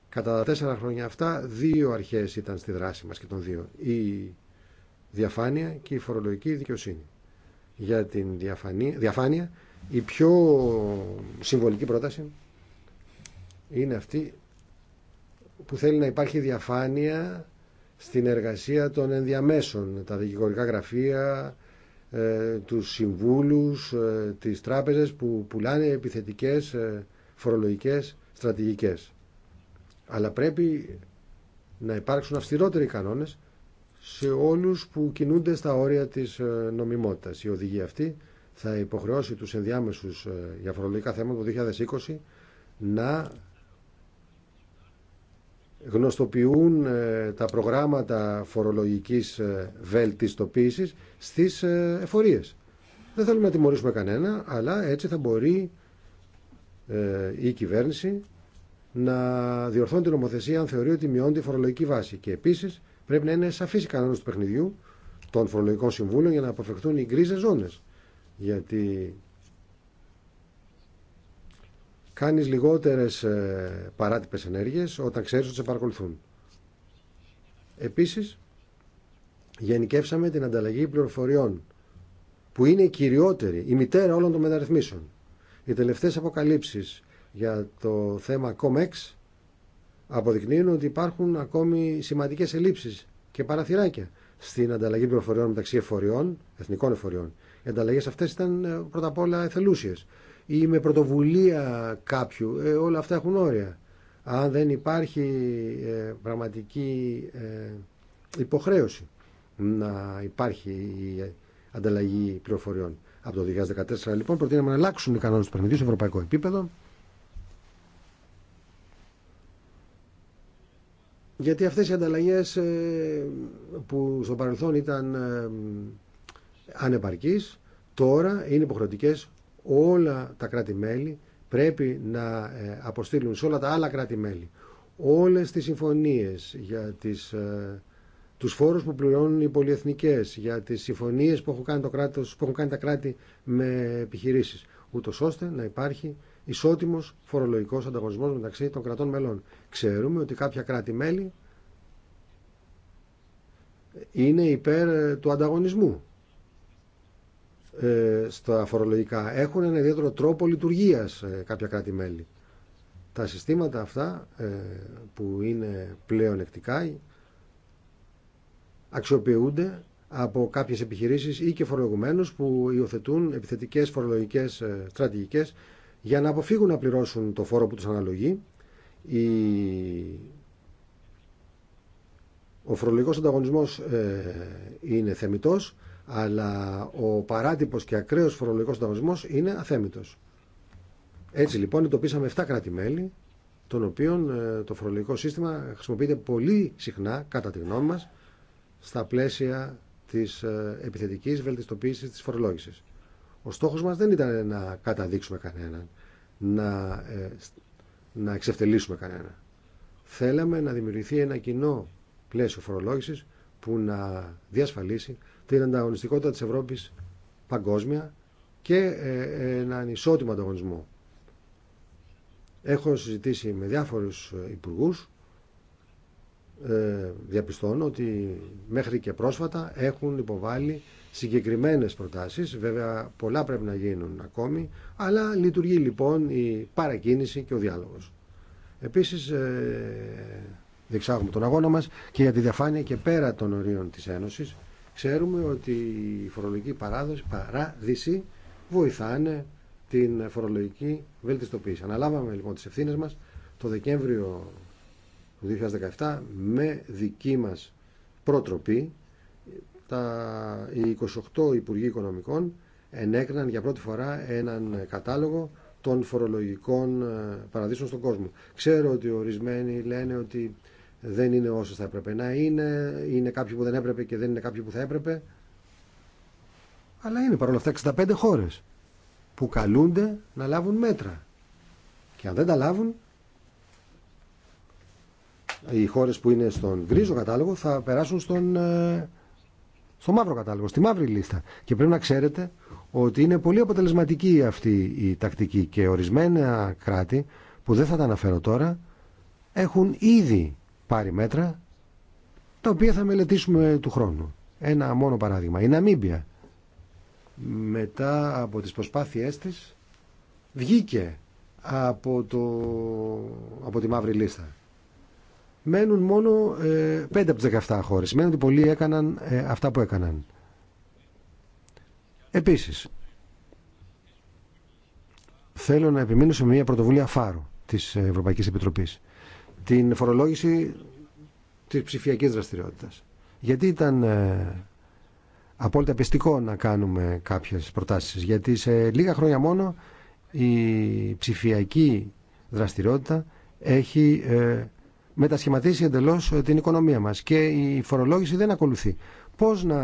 Κατά τα τέσσερα χρόνια αυτά, δύο αρχές ήταν στη δράση μας και των δύο. Η διαφάνεια και η φορολογική δικαιοσύνη. Για την διαφάνεια, η πιο συμβολική πρόταση είναι αυτή που θέλει να υπάρχει διαφάνεια στην εργασία των ενδιαμέσων, τα δικηγορικά γραφεία, του ε, τους συμβούλους, ε, τις τράπεζες που πουλάνε επιθετικές ε, φορολογικές στρατηγικές. Αλλά πρέπει να υπάρξουν αυστηρότεροι κανόνες σε όλους που κινούνται στα όρια της ε, νομιμότητας. Η οδηγία αυτή θα υποχρεώσει τους ενδιάμεσους ε, για φορολογικά θέματα το 2020 να γνωστοποιούν ε, τα προγράμματα φορολογικής βελτιστοποίησης στις εφορίες. Δεν θέλουμε να τιμωρήσουμε κανένα, αλλά έτσι θα μπορεί ε, η κυβέρνηση να διορθώνει την νομοθεσία αν θεωρεί ότι μειώνει τη φορολογική βάση. Και επίση πρέπει να είναι σαφή η κανόνε του παιχνιδιού των φορολογικών συμβούλων για να αποφευχθούν οι γκρίζε ζώνε. Γιατί κάνεις λιγότερες ε, παράτυπες ενέργειε όταν ξέρει ότι σε παρακολουθούν. Επίσης, γενικεύσαμε την ανταλλαγή πληροφοριών, που είναι η κυριότερη, η μητέρα όλων των μεταρρυθμίσεων. Οι τελευταίες αποκαλύψεις για το θέμα COMEX αποδεικνύουν ότι υπάρχουν ακόμη σημαντικές ελλείψεις και παραθυράκια στην ανταλλαγή πληροφοριών μεταξύ εφοριών, εθνικών εφοριών. Οι ανταλλαγές αυτές ήταν ε, πρώτα απ' όλα εθελούσιες ή με πρωτοβουλία κάποιου. Ε, όλα αυτά έχουν όρια. Αν δεν υπάρχει ε, πραγματική υποχρέωση να υπάρχει η ανταλλαγή πληροφοριών. Από το 2014 λοιπόν προτείναμε να αλλάξουν οι κανόνε του παιχνιδιού σε ευρωπαϊκό επίπεδο. Γιατί αυτές οι ανταλλαγές ε, που στο παρελθόν ήταν ε, ανεπαρκείς, τώρα είναι υποχρεωτικές όλα τα κράτη-μέλη πρέπει να ε, αποστείλουν σε όλα τα άλλα κράτη-μέλη όλες τις συμφωνίες για τις τους φόρους που πληρώνουν οι πολυεθνικές, για τις συμφωνίες που έχουν κάνει, το κράτος, που έχουν κάνει τα κράτη με επιχειρήσεις, ούτως ώστε να υπάρχει ισότιμος φορολογικός ανταγωνισμός μεταξύ των κρατών μελών. Ξέρουμε ότι κάποια κράτη-μέλη είναι υπέρ ε, του ανταγωνισμού ε, στα φορολογικά. Έχουν ένα ιδιαίτερο τρόπο λειτουργίας ε, κάποια κράτη-μέλη. Τα συστήματα αυτά που είναι πλέον εκτικά αξιοποιούνται από κάποιες επιχειρήσεις ή και φορολογουμένους που υιοθετούν επιθετικές φορολογικές ε, στρατηγικέ για να αποφύγουν να πληρώσουν το φόρο που τους αναλογεί. Η... Ο φορολογικός ανταγωνισμός ε, είναι θεμητό, αλλά ο παράτυπος και ακραίο φορολογικός ανταγωνισμός είναι αθέμητο. Έτσι λοιπόν εντοπίσαμε 7 κράτη-μέλη, των οποίων ε, το φορολογικό σύστημα χρησιμοποιείται πολύ συχνά, κατά τη γνώμη μας, στα πλαίσια της ε, επιθετικής βελτιστοποίησης της φορολόγησης. Ο στόχος μας δεν ήταν να καταδείξουμε κανέναν, να, ε, να εξευτελίσουμε κανέναν. Θέλαμε να δημιουργηθεί ένα κοινό πλαίσιο φορολόγησης που να διασφαλίσει την ανταγωνιστικότητα της Ευρώπης παγκόσμια και ε, ε, έναν ισότιμο ανταγωνισμό. Έχω συζητήσει με διάφορους υπουργούς ε, διαπιστώνω ότι μέχρι και πρόσφατα έχουν υποβάλει συγκεκριμένες προτάσεις. Βέβαια πολλά πρέπει να γίνουν ακόμη, αλλά λειτουργεί λοιπόν η παρακίνηση και ο διάλογος. Επίσης ε, διεξάγουμε τον αγώνα μας και για τη διαφάνεια και πέρα των ορίων της Ένωσης. Ξέρουμε ότι η φορολογική παράδοση, παράδειση βοηθάνε την φορολογική βελτιστοποίηση. Αναλάβαμε λοιπόν τις ευθύνες μας το Δεκέμβριο του 2017 με δική μας πρότροπη τα, οι 28 Υπουργοί Οικονομικών ενέκριναν για πρώτη φορά έναν κατάλογο των φορολογικών ε, παραδείσων στον κόσμο. Ξέρω ότι ορισμένοι λένε ότι δεν είναι όσε θα έπρεπε να είναι, είναι κάποιοι που δεν έπρεπε και δεν είναι κάποιοι που θα έπρεπε. Αλλά είναι παρόλα αυτά 65 χώρες που καλούνται να λάβουν μέτρα. Και αν δεν τα λάβουν οι χώρες που είναι στον γκρίζο κατάλογο θα περάσουν στον, ε, στο μαύρο κατάλογο, στη μαύρη λίστα. Και πρέπει να ξέρετε ότι είναι πολύ αποτελεσματική αυτή η τακτική και ορισμένα κράτη που δεν θα τα αναφέρω τώρα έχουν ήδη πάρει μέτρα τα οποία θα μελετήσουμε του χρόνου. Ένα μόνο παράδειγμα. Η Ναμίμπια μετά από τις προσπάθειές της βγήκε από, το, από τη μαύρη λίστα μένουν μόνο 5 ε, από τις 17 χώρε. Σημαίνει ότι πολλοί έκαναν ε, αυτά που έκαναν. Επίσης, θέλω να επιμείνω σε μια πρωτοβουλία φάρου της Ευρωπαϊκής Επιτροπής. Την φορολόγηση της ψηφιακής δραστηριότητας. Γιατί ήταν ε, απόλυτα πιστικό να κάνουμε κάποιες προτάσεις. Γιατί σε λίγα χρόνια μόνο η ψηφιακή δραστηριότητα έχει μετασχηματίσει εντελώς ε, την οικονομία μας και η φορολόγηση δεν ακολουθεί. Πώς να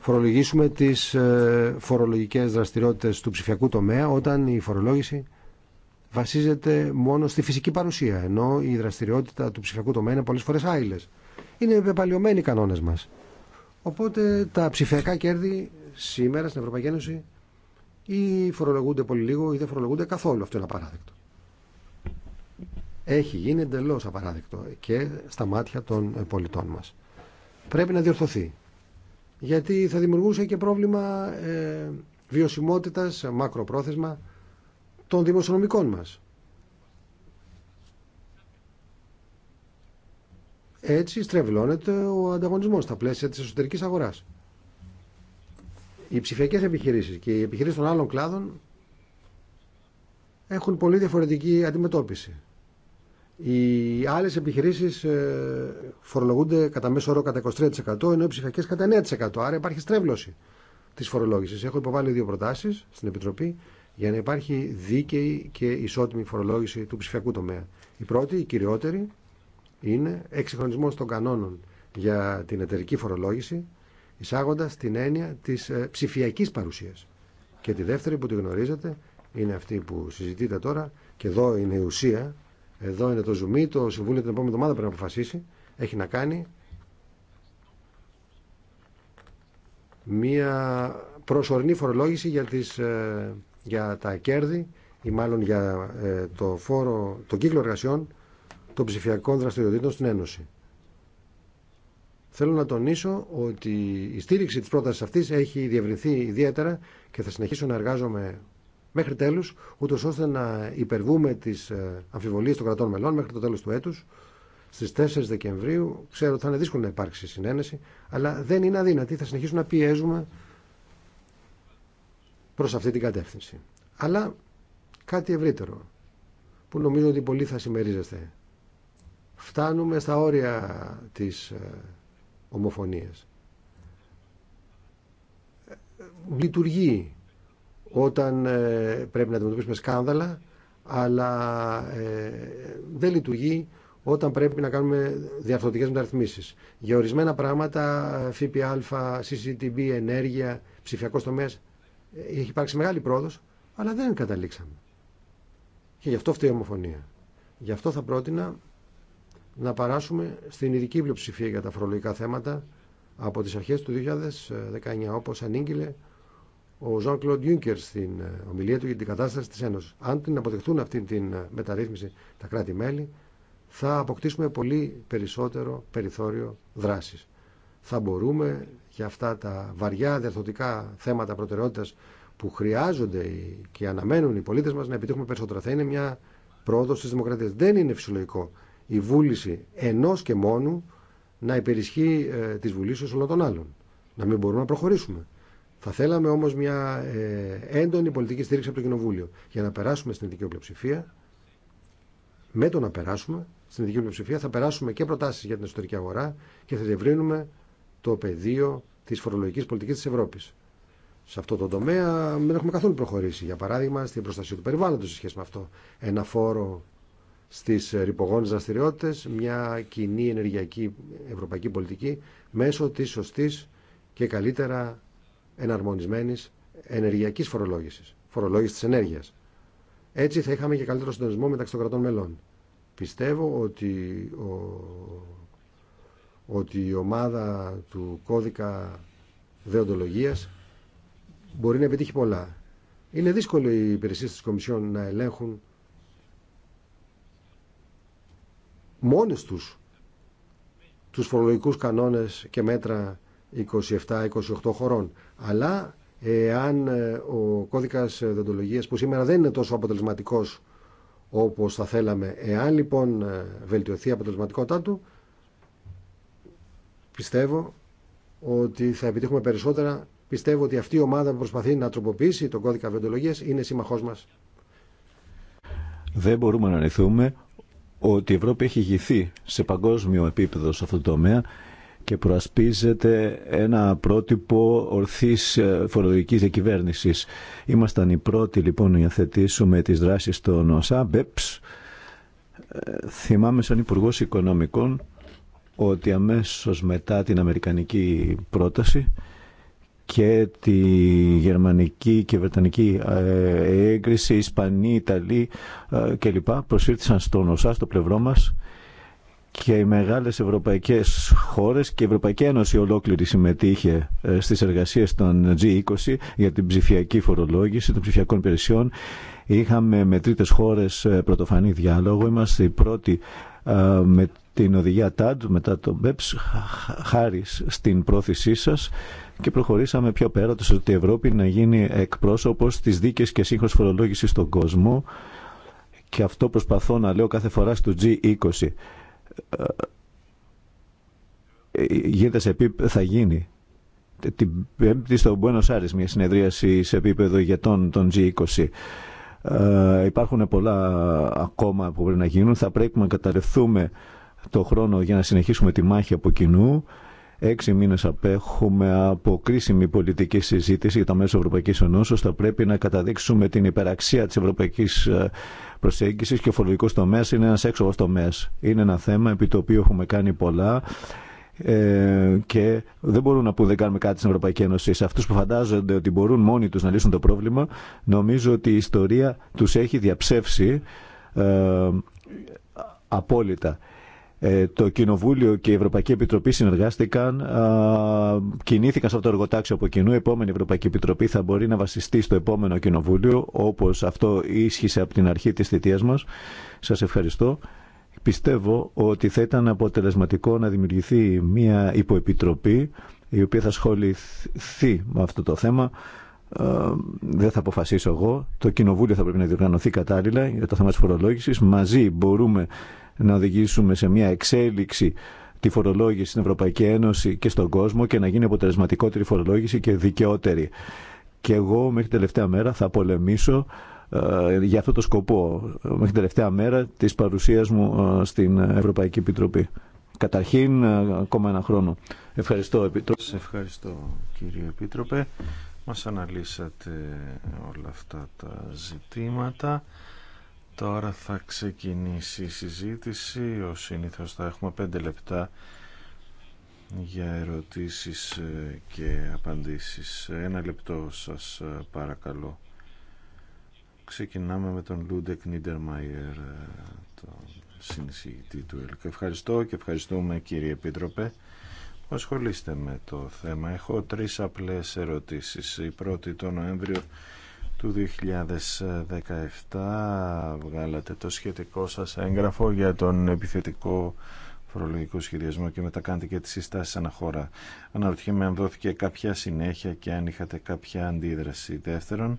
φορολογήσουμε τις ε, φορολογικές δραστηριότητες του ψηφιακού τομέα όταν η φορολόγηση βασίζεται μόνο στη φυσική παρουσία ενώ η δραστηριότητα του ψηφιακού τομέα είναι πολλές φορές άειλε. Είναι επεπαλαιωμένοι οι κανόνες μας. Οπότε τα ψηφιακά κέρδη σήμερα στην Ευρωπαϊκή Ένωση ή φορολογούνται πολύ λίγο ή δεν φορολογούνται καθόλου. Αυτό είναι απαράδεκτο έχει γίνει εντελώ απαράδεκτο και στα μάτια των πολιτών μα. Πρέπει να διορθωθεί. Γιατί θα δημιουργούσε και πρόβλημα ε, μακροπρόθεσμα των δημοσιονομικών μας. Έτσι στρεβλώνεται ο ανταγωνισμός στα πλαίσια της εσωτερικής αγοράς. Οι ψηφιακές επιχειρήσει και οι επιχειρήσεις των άλλων κλάδων έχουν πολύ διαφορετική αντιμετώπιση. Οι άλλες επιχειρήσεις ε, φορολογούνται κατά μέσο όρο κατά 23% ενώ οι ψηφιακές κατά 9%. Άρα υπάρχει στρέβλωση της φορολόγησης. Έχω υποβάλει δύο προτάσεις στην Επιτροπή για να υπάρχει δίκαιη και ισότιμη φορολόγηση του ψηφιακού τομέα. Η πρώτη, η κυριότερη, είναι εξυγχρονισμός των κανόνων για την εταιρική φορολόγηση εισάγοντα την έννοια της ε, ψηφιακής παρουσίας. Και τη δεύτερη που τη γνωρίζετε είναι αυτή που συζητείτε τώρα και εδώ είναι η ουσία εδώ είναι το ζουμί, το Συμβούλιο την επόμενη εβδομάδα πρέπει να αποφασίσει. Έχει να κάνει μία προσωρινή φορολόγηση για, τις, ε, για τα κέρδη ή μάλλον για ε, το φόρο, το κύκλο εργασιών των ψηφιακών δραστηριοτήτων στην Ένωση. Θέλω να τονίσω ότι η στήριξη της πρότασης αυτής έχει διευρυνθεί ιδιαίτερα και θα συνεχίσω να εργάζομαι μέχρι τέλου, ούτω ώστε να υπερβούμε τι ε, αμφιβολίε των κρατών μελών μέχρι το τέλο του έτου. Στι 4 Δεκεμβρίου, ξέρω ότι θα είναι δύσκολο να υπάρξει συνένεση, αλλά δεν είναι αδύνατη. Θα συνεχίσουμε να πιέζουμε προ αυτή την κατεύθυνση. Αλλά κάτι ευρύτερο, που νομίζω ότι πολλοί θα συμμερίζεστε. Φτάνουμε στα όρια της ε, ομοφωνίας. Ε, λειτουργεί όταν ε, πρέπει να αντιμετωπίσουμε σκάνδαλα, αλλά ε, δεν λειτουργεί όταν πρέπει να κάνουμε διαρθρωτικέ μεταρρυθμίσει. Για ορισμένα πράγματα, ΦΠΑ, CCTV, ενέργεια, ψηφιακό τομέα, ε, έχει υπάρξει μεγάλη πρόοδο, αλλά δεν καταλήξαμε. Και γι' αυτό αυτή η ομοφωνία. Γι' αυτό θα πρότεινα να παράσουμε στην ειδική πλειοψηφία για τα φορολογικά θέματα από τις αρχές του 2019, όπως ανήγγειλε ο Ζαν Κλοντ Juncker στην ε, ομιλία του για την κατάσταση τη Ένωση. Αν την αποδεχτούν αυτή την ε, μεταρρύθμιση τα κράτη-μέλη, θα αποκτήσουμε πολύ περισσότερο περιθώριο δράση. Θα μπορούμε για αυτά τα βαριά διαρθωτικά θέματα προτεραιότητα που χρειάζονται και αναμένουν οι πολίτε μα να επιτύχουμε περισσότερα. Θα είναι μια πρόοδο τη δημοκρατία. Δεν είναι φυσιολογικό η βούληση ενό και μόνο να υπερισχύει ε, τη όλων των άλλων. Να μην μπορούμε να προχωρήσουμε. Θα θέλαμε όμω μια ε, έντονη πολιτική στήριξη από το Κοινοβούλιο για να περάσουμε στην ειδική πλειοψηφία. Με το να περάσουμε στην ειδική πλειοψηφία θα περάσουμε και προτάσει για την εσωτερική αγορά και θα διευρύνουμε το πεδίο τη φορολογική πολιτική τη Ευρώπη. Σε αυτό το τομέα δεν έχουμε καθόλου προχωρήσει. Για παράδειγμα, στην προστασία του περιβάλλοντο σε σχέση με αυτό. Ένα φόρο στι ρηπογόνε δραστηριότητε, μια κοινή ενεργειακή ευρωπαϊκή πολιτική μέσω τη σωστή και καλύτερα Εναρμονισμένη ενεργειακής φορολόγηση, φορολόγηση τη ενέργειας. Έτσι θα είχαμε και καλύτερο συντονισμό μεταξύ των κρατών μελών. Πιστεύω ότι, ο, ότι η ομάδα του κώδικα δεοντολογίας μπορεί να επιτύχει πολλά. Είναι δύσκολο οι υπηρεσίε της Κομισιόν να ελέγχουν μόνες τους τους φορολογικούς κανόνες και μέτρα 27-28 χωρών. Αλλά εάν ε, ο κώδικας δοντολογίας που σήμερα δεν είναι τόσο αποτελεσματικός όπως θα θέλαμε, εάν λοιπόν ε, βελτιωθεί η αποτελεσματικότητά του, πιστεύω ότι θα επιτύχουμε περισσότερα. Πιστεύω ότι αυτή η ομάδα που προσπαθεί να τροποποιήσει τον κώδικα βεντολογίας είναι σύμμαχός μας. Δεν μπορούμε να αρνηθούμε ότι η Ευρώπη έχει ηγηθεί σε παγκόσμιο επίπεδο σε αυτό το τομέα και προασπίζεται ένα πρότυπο ορθής ε, φορολογικής διακυβέρνησης. Ήμασταν οι πρώτοι λοιπόν να υιοθετήσουμε τις δράσεις των ΩΣΑ, ΜΠΕΠΣ. Θυμάμαι σαν υπουργό Οικονομικών ότι αμέσως μετά την Αμερικανική πρόταση και τη γερμανική και βρετανική ε, έγκριση, Ισπανοί, Ιταλοί ε, κλπ. προσήρθησαν στον ΩΣΑ στο πλευρό μας και οι μεγάλες ευρωπαϊκές χώρες και η Ευρωπαϊκή Ένωση ολόκληρη συμμετείχε ε, στις εργασίες των G20 για την ψηφιακή φορολόγηση των ψηφιακών υπηρεσιών. Είχαμε με τρίτες χώρες ε, πρωτοφανή διάλογο. Είμαστε οι πρώτοι ε, με την οδηγία TAD μετά το BEPS χάρη στην πρόθεσή σας και προχωρήσαμε πιο πέρα το ότι η Ευρώπη να γίνει εκπρόσωπος της δίκαιης και σύγχρονης φορολόγησης στον κόσμο και αυτό προσπαθώ να λέω κάθε φορά στο G20 ε, ε, γίνεται σε θα γίνει την Πέμπτη στο Buenos Aires μια συνεδρίαση σε επίπεδο ηγετών των G20. Ε, υπάρχουν πολλά ακόμα που πρέπει να γίνουν. Θα πρέπει να καταρρευθούμε το χρόνο για να συνεχίσουμε τη μάχη από κοινού. Έξι μήνε απέχουμε από κρίσιμη πολιτική συζήτηση για τα μέσα Ευρωπαϊκή Ενώσεω. Θα πρέπει να καταδείξουμε την υπεραξία τη ευρωπαϊκή ε, προσέγγιση και ο φορολογικό τομέα είναι ένα έξοδο τομέα. Είναι ένα θέμα επί το οποίο έχουμε κάνει πολλά ε, και δεν μπορούν να πούν δεν κάνουμε κάτι στην Ευρωπαϊκή Ένωση. Σε αυτού που φαντάζονται ότι μπορούν μόνοι του να λύσουν το πρόβλημα, νομίζω ότι η ιστορία του έχει διαψεύσει. Ε, απόλυτα. Ε, το Κοινοβούλιο και η Ευρωπαϊκή Επιτροπή συνεργάστηκαν, κινήθηκαν σε αυτό το εργοτάξιο από κοινού. Η επόμενη Ευρωπαϊκή Επιτροπή θα μπορεί να βασιστεί στο επόμενο Κοινοβούλιο, Όπω αυτό ίσχυσε από την αρχή τη θητεία μα. Σα ευχαριστώ. Πιστεύω ότι θα ήταν αποτελεσματικό να δημιουργηθεί μια υποεπιτροπή η οποία θα ασχοληθεί με αυτό το θέμα. Ε, δεν θα αποφασίσω εγώ. Το Κοινοβούλιο θα πρέπει να διοργανωθεί κατάλληλα για το θέμα τη φορολόγηση. Μαζί μπορούμε να οδηγήσουμε σε μια εξέλιξη τη φορολόγηση στην Ευρωπαϊκή Ένωση και στον κόσμο και να γίνει αποτελεσματικότερη φορολόγηση και δικαιότερη. Και εγώ μέχρι τελευταία μέρα θα πολεμήσω ε, για αυτό το σκοπό, μέχρι τελευταία μέρα της παρουσίας μου ε, στην Ευρωπαϊκή Επιτροπή. Καταρχήν, ε, ακόμα ένα χρόνο. Ευχαριστώ, Επίτροπε. Σας ευχαριστώ, κύριε Επίτροπε. Μας αναλύσατε όλα αυτά τα ζητήματα. Τώρα θα ξεκινήσει η συζήτηση. Ο συνήθως θα έχουμε 5 λεπτά για ερωτήσεις ε, και απαντήσεις. Ένα λεπτό σας ε, παρακαλώ. Ξεκινάμε με τον Λούντεκ Νίντερμαϊερ, ε, τον συνεισηγητή του ΕΛΚ. Ευχαριστώ και ευχαριστούμε κύριε Επίτροπε που ασχολείστε με το θέμα. Έχω τρεις απλές ερωτήσεις. Η πρώτη το Νοέμβριο το 2017 βγάλατε το σχετικό σας έγγραφο για τον επιθετικό φορολογικό σχεδιασμό και μετά κάνετε και τις συστάσεις αναχώρα. Αναρωτιέμαι αν δόθηκε κάποια συνέχεια και αν είχατε κάποια αντίδραση. Δεύτερον,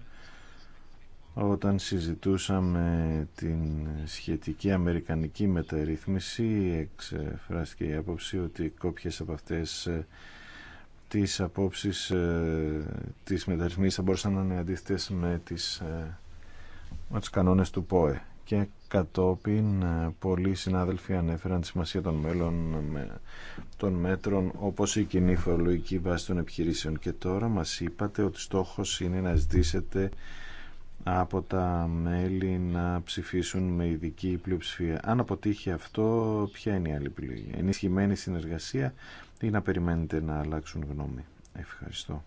όταν συζητούσαμε την σχετική αμερικανική μεταρρύθμιση εξεφράστηκε η άποψη ότι κόπιες από αυτές τις απόψεις ε, της μεταρρυθμίσης θα μπορούσαν να είναι αντίθετες με, τις, ε, με τους κανόνες του ΠΟΕ και κατόπιν ε, πολλοί συνάδελφοι ανέφεραν τη σημασία των μέλων με, των μέτρων όπως η κοινή φορολογική βάση των επιχειρήσεων και τώρα μας είπατε ότι στόχος είναι να ζητήσετε από τα μέλη να ψηφίσουν με ειδική πλειοψηφία. Αν αποτύχει αυτό, ποια είναι η άλλη επιλογή. Ενισχυμένη συνεργασία τι να περιμένετε να αλλάξουν γνώμη. Ευχαριστώ.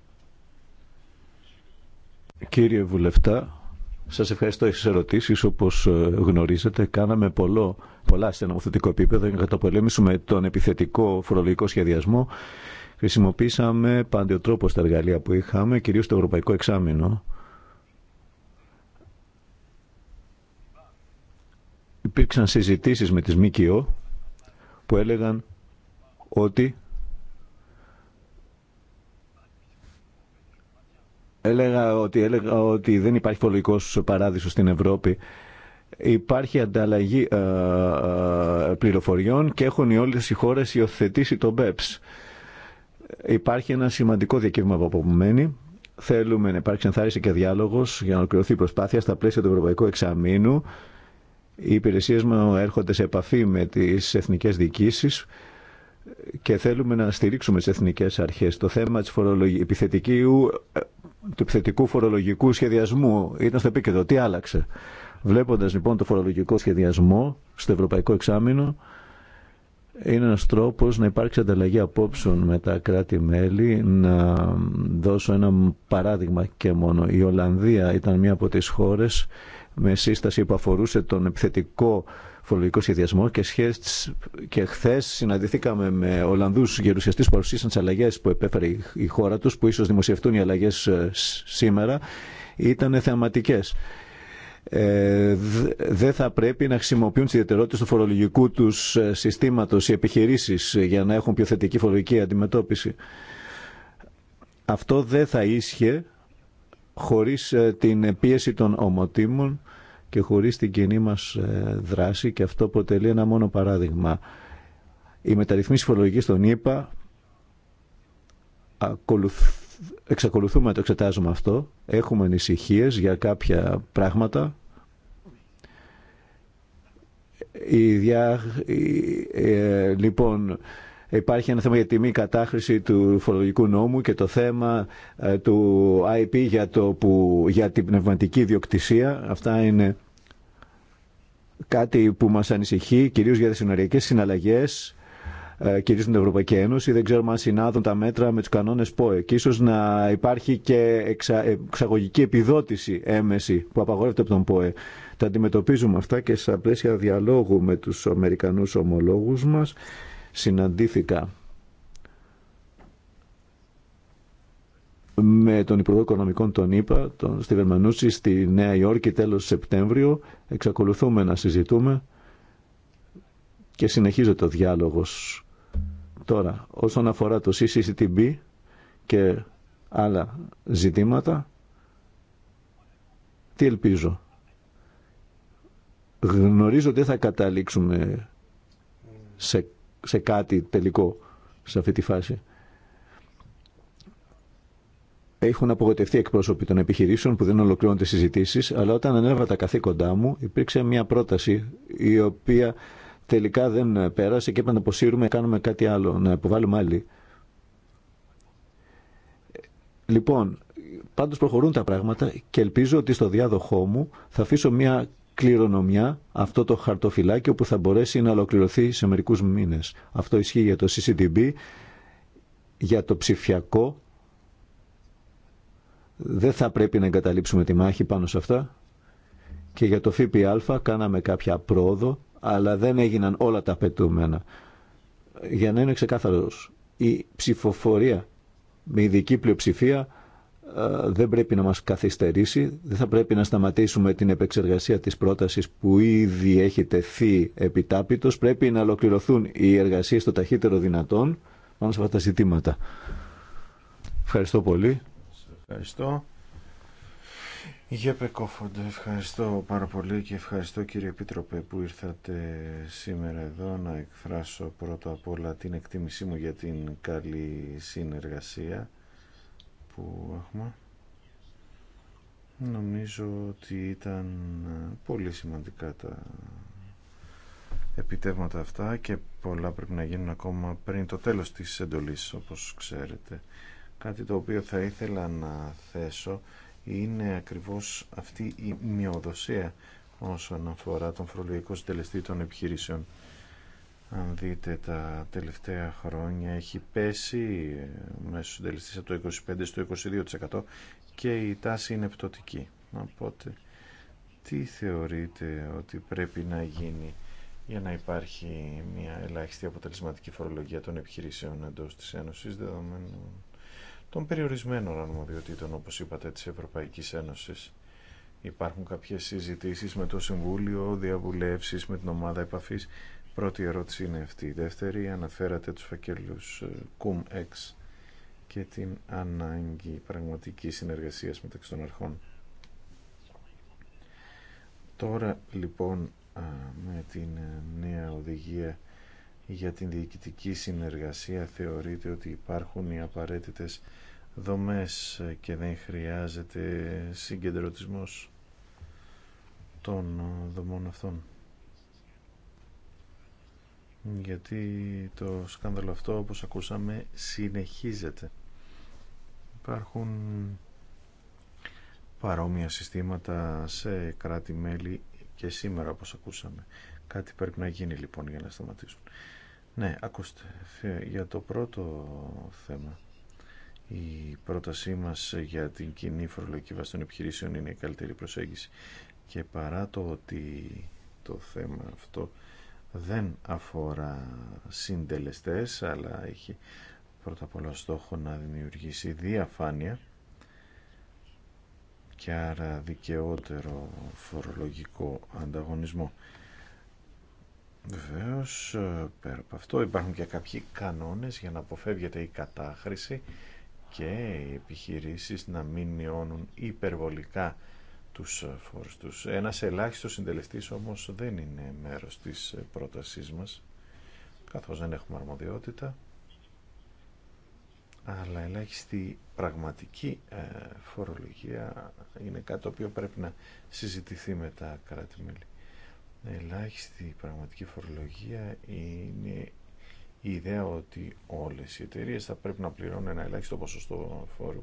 Κύριε Βουλευτά, σας ευχαριστώ για τις ερωτήσεις. Όπως ε, γνωρίζετε, κάναμε πολλό, πολλά σε νομοθετικό επίπεδο για να καταπολέμησουμε τον επιθετικό φορολογικό σχεδιασμό. Χρησιμοποίησαμε τρόπο στα εργαλεία που είχαμε, κυρίως το Ευρωπαϊκό Εξάμεινο. Υπήρξαν συζητήσεις με τις ΜΚΟ που έλεγαν ότι Έλεγα ότι, έλεγα ότι δεν υπάρχει φορολογικός παράδεισος στην Ευρώπη. Υπάρχει ανταλλαγή ε, ε, πληροφοριών και έχουν οι όλες οι χώρες υιοθετήσει το BEPS. Υπάρχει ένα σημαντικό διακύβημα που απομένει. Θέλουμε να υπάρξει ενθάρρυνση και διάλογος για να ολοκληρωθεί η προσπάθεια στα πλαίσια του Ευρωπαϊκού Εξαμήνου. Οι υπηρεσίε μου έρχονται σε επαφή με τι εθνικέ διοικήσει και θέλουμε να στηρίξουμε τι εθνικέ αρχέ Το θέμα τη φορολογική επιθετικού του επιθετικού φορολογικού σχεδιασμού ήταν στο επίκεντρο. Τι άλλαξε. Βλέποντας λοιπόν το φορολογικό σχεδιασμό στο ευρωπαϊκό εξάμεινο, είναι ένας τρόπος να υπάρξει ανταλλαγή απόψεων με τα κράτη-μέλη. Να δώσω ένα παράδειγμα και μόνο. Η Ολλανδία ήταν μία από τις χώρες με σύσταση που αφορούσε τον επιθετικό φορολογικό σχεδιασμό και, σχέσεις και χθε συναντηθήκαμε με Ολλανδού γερουσιαστέ που παρουσίασαν τι αλλαγέ που επέφερε η χώρα του, που ίσω δημοσιευτούν οι αλλαγέ ε, σήμερα, ήταν θεαματικέ. Ε, δεν θα πρέπει να χρησιμοποιούν τι ιδιαιτερότητε του φορολογικού του ε, συστήματο οι επιχειρήσει ε, για να έχουν πιο θετική φορολογική αντιμετώπιση. Αυτό δεν θα ίσχυε χωρίς την πίεση των ομοτήμων και χωρίς την κοινή μας ε, δράση και αυτό αποτελεί ένα μόνο παράδειγμα. Η μεταρρυθμίση φορολογικής των ΗΠΑ εξακολουθούμε να το εξετάζουμε αυτό, έχουμε ανησυχίε για κάποια πράγματα. Η διά... Ε, λοιπόν, Υπάρχει ένα θέμα για τιμή κατάχρηση του φορολογικού νόμου και το θέμα ε, του IP για, το που, για την πνευματική ιδιοκτησία. Αυτά είναι κάτι που μας ανησυχεί, κυρίως για τις συνοριακές συναλλαγές, ε, κυρίως στην Ευρωπαϊκή Ένωση. Δεν ξέρουμε αν συνάδουν τα μέτρα με τους κανόνες ΠΟΕ. Και ίσως να υπάρχει και εξα, εξαγωγική επιδότηση έμεση που απαγορεύεται από τον ΠΟΕ. Τα αντιμετωπίζουμε αυτά και στα πλαίσια διαλόγου με τους Αμερικανούς ομολόγους μας συναντήθηκα με τον Υπουργό Οικονομικών των ΗΠΑ, τον Στίβεν Μανούτσι, στη Νέα Υόρκη τέλος Σεπτέμβριο. Εξακολουθούμε να συζητούμε και συνεχίζεται ο διάλογος. Τώρα, όσον αφορά το CCTB και άλλα ζητήματα, τι ελπίζω. Γνωρίζω ότι θα καταλήξουμε σε σε κάτι τελικό σε αυτή τη φάση. Έχουν απογοητευτεί εκπρόσωποι των επιχειρήσεων που δεν ολοκληρώνουν τι συζητήσει, αλλά όταν ανέλαβα τα καθήκοντά μου, υπήρξε μια πρόταση η οποία τελικά δεν πέρασε και είπα να αποσύρουμε, κάνουμε κάτι άλλο, να υποβάλουμε άλλη. Λοιπόν, πάντως προχωρούν τα πράγματα και ελπίζω ότι στο διάδοχό μου θα αφήσω μια κληρονομιά, αυτό το χαρτοφυλάκιο που θα μπορέσει να ολοκληρωθεί σε μερικούς μήνες. Αυτό ισχύει για το CCDB, για το ψηφιακό. Δεν θα πρέπει να εγκαταλείψουμε τη μάχη πάνω σε αυτά. Και για το ΦΠΑ κάναμε κάποια πρόοδο, αλλά δεν έγιναν όλα τα απαιτούμενα. Για να είναι ξεκάθαρος, η ψηφοφορία με ειδική πλειοψηφία δεν πρέπει να μας καθυστερήσει, δεν θα πρέπει να σταματήσουμε την επεξεργασία της πρότασης που ήδη έχει τεθεί επιτάπητος. Πρέπει να ολοκληρωθούν οι εργασίες το ταχύτερο δυνατόν πάνω σε αυτά τα ζητήματα. Ευχαριστώ πολύ. Ευχαριστώ. Γεπε Κόφοντα, ευχαριστώ πάρα πολύ και ευχαριστώ κύριε Επίτροπε που ήρθατε σήμερα εδώ να εκφράσω πρώτα απ' όλα την εκτίμησή μου για την καλή συνεργασία που έχουμε νομίζω ότι ήταν πολύ σημαντικά τα επιτεύγματα αυτά και πολλά πρέπει να γίνουν ακόμα πριν το τέλος της εντολής όπως ξέρετε κάτι το οποίο θα ήθελα να θέσω είναι ακριβώς αυτή η μειοδοσία όσον αφορά τον φορολογικό συντελεστή των επιχειρήσεων αν δείτε τα τελευταία χρόνια έχει πέσει μέσω συντελεστής από το 25% στο 22% και η τάση είναι πτωτική. Οπότε τι θεωρείτε ότι πρέπει να γίνει για να υπάρχει μια ελάχιστη αποτελεσματική φορολογία των επιχειρήσεων εντός της Ένωσης δεδομένου των περιορισμένων αρμοδιοτήτων όπως είπατε της Ευρωπαϊκής Ένωσης. Υπάρχουν κάποιες συζητήσεις με το Συμβούλιο, διαβουλεύσεις με την ομάδα επαφής Πρώτη ερώτηση είναι αυτή. Η δεύτερη αναφέρατε τους φακέλους ε, και την ανάγκη πραγματικής συνεργασίας μεταξύ των αρχών. Τώρα λοιπόν με την ε, νέα οδηγία για την διοικητική συνεργασία θεωρείται ότι υπάρχουν οι απαραίτητες δομές ε, και δεν χρειάζεται συγκεντρωτισμός των δομών αυτών γιατί το σκάνδαλο αυτό όπως ακούσαμε συνεχίζεται υπάρχουν παρόμοια συστήματα σε κράτη-μέλη και σήμερα όπως ακούσαμε κάτι πρέπει να γίνει λοιπόν για να σταματήσουν ναι ακούστε για το πρώτο θέμα η πρότασή μας για την κοινή φορολογική βάση των επιχειρήσεων είναι η καλύτερη προσέγγιση και παρά το ότι το θέμα αυτό δεν αφορά συντελεστές αλλά έχει πρώτα απ' όλα στόχο να δημιουργήσει διαφάνεια και άρα δικαιότερο φορολογικό ανταγωνισμό. Βεβαίω, πέρα από αυτό υπάρχουν και κάποιοι κανόνες για να αποφεύγεται η κατάχρηση και οι επιχειρήσεις να μην μειώνουν υπερβολικά τους ε, φόρους τους. Ένας ελάχιστος συντελεστής όμως δεν είναι μέρος της ε, πρότασής μας, καθώς δεν έχουμε αρμοδιότητα, αλλά ελάχιστη πραγματική ε, φορολογία είναι κάτι το οποίο πρέπει να συζητηθεί με τα κράτη-μέλη. Ελάχιστη πραγματική φορολογία είναι η ιδέα ότι όλες οι εταιρείες θα πρέπει να πληρώνουν ένα ελάχιστο ποσοστό φόρου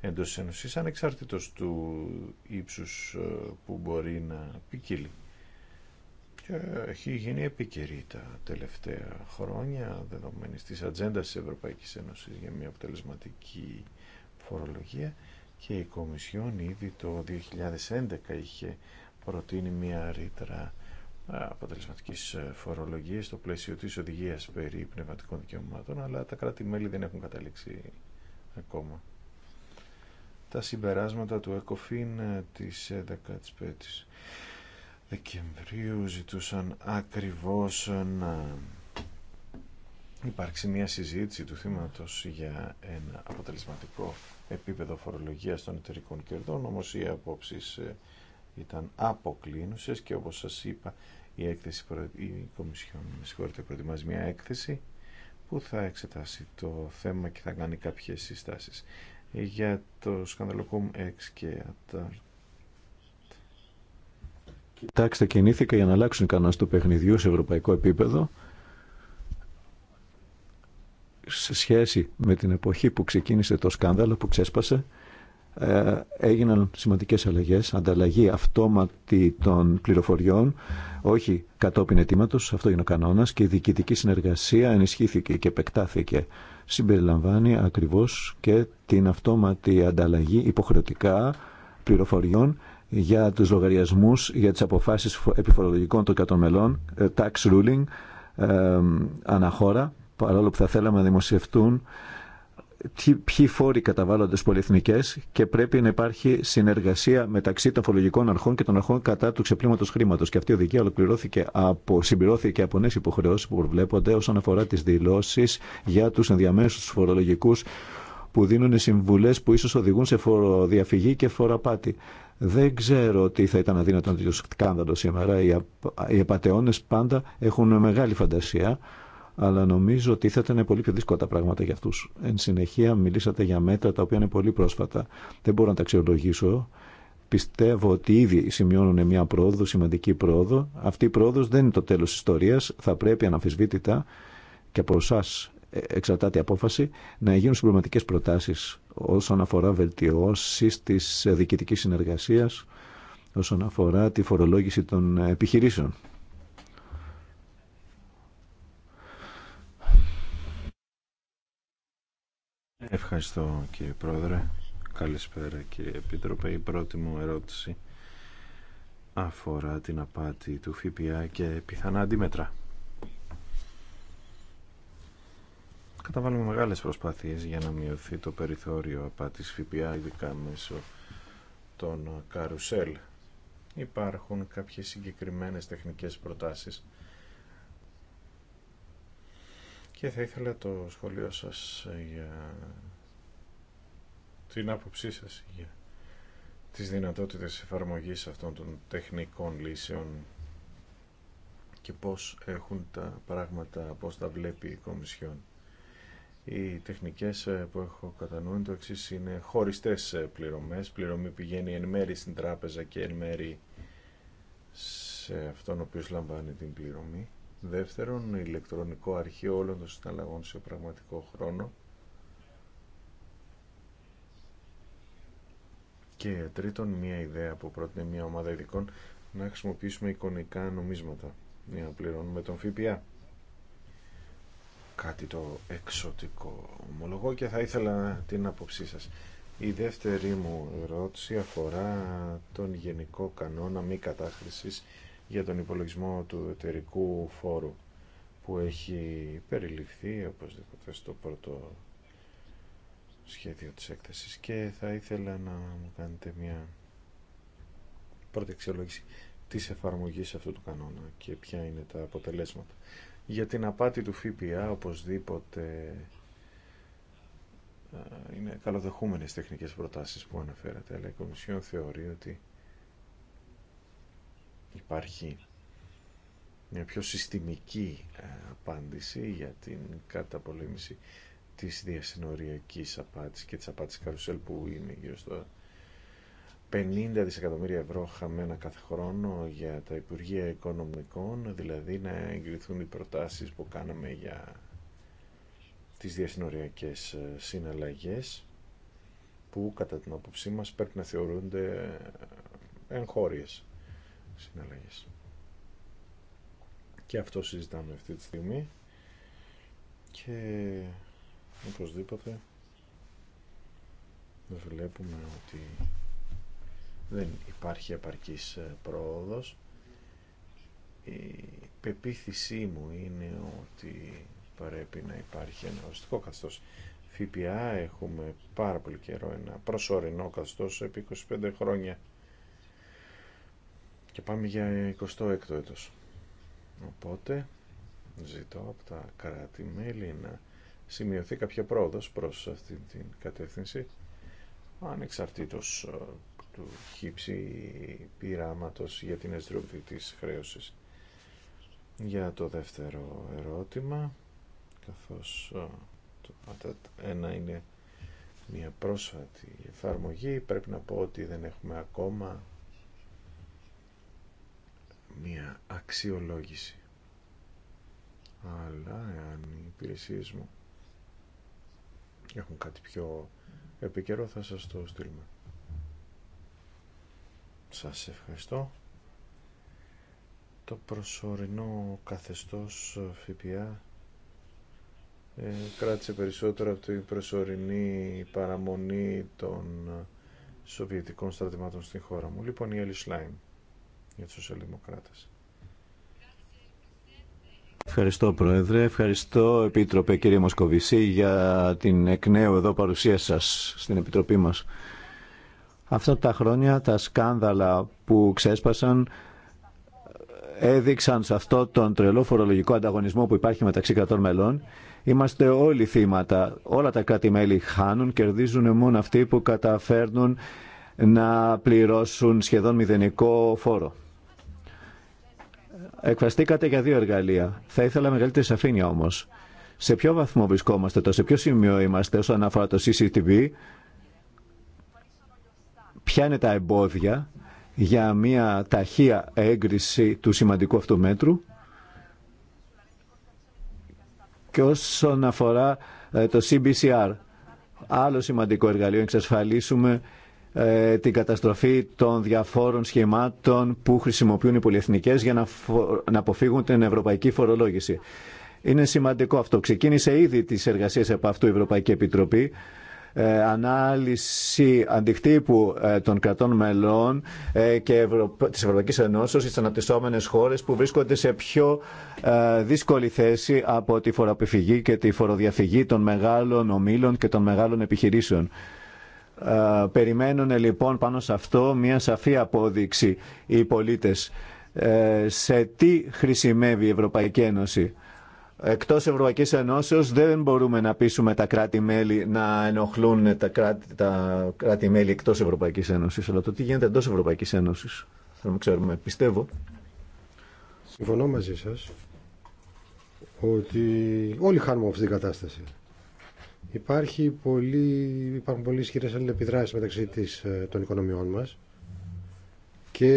εντός ένωση, ανεξάρτητος του ύψους ε, που μπορεί να ποικίλει. Και έχει γίνει επίκαιρη τα τελευταία χρόνια δεδομένη τη ατζέντα τη Ευρωπαϊκής Ένωση για μια αποτελεσματική φορολογία και η Κομισιόν ήδη το 2011 είχε προτείνει μια ρήτρα ε, αποτελεσματική ε, φορολογία στο πλαίσιο τη οδηγία περί πνευματικών δικαιωμάτων αλλά τα κράτη-μέλη δεν έχουν καταλήξει ακόμα τα συμπεράσματα του ΕΚΟΦΗΝ ε, της 15 ε, Δεκεμβρίου ζητούσαν ακριβώς ε, να υπάρξει μια συζήτηση του θύματος για ένα αποτελεσματικό επίπεδο φορολογίας των εταιρικών κερδών, όμως οι απόψεις ήταν αποκλίνουσες και όπως σας είπα η, έκθεση, η Κομισιόν με προετοιμάζει μια έκθεση που θα εξετάσει το θέμα και θα κάνει κάποιες συστάσεις για το σκανδαλοκόμ 6 και τα... Κοιτάξτε, κινήθηκα για να αλλάξουν οι το του παιχνιδιού σε ευρωπαϊκό επίπεδο σε σχέση με την εποχή που ξεκίνησε το σκάνδαλο που ξέσπασε ε, έγιναν σημαντικές αλλαγές, ανταλλαγή αυτόματη των πληροφοριών, όχι κατόπιν αιτήματος, αυτό είναι ο κανόνας, και η διοικητική συνεργασία ενισχύθηκε και επεκτάθηκε. Συμπεριλαμβάνει ακριβώς και την αυτόματη ανταλλαγή υποχρεωτικά πληροφοριών για τους λογαριασμούς, για τις αποφάσεις επιφορολογικών των κατομελών, ε, tax ruling, ε, αναχώρα, παρόλο που θα θέλαμε να δημοσιευτούν ποιοι φόροι καταβάλλονται στι πολυεθνικέ και πρέπει να υπάρχει συνεργασία μεταξύ των φορολογικών αρχών και των αρχών κατά του ξεπλήματο χρήματο. Και αυτή η οδηγία ολοκληρώθηκε από, συμπληρώθηκε από νέε υποχρεώσει που προβλέπονται όσον αφορά τι δηλώσει για του ενδιαμέσου φορολογικού που δίνουν συμβουλέ που ίσω οδηγούν σε φοροδιαφυγή και φοροαπάτη. Δεν ξέρω τι θα ήταν αδύνατο να το σκάνδαλο σήμερα. Οι, οι πάντα έχουν μεγάλη φαντασία αλλά νομίζω ότι θα ήταν πολύ πιο δύσκολα τα πράγματα για αυτού. Εν συνεχεία, μιλήσατε για μέτρα τα οποία είναι πολύ πρόσφατα. Δεν μπορώ να τα αξιολογήσω. Πιστεύω ότι ήδη σημειώνουν μια πρόοδο, σημαντική πρόοδο. Αυτή η πρόοδο δεν είναι το τέλο τη ιστορία. Θα πρέπει αναμφισβήτητα και από εσά ε, εξαρτάται η απόφαση να γίνουν συμπληρωματικέ προτάσει όσον αφορά βελτιώσει τη διοικητική συνεργασία, όσον αφορά τη φορολόγηση των επιχειρήσεων. Ευχαριστώ κύριε Πρόεδρε. Καλησπέρα κύριε Επίτροπε. Η πρώτη μου ερώτηση αφορά την απάτη του ΦΠΑ και πιθανά αντίμετρα. Καταβάλουμε μεγάλες προσπάθειες για να μειωθεί το περιθώριο απάτης ΦΠΑ, ειδικά μέσω των καρουσέλ. Υπάρχουν κάποιες συγκεκριμένες τεχνικές προτάσεις και θα ήθελα το σχολείο σας για την άποψή σας για τις δυνατότητες εφαρμογής αυτών των τεχνικών λύσεων και πώς έχουν τα πράγματα, πώς τα βλέπει η Κομισιόν. Οι τεχνικές ε, που έχω κατά το εξής είναι χωριστές ε, πληρωμές. Πληρωμή πηγαίνει εν μέρη στην τράπεζα και εν μέρη σε αυτόν ο οποίος λαμβάνει την πληρωμή. Δεύτερον, ηλεκτρονικό αρχείο όλων των συναλλαγών σε πραγματικό χρόνο. Και τρίτον, μια ιδέα που πρότεινε μια ομάδα ειδικών να χρησιμοποιήσουμε εικονικά νομίσματα για να πληρώνουμε τον ΦΠΑ. Κάτι το εξωτικό ομολογώ και θα ήθελα την άποψή σας. Η δεύτερη μου ερώτηση αφορά τον γενικό κανόνα μη κατάχρησης για τον υπολογισμό του εταιρικού φόρου που έχει περιληφθεί οπωσδήποτε στο πρώτο σχέδιο της έκθεσης και θα ήθελα να μου κάνετε μια πρώτη αξιολόγηση της εφαρμογής αυτού του κανόνα και ποια είναι τα αποτελέσματα. Για την απάτη του ΦΠΑ οπωσδήποτε ε, είναι καλοδεχούμενες τεχνικές προτάσεις που αναφέρατε αλλά η Κομισιόν θεωρεί ότι υπάρχει μια πιο συστημική ε, απάντηση για την καταπολέμηση της διασυνοριακής απάτης και της απάτης καρουσέλ που είναι γύρω στο 50 δισεκατομμύρια ευρώ χαμένα κάθε χρόνο για τα Υπουργεία Οικονομικών, δηλαδή να εγκριθούν οι προτάσεις που κάναμε για τις διασυνοριακές ε, συναλλαγές που κατά την άποψή μας πρέπει να θεωρούνται ε, εγχώριες. Και αυτό συζητάμε αυτή τη στιγμή και οπωσδήποτε βλέπουμε ότι δεν υπάρχει επαρκής ε, πρόοδος. Η πεποίθησή μου είναι ότι πρέπει να υπάρχει ένα οριστικό καθεστώς ΦΠΑ. Έχουμε πάρα πολύ καιρό ένα προσωρινό καθεστώς επί 25 χρόνια και πάμε για 26ο έτος. Οπότε ζητώ από τα κράτη-μέλη να σημειωθεί κάποια πρόοδος προς αυτή την κατεύθυνση ανεξαρτήτως ε, του χύψη πειράματος για την εστροφή της χρέωσης. Για το δεύτερο ερώτημα, καθώς ε, το ΑΤΑΤ 1 είναι μια πρόσφατη εφαρμογή, πρέπει να πω ότι δεν έχουμε ακόμα μία αξιολόγηση. Αλλά εάν οι υπηρεσίε μου έχουν κάτι πιο επικαιρό θα σας το στείλουμε. Σας ευχαριστώ. Το προσωρινό καθεστώς ΦΠΑ ε, κράτησε περισσότερο από την προσωρινή παραμονή των Σοβιετικών στρατημάτων στην χώρα μου. Λοιπόν, η έλισλαϊν για τους σοσιαλδημοκράτες. Ευχαριστώ Πρόεδρε, ευχαριστώ Επίτροπε κύριε Μοσκοβισή για την εκ νέου εδώ παρουσία σας στην Επιτροπή μας. Αυτά τα χρόνια τα σκάνδαλα που ξέσπασαν έδειξαν σε αυτό τον τρελό φορολογικό ανταγωνισμό που υπάρχει μεταξύ κρατών μελών. Είμαστε όλοι θύματα. Όλα τα κράτη-μέλη χάνουν, κερδίζουν μόνο αυτοί που καταφέρνουν να πληρώσουν σχεδόν μηδενικό φόρο. Εκφραστήκατε για δύο εργαλεία. Θα ήθελα μεγαλύτερη σαφήνεια όμω. Σε ποιο βαθμό βρισκόμαστε τώρα, σε ποιο σημείο είμαστε όσον αφορά το CCTV, ποια είναι τα εμπόδια για μια ταχεία έγκριση του σημαντικού αυτού μέτρου και όσον αφορά ε, το CBCR, άλλο σημαντικό εργαλείο, εξασφαλίσουμε ε, την καταστροφή των διαφόρων σχημάτων που χρησιμοποιούν οι πολυεθνικές για να, να αποφύγουν την ευρωπαϊκή φορολόγηση. Είναι σημαντικό αυτό. Ξεκίνησε ήδη τις εργασίες από αυτού η Ευρωπαϊκή Επιτροπή ε, ανάλυση αντικτύπου ε, των κρατών μελών ε, και Ευρω... της Ευρωπαϊκής Ενώσεως στις αναπτυσσόμενες χώρες που βρίσκονται σε πιο δύσκολη θέση από τη φοροαπηφυγή και τη φοροδιαφυγή των μεγάλων ομίλων και των μεγάλων επιχειρήσεων. Ε, περιμένουν λοιπόν πάνω σε αυτό μια σαφή απόδειξη οι πολίτες ε, σε τι χρησιμεύει η Ευρωπαϊκή Ένωση. Εκτός Ευρωπαϊκής Ενώσεως δεν μπορούμε να πείσουμε τα κράτη-μέλη να ενοχλούν τα, κράτη, μελη εκτός Ευρωπαϊκής Ένωσης. Αλλά το τι γίνεται εντός Ευρωπαϊκής Ένωσης μην ξέρουμε. Πιστεύω. Συμφωνώ μαζί σας ότι όλοι χάνουμε αυτή την κατάσταση. Υπάρχει πολύ, υπάρχουν πολύ ισχυρές αλληλεπιδράσεις μεταξύ της, ε, των οικονομιών μας και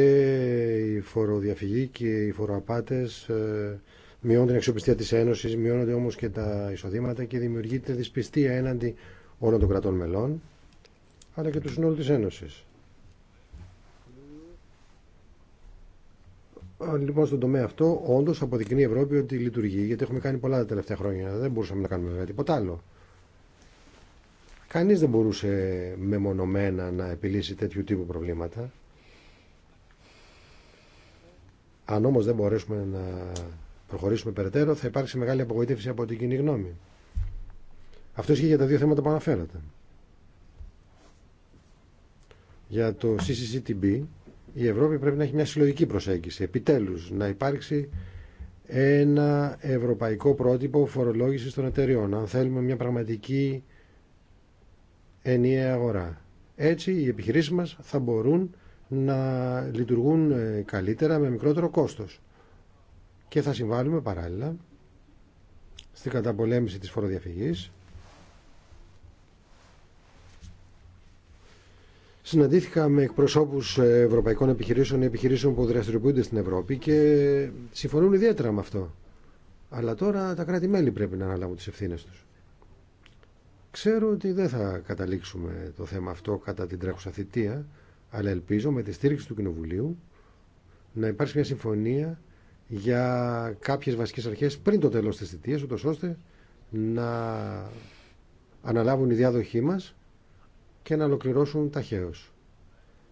οι φοροδιαφυγή και οι φοροαπάτες ε, μειώνουν την αξιοπιστία της Ένωσης, μειώνονται όμως και τα εισοδήματα και δημιουργείται δυσπιστία έναντι όλων των κρατών μελών αλλά και του συνόλου της Ένωσης. Λοιπόν, στον τομέα αυτό, όντω αποδεικνύει η Ευρώπη ότι λειτουργεί, γιατί έχουμε κάνει πολλά τα τελευταία χρόνια. Δεν μπορούσαμε να κάνουμε τίποτα άλλο. Κανείς δεν μπορούσε μεμονωμένα να επιλύσει τέτοιου τύπου προβλήματα. Αν όμως δεν μπορέσουμε να προχωρήσουμε περαιτέρω, θα υπάρξει μεγάλη απογοήτευση από την κοινή γνώμη. Αυτό ισχύει για τα δύο θέματα που αναφέρατε. Για το CCCTB, η Ευρώπη πρέπει να έχει μια συλλογική προσέγγιση. Επιτέλους, να υπάρξει ένα ευρωπαϊκό πρότυπο φορολόγησης των εταιριών. Αν θέλουμε μια πραγματική ενιαία αγορά. Έτσι οι επιχειρήσεις μας θα μπορούν να λειτουργούν ε, καλύτερα με μικρότερο κόστος και θα συμβάλλουμε παράλληλα στην καταπολέμηση της φοροδιαφυγής. Συναντήθηκα με εκπροσώπους ε, ευρωπαϊκών επιχειρήσεων ή επιχειρήσεων που δραστηριοποιούνται στην Ευρώπη και συμφωνούν ιδιαίτερα με αυτό. Αλλά τώρα τα κράτη-μέλη πρέπει να αναλάβουν τις ευθύνες τους. Ξέρω ότι δεν θα καταλήξουμε το θέμα αυτό κατά την τρέχουσα θητεία, αλλά ελπίζω με τη στήριξη του Κοινοβουλίου να υπάρξει μια συμφωνία για κάποιες βασικές αρχές πριν το τέλος της θητείας, ούτως ώστε να αναλάβουν οι διάδοχοί μας και να ολοκληρώσουν ταχαίως.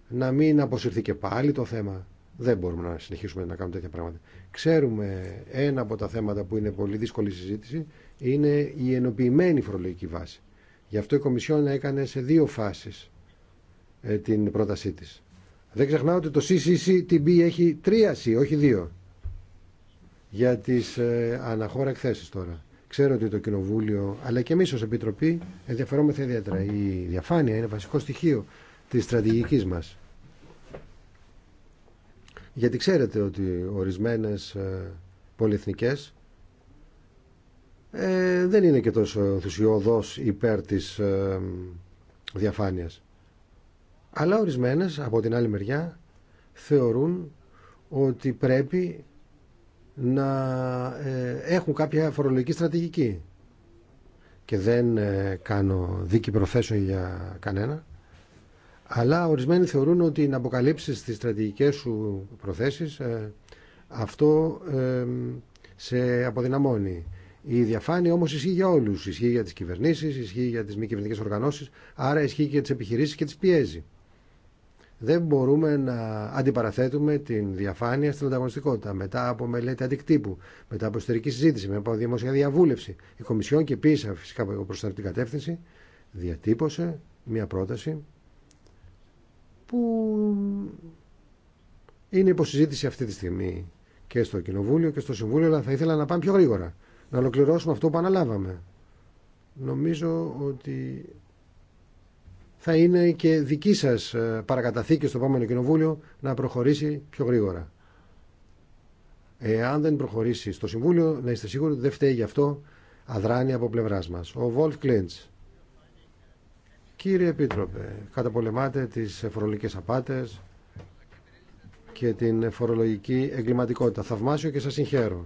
Να μην αποσυρθεί και πάλι το θέμα. Δεν μπορούμε να συνεχίσουμε να κάνουμε τέτοια πράγματα. Ξέρουμε ένα από τα θέματα που είναι πολύ δύσκολη συζήτηση είναι η ενοποιημένη φορολογική βάση. Γι' αυτό η Κομισιόν έκανε σε δύο φάσεις ε, την πρότασή της. Δεν ξεχνάω ότι το CCCTB έχει τρία C, όχι δύο. Για τις ε, αναχώρα εκθέσει τώρα. Ξέρω ότι το Κοινοβούλιο, αλλά και εμεί ω Επιτροπή, ενδιαφερόμεθα ιδιαίτερα. Η διαφάνεια είναι βασικό στοιχείο της στρατηγικής μας. Γιατί ξέρετε ότι ορισμένες ε, πολυεθνικές ε, δεν είναι και τόσο ενθουσιώδος υπέρ της ε, διαφάνειας. Αλλά ορισμένες από την άλλη μεριά θεωρούν ότι πρέπει να ε, έχουν κάποια φορολογική στρατηγική. Και δεν κάνω δίκη προθέσεων για κανένα. Αλλά ορισμένοι θεωρούν ότι να αποκαλύψεις τις στρατηγικές σου προθέσεις αυτό σε αποδυναμώνει. Η διαφάνεια όμω ισχύει για όλου. Ισχύει για τι κυβερνήσει, ισχύει για τι μη κυβερνητικέ οργανώσει, άρα ισχύει και για τι επιχειρήσει και τι πιέζει. Δεν μπορούμε να αντιπαραθέτουμε την διαφάνεια στην ανταγωνιστικότητα. Μετά από μελέτη αντικτύπου, μετά από εσωτερική συζήτηση, μετά από δημόσια διαβούλευση, η Κομισιόν και επίση φυσικά προ την την κατεύθυνση, διατύπωσε μια πρόταση που είναι υποσυζήτηση αυτή τη στιγμή και στο Κοινοβούλιο και στο Συμβούλιο, αλλά θα ήθελα να πάμε πιο γρήγορα να ολοκληρώσουμε αυτό που αναλάβαμε. Νομίζω ότι θα είναι και δική σας ε, παρακαταθήκη στο επόμενο κοινοβούλιο να προχωρήσει πιο γρήγορα. Εάν δεν προχωρήσει στο Συμβούλιο, να είστε σίγουροι ότι δεν φταίει γι' αυτό αδράνεια από πλευράς μας. Ο Βολφ Κλίντ. Κύριε Επίτροπε, καταπολεμάτε τις φορολογικέ απάτε και την φορολογική εγκληματικότητα. Θαυμάσιο και σας συγχαίρω.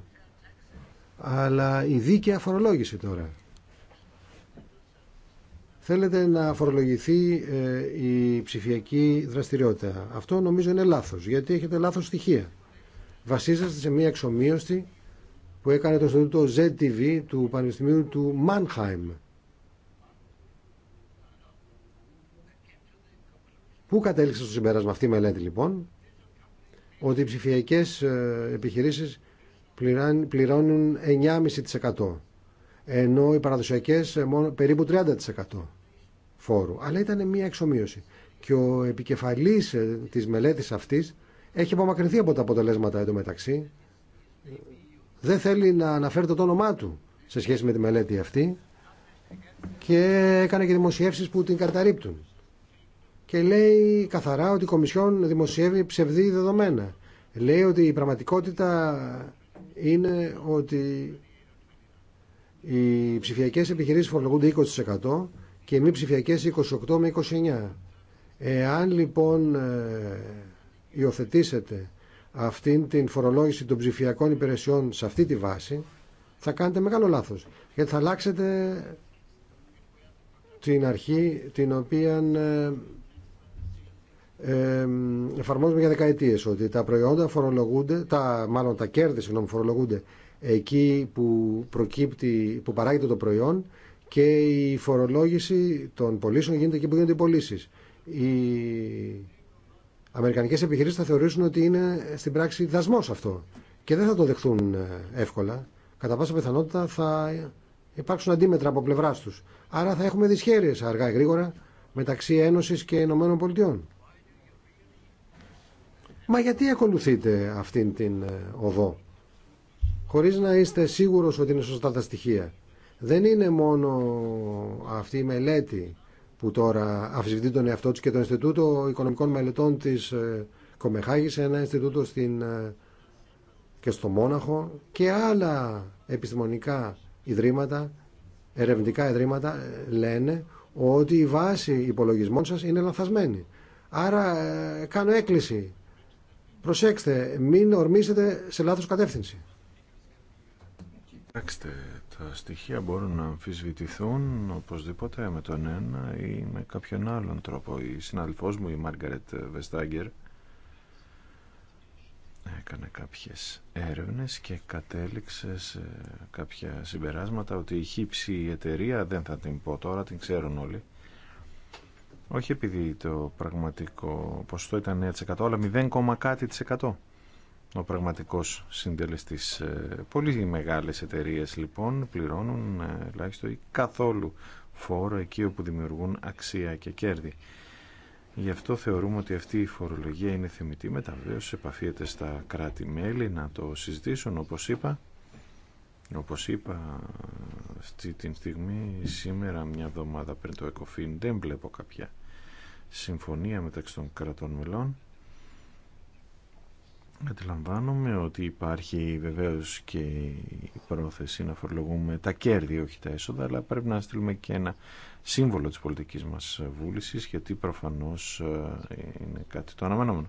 Αλλά η δίκαια φορολόγηση τώρα. Θέλετε να φορολογηθεί ε, η ψηφιακή δραστηριότητα. Αυτό νομίζω είναι λάθος, γιατί έχετε λάθος στοιχεία. Βασίζεστε σε μια εξομοίωση που έκανε το Ινστιτούτο ZTV του Πανεπιστημίου του Μάνχαϊμ. Πού κατέληξε στο συμπέρασμα αυτή η μελέτη λοιπόν, ότι οι ψηφιακές ε, επιχειρήσεις πληρώνουν 9,5% ενώ οι παραδοσιακές ε, μόνο περίπου 30% φόρου. Αλλά ήταν μια εξομοίωση. Και ο επικεφαλής ε, της μελέτης αυτής έχει απομακρυνθεί από τα αποτελέσματα εντωμεταξύ. Δεν θέλει να αναφέρει το όνομά του σε σχέση με τη μελέτη αυτή και έκανε και δημοσιεύσεις που την καταρρύπτουν. Και λέει καθαρά ότι η Κομισιόν δημοσιεύει ψευδή δεδομένα. Λέει ότι η πραγματικότητα είναι ότι οι ψηφιακές επιχειρήσεις φορολογούνται 20% και οι μη ψηφιακές 28 με 29%. Εάν λοιπόν ε, υιοθετήσετε αυτήν την φορολόγηση των ψηφιακών υπηρεσιών σε αυτή τη βάση, θα κάνετε μεγάλο λάθος. Γιατί θα αλλάξετε την αρχή την οποία ε, εφαρμόζουμε για δεκαετίε ότι τα προϊόντα φορολογούνται, τα, μάλλον τα κέρδη συγγνώμη, φορολογούνται εκεί που, προκύπτει, που παράγεται το προϊόν και η φορολόγηση των πωλήσεων γίνεται εκεί που γίνονται οι πωλήσει. Οι αμερικανικέ επιχειρήσει θα θεωρήσουν ότι είναι στην πράξη δασμό αυτό και δεν θα το δεχθούν ε, εύκολα. Κατά πάσα πιθανότητα θα υπάρξουν αντίμετρα από πλευρά του. Άρα θα έχουμε δυσχέρειε αργά ή γρήγορα μεταξύ Ένωση και Ηνωμένων Πολιτειών. Μα γιατί ακολουθείτε αυτήν την ε, οδό, χωρίς να είστε σίγουρος ότι είναι σωστά τα στοιχεία. Δεν είναι μόνο αυτή η μελέτη που τώρα αφισβητεί τον εαυτό και το Ινστιτούτο Οικονομικών Μελετών της ε, Κομεχάγης, ένα Ινστιτούτο στην, ε, και στο Μόναχο και άλλα επιστημονικά ιδρύματα, ερευνητικά ιδρύματα λένε ότι η βάση υπολογισμών σας είναι λανθασμένη. Άρα κάνω έκκληση Προσέξτε, μην ορμήσετε σε λάθος κατεύθυνση. Κοιτάξτε, τα στοιχεία μπορούν να αμφισβητηθούν οπωσδήποτε με τον ένα ή με κάποιον άλλον τρόπο. Η συναδελφός μου, η Μάργαρετ Βεστάγκερ, έκανε κάποιες έρευνες και κατέληξε σε κάποια συμπεράσματα ότι η χύψη η εταιρεία, δεν θα την πω τώρα, την ξέρουν όλοι, όχι επειδή το πραγματικό ποσοστό ήταν 9% αλλά 0, κάτι ο πραγματικός συντελεστής. Ε, πολύ μεγάλε εταιρείε λοιπόν πληρώνουν ε, ελάχιστο ή καθόλου φόρο εκεί που δημιουργούν αξία και κέρδη. Γι' αυτό θεωρούμε ότι αυτή η φορολογία είναι θεμητή. Μετά βεβαίω επαφίεται στα κράτη-μέλη να το συζητήσουν όπως είπα. Όπως είπα αυτή στιγμή σήμερα μια εβδομάδα πριν το ΕΚΟΦΗΝ δεν βλέπω κάποια συμφωνία μεταξύ των κρατών μελών. Αντιλαμβάνομαι ότι υπάρχει βεβαίως και η πρόθεση να φορολογούμε τα κέρδη, όχι τα έσοδα, αλλά πρέπει να στείλουμε και ένα σύμβολο της πολιτικής μας βούλησης, γιατί προφανώς ε, είναι κάτι το αναμενόμενο.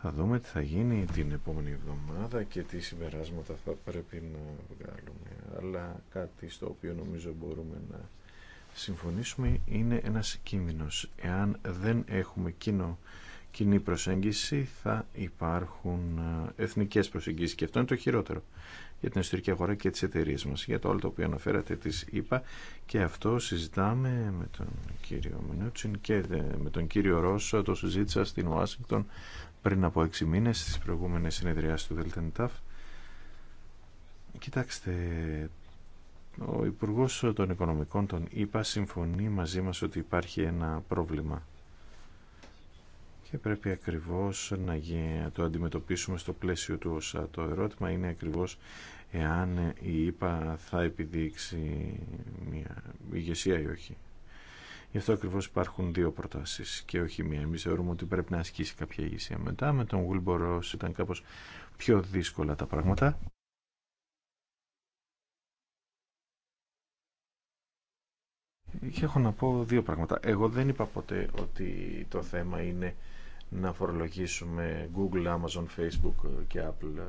Θα δούμε τι θα γίνει την επόμενη εβδομάδα και τι συμπεράσματα θα πρέπει να βγάλουμε. Αλλά κάτι στο οποίο νομίζω μπορούμε να συμφωνήσουμε είναι ένας κίνδυνος. Εάν δεν έχουμε κοινό, κοινή προσέγγιση θα υπάρχουν ε, εθνικές προσεγγίσεις και αυτό είναι το χειρότερο για την εσωτερική αγορά και τις εταιρείε μας. Για το όλο το οποίο αναφέρατε τις είπα και αυτό συζητάμε με τον κύριο Μινούτσιν και ε, με τον κύριο Ρώσο το συζήτησα στην Ουάσιγκτον πριν από έξι μήνες στις προηγούμενες συνεδριάσεις του ΔΕΛΤΕΝΤΑΦ. Κοιτάξτε, ο Υπουργό των Οικονομικών τον ΗΠΑ συμφωνεί μαζί μας ότι υπάρχει ένα πρόβλημα και πρέπει ακριβώς να το αντιμετωπίσουμε στο πλαίσιο του ΩΣΑ. Το ερώτημα είναι ακριβώς εάν η ΕΠΑ θα επιδείξει μια ηγεσία ή όχι. Γι' αυτό ακριβώς υπάρχουν δύο προτάσεις και όχι μία. Εμείς θεωρούμε ότι πρέπει να ασκήσει κάποια ηγεσία μετά. Με τον Γουλμπορός ήταν κάπως πιο δύσκολα τα πράγματα. Και έχω να πω δύο πράγματα. Εγώ δεν είπα ποτέ ότι το θέμα είναι να φορολογήσουμε Google, Amazon, Facebook και Apple.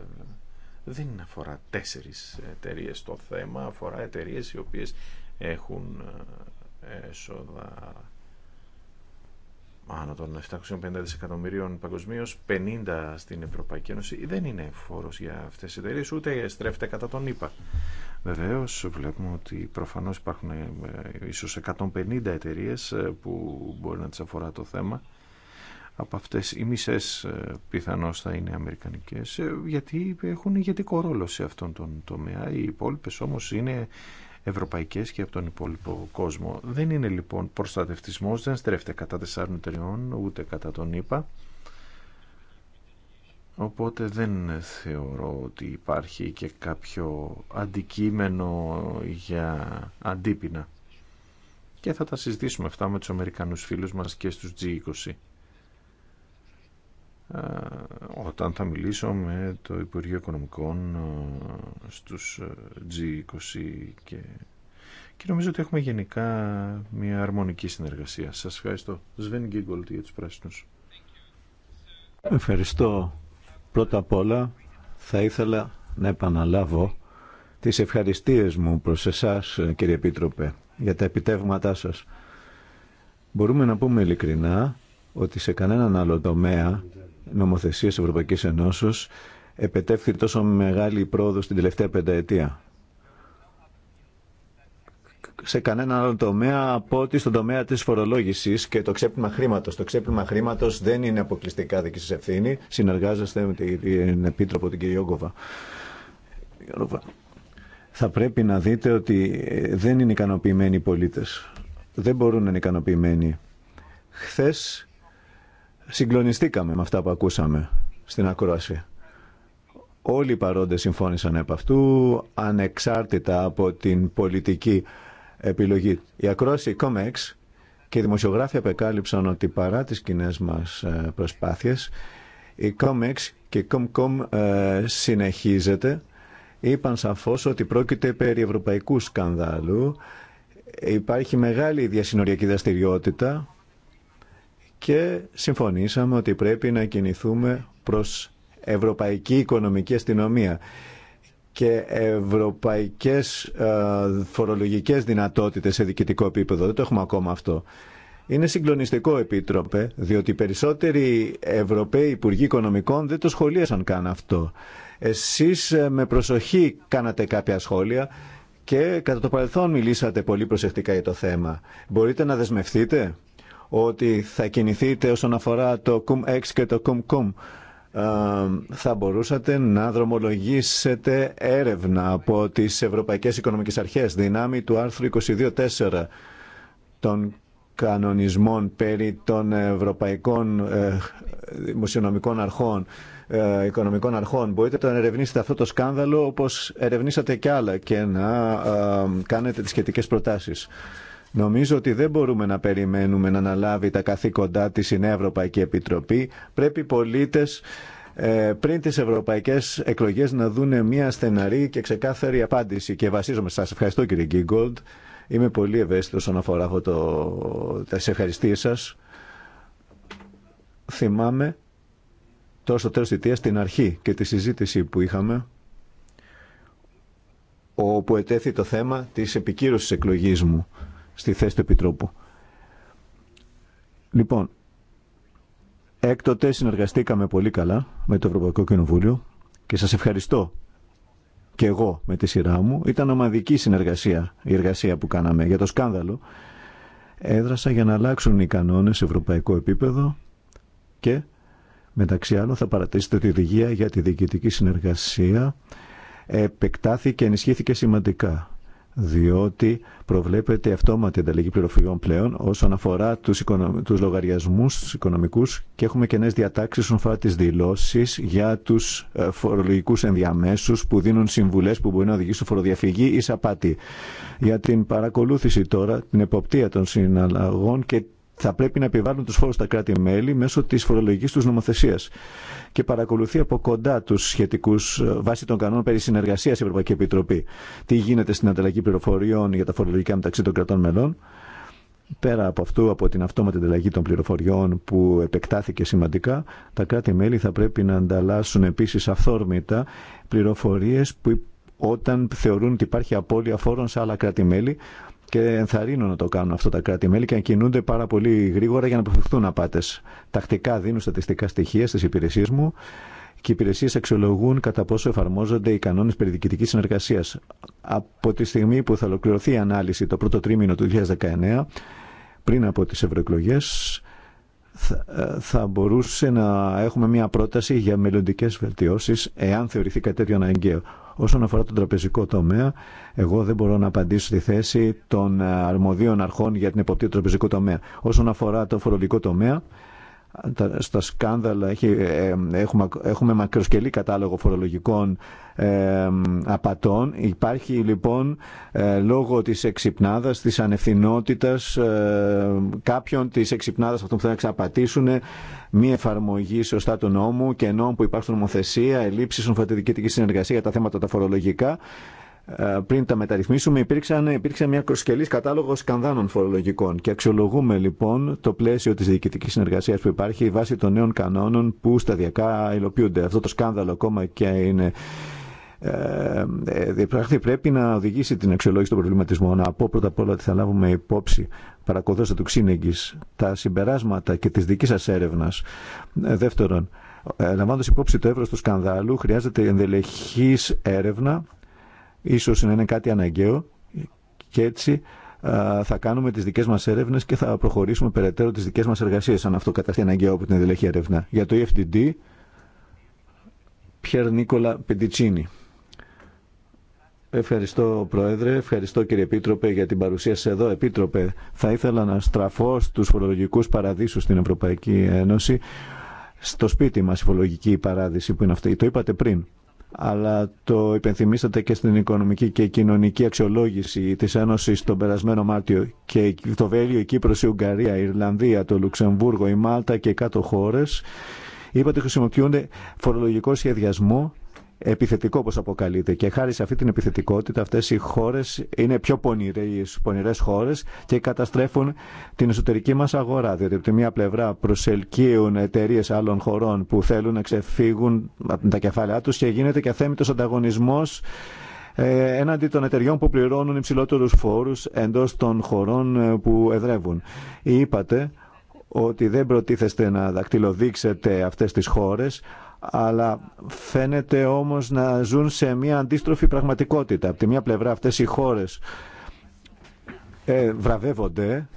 Δεν αφορά τέσσερις εταιρείε το θέμα, αφορά εταιρείε οι οποίες έχουν ε, έσοδα άνω των 750 δισεκατομμυρίων παγκοσμίω, 50 στην Ευρωπαϊκή Ένωση. Δεν είναι φόρος για αυτές τις εταιρείε, ούτε στρέφεται κατά τον ΙΠΑ. Βεβαίως βλέπουμε ότι προφανώς υπάρχουν ε, ίσως 150 εταιρείες ε, που μπορεί να τι αφορά το θέμα. Από αυτές οι μισές ε, πιθανώς θα είναι αμερικανικές γιατί έχουν ηγετικό ρόλο σε αυτόν τον τομέα. Οι υπόλοιπε όμως είναι ευρωπαϊκές και από τον υπόλοιπο κόσμο. Δεν είναι λοιπόν προστατευτισμός, δεν στρέφεται κατά τεσσάρων εταιρεών, ούτε κατά τον ΙΠΑ. Οπότε δεν θεωρώ ότι υπάρχει και κάποιο αντικείμενο για αντίπεινα. Και θα τα συζητήσουμε αυτά με τους Αμερικανούς φίλους μας και στους G20. Όταν θα μιλήσω με το Υπουργείο Οικονομικών στους G20 και, και νομίζω ότι έχουμε γενικά μια αρμονική συνεργασία. Σας ευχαριστώ. Σβέν Γκίγκολτ για τους πράσινους. Ευχαριστώ. Πρώτα απ' όλα θα ήθελα να επαναλάβω τις ευχαριστίες μου προς εσάς κύριε Επίτροπε για τα επιτεύγματά σας. Μπορούμε να πούμε ειλικρινά ότι σε κανέναν άλλο τομέα νομοθεσίας Ευρωπαϊκής Ενώσεως επετεύχθη τόσο μεγάλη πρόοδο στην τελευταία πενταετία σε κανένα άλλο τομέα από ότι στον τομέα τη φορολόγηση και το ξέπλυμα χρήματο. Το ξέπλυμα χρήματο δεν είναι αποκλειστικά δική σα ευθύνη. Συνεργάζεστε με την Επίτροπο την κυρία Θα πρέπει να δείτε ότι ε, δεν είναι ικανοποιημένοι οι πολίτες. Δεν μπορούν να είναι ικανοποιημένοι. Χθε συγκλονιστήκαμε με αυτά που ακούσαμε στην ακρόαση. Όλοι οι παρόντες συμφώνησαν από αυτού, ανεξάρτητα από την πολιτική επιλογή. Η ακρόαση COMEX και οι δημοσιογράφοι απεκάλυψαν ότι παρά τις κοινέ μας ε, προσπάθειες, η COMEX και η COMCOM ε, συνεχίζεται. Είπαν σαφώς ότι πρόκειται περί ευρωπαϊκού σκανδάλου. Υπάρχει μεγάλη διασυνοριακή δραστηριότητα και συμφωνήσαμε ότι πρέπει να κινηθούμε προς ευρωπαϊκή οικονομική αστυνομία και ευρωπαϊκές ε, φορολογικές δυνατότητες σε διοικητικό επίπεδο. Δεν το έχουμε ακόμα αυτό. Είναι συγκλονιστικό, Επίτροπε, διότι περισσότεροι Ευρωπαίοι Υπουργοί Οικονομικών δεν το σχολίασαν καν αυτό. Εσείς ε, με προσοχή κάνατε κάποια σχόλια και κατά το παρελθόν μιλήσατε πολύ προσεκτικά για το θέμα. Μπορείτε να δεσμευτείτε ότι θα κινηθείτε όσον αφορά το cum και το cum ε, θα μπορούσατε να δρομολογήσετε έρευνα από τις Ευρωπαϊκές Οικονομικές Αρχές δυνάμει του άρθρου 22.4 των κανονισμών περί των Ευρωπαϊκών ε, Δημοσιονομικών Αρχών ε, Οικονομικών Αρχών. Μπορείτε να ερευνήσετε αυτό το σκάνδαλο όπως ερευνήσατε κι άλλα και να κάνετε τις σχετικές προτάσεις. Νομίζω ότι δεν μπορούμε να περιμένουμε να αναλάβει τα καθήκοντά της η Νέα Ευρωπαϊκή Επιτροπή. Πρέπει οι πολίτες ε, πριν τις ευρωπαϊκές εκλογές να δούνε μια στεναρή και ξεκάθαρη απάντηση. Και βασίζομαι σας. Ευχαριστώ κύριε Γκίγκολντ. Είμαι πολύ ευαίσθητος όσον αφορά αυτό το... τις ευχαριστίες σας. Θυμάμαι τόσο στο τέλος θητείας την αρχή και τη συζήτηση που είχαμε όπου ετέθη το θέμα της επικύρωσης εκλογής μου στη θέση του Επιτρόπου. Λοιπόν, έκτοτε συνεργαστήκαμε πολύ καλά με το Ευρωπαϊκό Κοινοβούλιο και σας ευχαριστώ και εγώ με τη σειρά μου. Ήταν ομαδική συνεργασία η εργασία που κάναμε για το σκάνδαλο. Έδρασα για να αλλάξουν οι κανόνες σε ευρωπαϊκό επίπεδο και μεταξύ άλλων θα παρατήσετε τη η οδηγία για τη διοικητική συνεργασία επεκτάθηκε και ενισχύθηκε σημαντικά διότι προβλέπεται αυτόματη ανταλλαγή πληροφοριών πλέον όσον αφορά τους, τους λογαριασμούς οικονομικούς και έχουμε και νέες διατάξεις όσον αφορά τις για τους ε, φορολογικούς ενδιαμέσους που δίνουν συμβουλές που μπορεί να οδηγήσουν φοροδιαφυγή ή σαπάτη. Για την παρακολούθηση τώρα, την εποπτεία των συναλλαγών και θα πρέπει να επιβάλλουν τους φόρους στα κράτη-μέλη μέσω της φορολογικής τους νομοθεσίας και παρακολουθεί από κοντά τους σχετικούς ε, βάσει των κανόνων περί συνεργασίας η Ευρωπαϊκή Επιτροπή τι γίνεται στην ανταλλαγή πληροφοριών για τα φορολογικά μεταξύ των κρατών μελών πέρα από αυτού, από την αυτόματη ανταλλαγή των πληροφοριών που επεκτάθηκε σημαντικά, τα κράτη-μέλη θα πρέπει να ανταλλάσσουν επίση αυθόρμητα πληροφορίε που όταν θεωρούν ότι υπάρχει απώλεια φόρων σε άλλα κράτη-μέλη, και ενθαρρύνω να το κάνουν αυτό τα κράτη-μέλη και να κινούνται πάρα πολύ γρήγορα για να αποφευθούν απάτε. Τακτικά δίνουν στατιστικά στοιχεία στι υπηρεσίε μου και οι υπηρεσίε αξιολογούν κατά πόσο εφαρμόζονται οι κανόνε περιδικητική συνεργασία. Από τη στιγμή που θα ολοκληρωθεί η ανάλυση το πρώτο τρίμηνο του 2019, πριν από τι ευρωεκλογέ, ε, θα μπορούσε να έχουμε μια πρόταση για μελλοντικέ βελτιώσει, εάν θεωρηθεί κάτι τέτοιο αναγκαίο. Όσον αφορά τον τραπεζικό τομέα, εγώ δεν μπορώ να απαντήσω στη θέση των ε, αρμοδίων αρχών για την εποπτεία του τραπεζικού τομέα. Όσον αφορά το φορολογικό τομέα, στα σκάνδαλα ε, έχουμε, έχουμε μακροσκελή κατάλογο φορολογικών ε, απατών. Υπάρχει λοιπόν ε, λόγω της εξυπνάδας, της ανευθυνότητας ε, κάποιων της εξυπνάδας αυτών που θέλουν να εξαπατήσουν μη εφαρμογή σωστά του νόμου και ενώ που υπάρχουν νομοθεσία, ελλείψεις στον φορολογική συνεργασία για τα θέματα τα φορολογικά ε, πριν τα μεταρρυθμίσουμε, υπήρξαν, υπήρξε μια κροσκελή κατάλογο σκανδάνων φορολογικών. Και αξιολογούμε λοιπόν το πλαίσιο τη διοικητική συνεργασία που υπάρχει βάσει των νέων κανόνων που σταδιακά υλοποιούνται. Αυτό το σκάνδαλο ακόμα και είναι. Ε, ε πρέπει να οδηγήσει την αξιολόγηση των προβληματισμών. Να πω πρώτα απ' όλα ότι θα λάβουμε υπόψη παρακολουθώντας του Ξύνεγγι, τα συμπεράσματα και τη δική σα έρευνα. Ε, δεύτερον, ε, λαμβάνοντα υπόψη το εύρο του σκανδάλου, χρειάζεται ενδελεχή έρευνα Ίσως να είναι κάτι αναγκαίο και έτσι θα κάνουμε τις δικές μας έρευνες και θα προχωρήσουμε περαιτέρω τις δικές μας εργασίες αν αυτό καταστεί αναγκαίο από την ενδελεχή έρευνα. Για το EFTD, Πιέρ Νίκολα Πεντιτσίνη. Ευχαριστώ Πρόεδρε, ευχαριστώ κύριε Επίτροπε για την παρουσία σας εδώ. Επίτροπε, θα ήθελα να στραφώ στους φορολογικούς παραδείσους στην Ευρωπαϊκή Ένωση. Στο σπίτι μας η φορολογική παράδειση που είναι αυτή, το είπατε πριν αλλά το υπενθυμίσατε και στην οικονομική και κοινωνική αξιολόγηση της Ένωσης τον περασμένο Μάρτιο και το Βέλιο, η Κύπρος, η Ουγγαρία, η Ιρλανδία, το Λουξεμβούργο, η Μάλτα και κάτω χώρες είπατε ότι χρησιμοποιούνται φορολογικό σχεδιασμό επιθετικό όπως αποκαλείται και χάρη σε αυτή την επιθετικότητα αυτές οι χώρες είναι πιο πονηρές, πονηρές χώρες και καταστρέφουν την εσωτερική μας αγορά διότι από τη μία πλευρά προσελκύουν εταιρείε άλλων χωρών που θέλουν να ξεφύγουν από τα κεφάλαιά τους και γίνεται και αθέμητος ανταγωνισμός ε, έναντι των εταιριών που πληρώνουν υψηλότερους φόρους εντός των χωρών ε, που εδρεύουν. Είπατε ότι δεν προτίθεστε να δακτυλοδείξετε αυτές τις χώρες, αλλά φαίνεται όμως να ζουν σε μια αντίστροφη πραγματικότητα. Από τη μια πλευρά αυτές οι χώρες ε, βραβεύονται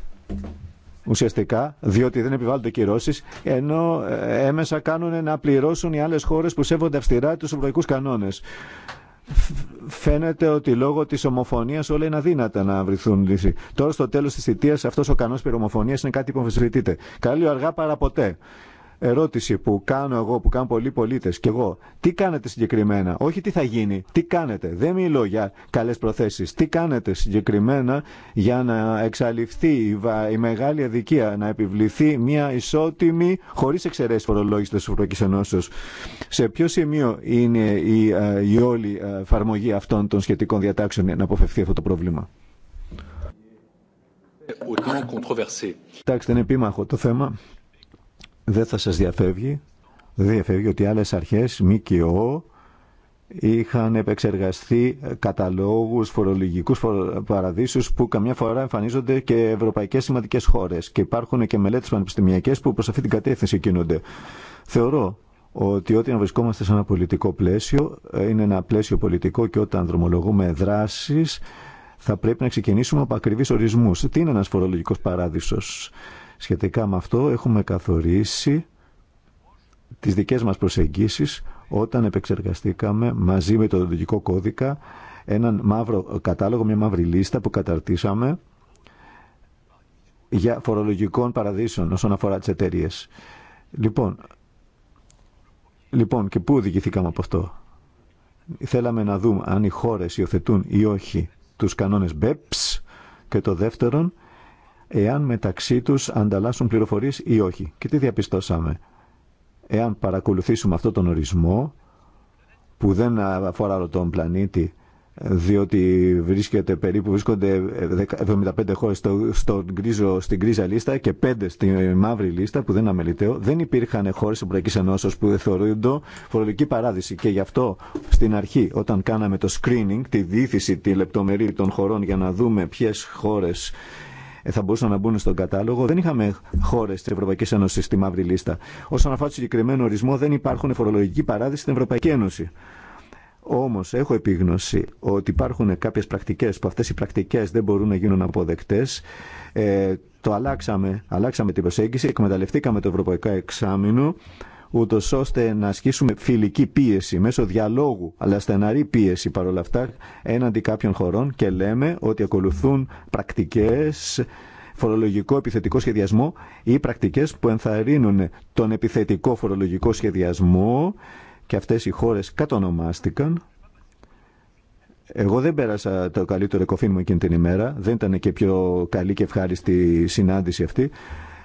ουσιαστικά, διότι δεν επιβάλλονται κυρώσεις, ενώ ε, έμεσα κάνουν να πληρώσουν οι άλλες χώρες που σέβονται αυστηρά τους ευρωπαϊκούς κανόνες. Φαίνεται ότι λόγω της ομοφωνίας όλα είναι αδύνατα να βρεθούν λύση. Τώρα στο τέλος της θητείας αυτός ο κανόνας περί είναι κάτι που αμφισβητείται. Καλή αργά παρά ποτέ ερώτηση που κάνω εγώ, που κάνουν πολλοί πολίτε και εγώ. Τι κάνετε συγκεκριμένα, όχι τι θα γίνει, τι κάνετε. Δεν μιλώ για καλέ προθέσει. Τι κάνετε συγκεκριμένα για να εξαλειφθεί η μεγάλη αδικία, να επιβληθεί μια ισότιμη, χωρί εξαιρέσει φορολόγηση τη Ευρωπαϊκή Ενώσεω. Σε ποιο σημείο είναι η, ε, η όλη ε, εφαρμογή αυτών των σχετικών διατάξεων να αποφευθεί αυτό το πρόβλημα. Εντάξει, δεν είναι επίμαχο το θέμα δεν θα σας διαφεύγει, δεν διαφεύγει ότι άλλες αρχές, ΜΚΟ, είχαν επεξεργαστεί καταλόγους φορολογικούς παραδείσους που καμιά φορά εμφανίζονται και ευρωπαϊκές σημαντικές χώρες και υπάρχουν και μελέτες πανεπιστημιακές που προς αυτή την κατεύθυνση κινούνται. Θεωρώ ότι όταν βρισκόμαστε σε ένα πολιτικό πλαίσιο, είναι ένα πλαίσιο πολιτικό και όταν δρομολογούμε δράσεις, θα πρέπει να ξεκινήσουμε από ακριβείς ορισμούς. Τι είναι ένας φορολογικός παράδεισος. Σχετικά με αυτό έχουμε καθορίσει τις δικές μας προσεγγίσεις όταν επεξεργαστήκαμε μαζί με το δοτικό κώδικα έναν μαύρο κατάλογο, μια μαύρη λίστα που καταρτήσαμε για φορολογικών παραδείσων όσον αφορά τις εταιρείε. Λοιπόν, λοιπόν, και πού οδηγηθήκαμε από αυτό. Θέλαμε να δούμε αν οι χώρες υιοθετούν ή όχι τους κανόνες BEPS και το δεύτερον εάν μεταξύ τους ανταλλάσσουν πληροφορίες ή όχι. Και τι διαπιστώσαμε. Εάν παρακολουθήσουμε αυτόν τον ορισμό, που δεν αφορά όλο τον πλανήτη, διότι βρίσκεται περίπου, βρίσκονται 75 χώρες στο, στο γκρίζο, στην γκρίζα λίστα και 5 στη μαύρη λίστα που δεν αμεληταίο, δεν υπήρχαν χώρες τη Ευρωπαϊκή Ενώση που θεωρούνται φορολογική παράδειση και γι' αυτό στην αρχή όταν κάναμε το screening, τη διήθηση, τη λεπτομερή των χωρών για να δούμε ποιες χώρε ε, θα μπορούσαν να μπουν στον κατάλογο. Δεν είχαμε χώρε τη Ευρωπαϊκή Ένωση στη μαύρη λίστα. Όσον αφορά το συγκεκριμένο ορισμό, δεν υπάρχουν φορολογικοί παράδεισοι στην Ευρωπαϊκή Ένωση. Όμω έχω επίγνωση ότι υπάρχουν κάποιε πρακτικέ που αυτέ οι πρακτικέ δεν μπορούν να γίνουν αποδεκτέ. Ε, το αλλάξαμε, αλλάξαμε την προσέγγιση, εκμεταλλευτήκαμε το ευρωπαϊκό εξάμεινο ούτω ώστε να ασκήσουμε φιλική πίεση μέσω διαλόγου, αλλά στεναρή πίεση παρόλα αυτά, έναντι κάποιων χωρών και λέμε ότι ακολουθούν πρακτικές φορολογικό επιθετικό σχεδιασμό ή πρακτικές που ενθαρρύνουν τον επιθετικό φορολογικό σχεδιασμό και αυτές οι χώρες κατονομάστηκαν. Εγώ δεν πέρασα το καλύτερο κοφή μου εκείνη την ημέρα, δεν ήταν και πιο καλή και ευχάριστη συνάντηση αυτή.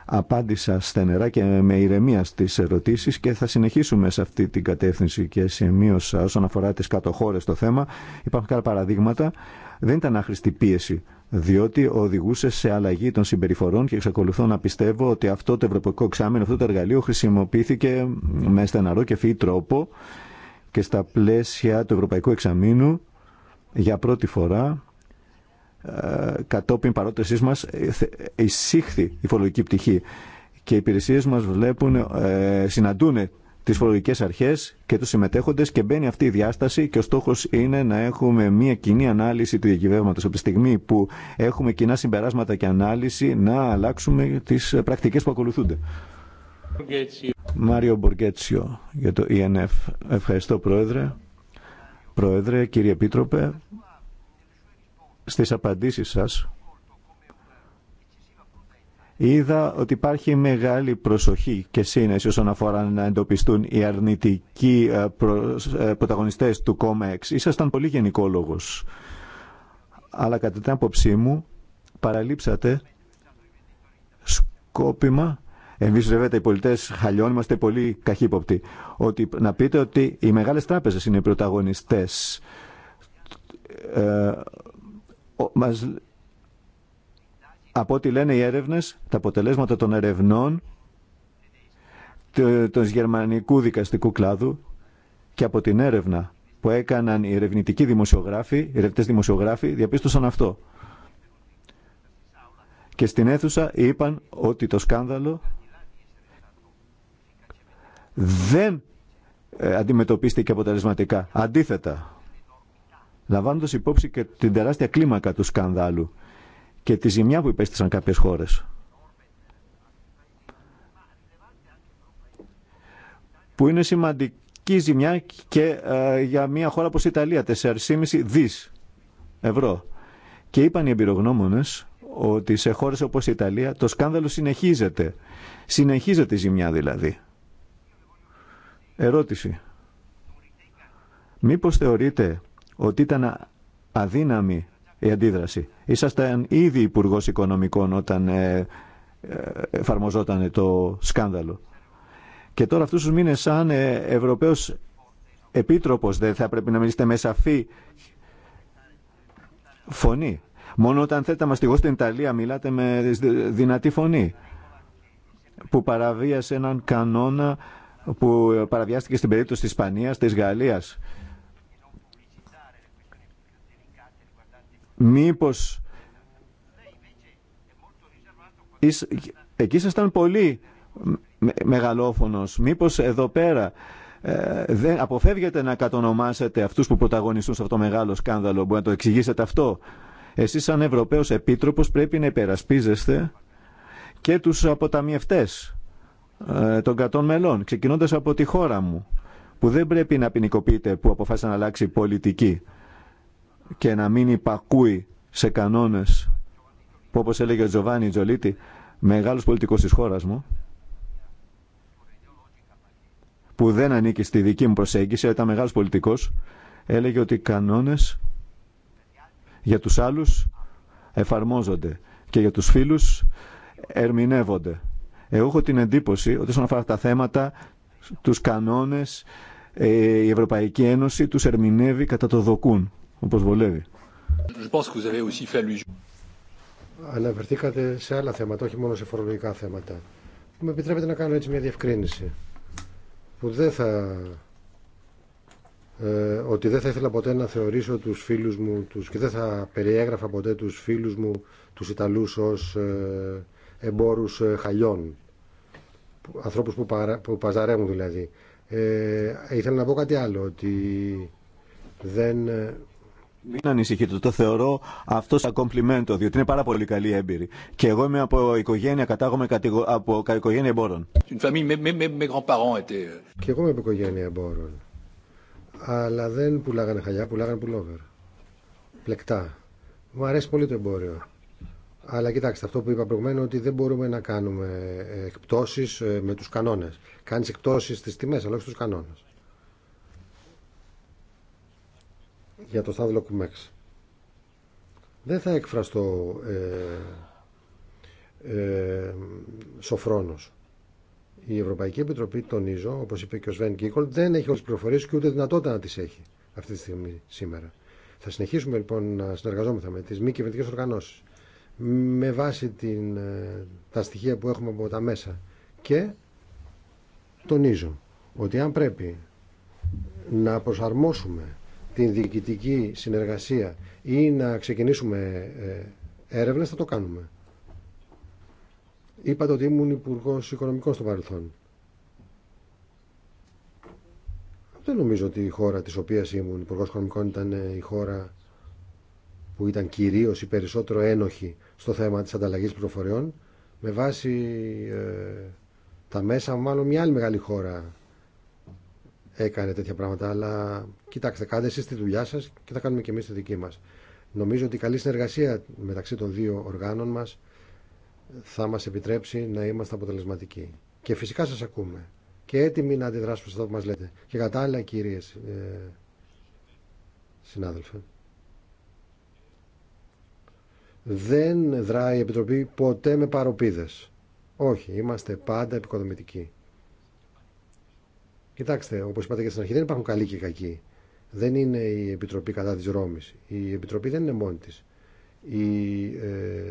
Απάντησα στενερά και με ηρεμία στις ερωτήσεις και θα συνεχίσουμε σε αυτή την κατεύθυνση και σημείωσα όσον αφορά τις κατοχώρες το θέμα. Υπάρχουν κάποια παραδείγματα. Δεν ήταν άχρηστη πίεση διότι οδηγούσε σε αλλαγή των συμπεριφορών και εξακολουθώ να πιστεύω ότι αυτό το ευρωπαϊκό εξάμεινο, αυτό το εργαλείο χρησιμοποιήθηκε με στεναρό και φύη τρόπο και στα πλαίσια του ευρωπαϊκού εξαμήνου για πρώτη φορά κατόπιν παρότησής μας ε, εισήχθη η φορολογική πτυχή και οι υπηρεσίες μας βλέπουν, ε, συναντούν τις φορολογικές αρχές και τους συμμετέχοντες και μπαίνει αυτή η διάσταση και ο στόχος είναι να έχουμε μια κοινή ανάλυση του διακυβεύματος. Από τη στιγμή που έχουμε κοινά συμπεράσματα και ανάλυση να αλλάξουμε τις πρακτικές που ακολουθούνται. Μάριο Μποργέτσιο για το ENF. Ευχαριστώ Πρόεδρε. Πρόεδρε, κύριε Επίτροπε, στις απαντήσεις σας είδα ότι υπάρχει μεγάλη προσοχή και σύνεση όσον αφορά να εντοπιστούν οι αρνητικοί ε, ε, πρωταγωνιστές του ΚΟΜΕΞ. Ήσασταν πολύ γενικόλογος. Αλλά κατά την άποψή μου παραλείψατε σκόπιμα Εμεί βέβαια οι πολιτέ χαλιών είμαστε πολύ καχύποπτοι. Ότι, να πείτε ότι οι μεγάλες τράπεζες είναι οι πρωταγωνιστές ε, από ό,τι λένε οι έρευνες, τα αποτελέσματα των ερευνών του γερμανικού δικαστικού κλάδου και από την έρευνα που έκαναν οι ερευνητικοί δημοσιογράφοι, οι ερευνητές δημοσιογράφοι, διαπίστωσαν αυτό. Και στην αίθουσα είπαν ότι το σκάνδαλο δεν ε, αντιμετωπίστηκε αποτελεσματικά. Αντίθετα, λαμβάνοντας υπόψη και την τεράστια κλίμακα του σκανδάλου και τη ζημιά που υπέστησαν κάποιες χώρες. Που είναι σημαντική ζημιά και ε, για μια χώρα όπως η Ιταλία, 4,5 δις ευρώ. Και είπαν οι εμπειρογνώμονες ότι σε χώρες όπως η Ιταλία το σκάνδαλο συνεχίζεται. Συνεχίζεται η ζημιά δηλαδή. Ερώτηση. μήπω θεωρείτε ότι ήταν αδύναμη η αντίδραση. Ήσασταν ήδη υπουργό οικονομικών όταν ε, ε, εφαρμοζόταν το σκάνδαλο. Και τώρα αυτούς τους μήνες σαν ε, Ευρωπαίος Επίτροπος δεν θα πρέπει να μιλήσετε με σαφή φωνή. Μόνο όταν θέλετε να μαστιγώσετε την Ιταλία μιλάτε με δυνατή φωνή που παραβίασε έναν κανόνα που παραβιάστηκε στην περίπτωση της Ισπανίας, της Γαλλίας Μήπως εκεί ήσασταν πολύ μεγαλόφωνος. Μήπως εδώ πέρα ε, δεν, αποφεύγετε να κατονομάσετε αυτούς που πρωταγωνιστούν σε αυτό το μεγάλο σκάνδαλο. Μπορεί να το εξηγήσετε αυτό. Εσείς σαν Ευρωπαίος Επίτροπος πρέπει να υπερασπίζεστε και τους αποταμιευτές ε, των κρατών μελών, ξεκινώντας από τη χώρα μου, που δεν πρέπει να ποινικοποιείται που αποφάσισε να αλλάξει πολιτική και να μην υπακούει σε κανόνες που όπως έλεγε ο Τζοβάνι Τζολίτη, μεγάλος πολιτικός της χώρας μου, που δεν ανήκει στη δική μου προσέγγιση, αλλά ήταν μεγάλος πολιτικός, έλεγε ότι οι κανόνες για τους άλλους εφαρμόζονται και για τους φίλους ερμηνεύονται. Εγώ έχω την εντύπωση ότι όσον αφορά τα θέματα, τους κανόνες, ε, η Ευρωπαϊκή Ένωση τους ερμηνεύει κατά το δοκούν όπως βολεύει. Αναφερθήκατε σε άλλα θέματα, όχι μόνο σε φορολογικά θέματα. Με επιτρέπετε να κάνω έτσι μια διευκρίνηση που δεν θα ε, ότι δεν θα ήθελα ποτέ να θεωρήσω τους φίλους μου τους, και δεν θα περιέγραφα ποτέ τους φίλους μου τους Ιταλούς ως ε, εμπόρους ε, χαλιών ανθρώπους που, παρα, που παζαρεύουν δηλαδή ε, ήθελα να πω κάτι άλλο ότι δεν ε, μην ανησυχείτε, το θεωρώ αυτό σαν κομπλιμέντο, διότι είναι πάρα πολύ καλή έμπειρη. Και εγώ είμαι από οικογένεια, κατάγομαι από οικογένεια εμπόρων. Euh, Και εγώ είμαι από οικογένεια εμπόρων. Αλλά δεν πουλάγανε χαλιά, πουλάγανε πουλόβερ. Πλεκτά. Μου αρέσει πολύ το εμπόριο. Αλλά κοιτάξτε, αυτό που είπα προηγουμένω ότι δεν μπορούμε να κάνουμε ε, εκπτώσει ε, με του κανόνε. Κάνει εκπτώσει στι τιμέ, αλλά όχι στου κανόνε. για το Σταύλο Κουμέξ. Δεν θα εκφραστώ ε, ε, σοφρόνος. Η Ευρωπαϊκή Επιτροπή, τονίζω, όπως είπε και ο Σβέν Κίκολ, δεν έχει όλες τις πληροφορίες και ούτε δυνατότητα να τις έχει αυτή τη στιγμή σήμερα. Θα συνεχίσουμε λοιπόν να συνεργαζόμεθα με τις μη κυβερνητικέ οργανώσεις με βάση την, ε, τα στοιχεία που έχουμε από τα μέσα και τονίζω ότι αν πρέπει να προσαρμόσουμε την διοικητική συνεργασία ή να ξεκινήσουμε ε, έρευνε, θα το κάνουμε. Είπατε ότι ήμουν υπουργό Οικονομικών στο παρελθόν. Δεν νομίζω ότι η χώρα της οποίας ήμουν υπουργό Οικονομικών ήταν ε, η χώρα που ήταν κυρίω ή περισσότερο ένοχη στο θέμα της ανταλλαγής πληροφοριών με βάση ε, τα μέσα μάλλον μια άλλη μεγάλη χώρα έκανε τέτοια πράγματα, αλλά κοιτάξτε, κάντε εσεί τη δουλειά σας και θα κάνουμε και εμείς τη δική μας. Νομίζω ότι η καλή συνεργασία μεταξύ των δύο οργάνων μας θα μας επιτρέψει να είμαστε αποτελεσματικοί. Και φυσικά σας ακούμε και έτοιμοι να αντιδράσουμε σε αυτό που μας λέτε. Και κατάλληλα κύριε ε, συνάδελφε. Δεν δράει η Επιτροπή ποτέ με παροπίδες. Όχι, είμαστε πάντα επικοδομητικοί. Κοιτάξτε, όπω είπατε και στην αρχή, δεν υπάρχουν καλοί και κακοί. Δεν είναι η Επιτροπή κατά τη Ρώμη. Η Επιτροπή δεν είναι μόνη τη. Η ε,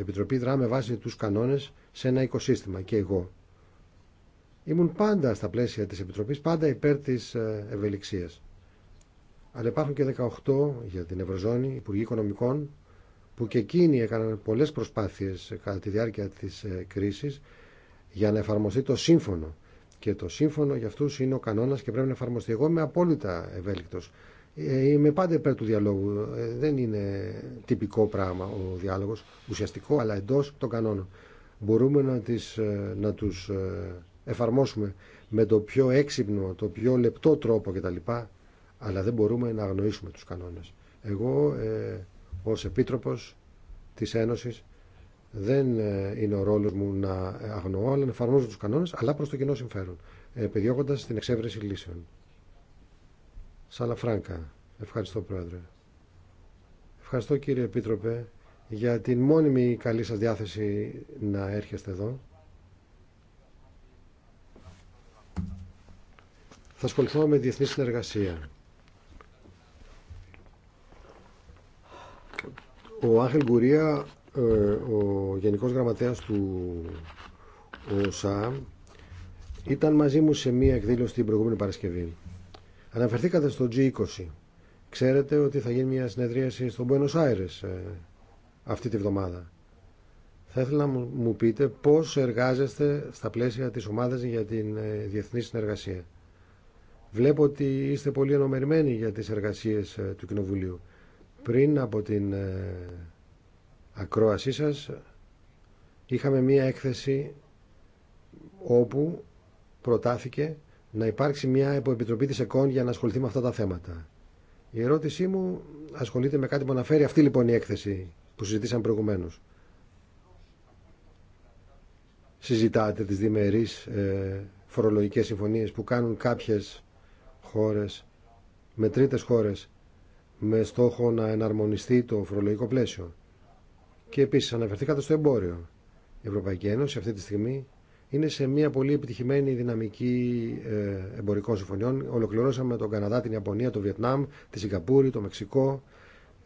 Επιτροπή δρά με βάση του κανόνε σε ένα οικοσύστημα. Και εγώ ήμουν πάντα στα πλαίσια τη Επιτροπή, πάντα υπέρ τη ε, ευελιξία. Αλλά υπάρχουν και 18 για την Ευρωζώνη, Υπουργοί Οικονομικών, που και εκείνοι έκαναν πολλέ προσπάθειε κατά τη διάρκεια τη ε, κρίση για να εφαρμοστεί το σύμφωνο και το σύμφωνο για αυτού είναι ο κανόνα και πρέπει να εφαρμοστεί. Εγώ είμαι απόλυτα ευέλικτο. Ε, είμαι πάντα υπέρ του διαλόγου. Ε, δεν είναι τυπικό πράγμα ο διάλογο, ουσιαστικό, αλλά εντό των κανόνων. Μπορούμε να, τις, ε, να τους εφαρμόσουμε με το πιο έξυπνο, το πιο λεπτό τρόπο κτλ. Αλλά δεν μπορούμε να αγνοήσουμε τους κανόνες. Εγώ ε, ως Επίτροπος της Ένωσης δεν ε, είναι ο ρόλο μου να ε, αγνοώ, αλλά να εφαρμόζω του κανόνε, αλλά προ το κοινό συμφέρον, ε, επιδιώκοντα την εξέβρεση λύσεων. Σαλαφράγκα. Ευχαριστώ, Πρόεδρε. Ευχαριστώ, κύριε Επίτροπε, για την μόνιμη καλή σας διάθεση να έρχεστε εδώ. Θα ασχοληθώ με διεθνή συνεργασία. Ο Άγχελ Γκουρία ε, ο Γενικός Γραμματέας του ΟΣΑ ήταν μαζί μου σε μία εκδήλωση την προηγούμενη Παρασκευή. Αναφερθήκατε στο G20. Ξέρετε ότι θα γίνει μια συνεδρίαση στο Buenos Aires ε, αυτή τη βδομάδα. Θα ήθελα να μου πείτε πώς εργάζεστε στα πλαίσια της ομάδας για την ε, διεθνή συνεργασία. Βλέπω ότι είστε πολύ ενομερημένοι για τις εργασίες του Κοινοβουλίου. Πριν από την ακρόασή σας είχαμε μία έκθεση όπου προτάθηκε να υπάρξει μια υποεπιτροπή της ΕΚΟΝ για να ασχοληθεί με αυτά τα θέματα. Η ερώτησή μου ασχολείται με κάτι που αναφέρει αυτή λοιπόν η έκθεση που συζητήσαμε προηγουμένως. Συζητάτε τις διμερείς ε, φορολογικές συμφωνίες που κάνουν κάποιες χώρες με τρίτες χώρες με στόχο να εναρμονιστεί το φορολογικό πλαίσιο. Και επίση αναφερθήκατε στο εμπόριο. Η Ευρωπαϊκή Ένωση αυτή τη στιγμή είναι σε μια πολύ επιτυχημένη δυναμική ε, εμπορικών συμφωνιών. Ολοκληρώσαμε τον Καναδά, την Ιαπωνία, το Βιετνάμ, τη Σιγκαπούρη, το Μεξικό.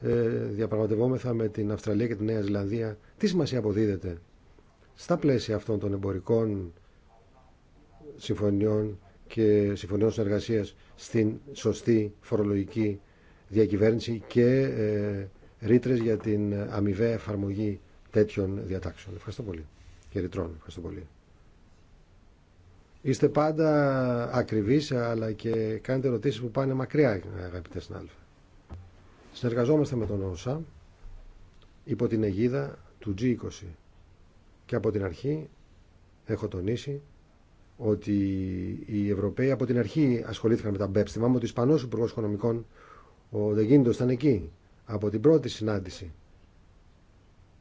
Ε, διαπραγματευόμεθα με την Αυστραλία και τη Νέα Ζηλανδία. Τι σημασία αποδίδεται στα πλαίσια αυτών των εμπορικών συμφωνιών και συμφωνιών συνεργασία στην σωστή φορολογική διακυβέρνηση και ε, ρήτρε για την αμοιβαία εφαρμογή τέτοιων διατάξεων. Ευχαριστώ πολύ. Και ρητρών. Ευχαριστώ πολύ. Είστε πάντα ακριβείς, αλλά και κάνετε ερωτήσει που πάνε μακριά, αγαπητέ συνάδελφοι. Συνεργαζόμαστε με τον ΩΣΑ υπό την αιγίδα του G20. Και από την αρχή έχω τονίσει ότι οι Ευρωπαίοι από την αρχή ασχολήθηκαν με τα BEPS. Θυμάμαι ότι ο Ισπανό Υπουργό Οικονομικών, ο Δεγίνητος, ήταν εκεί από την πρώτη συνάντηση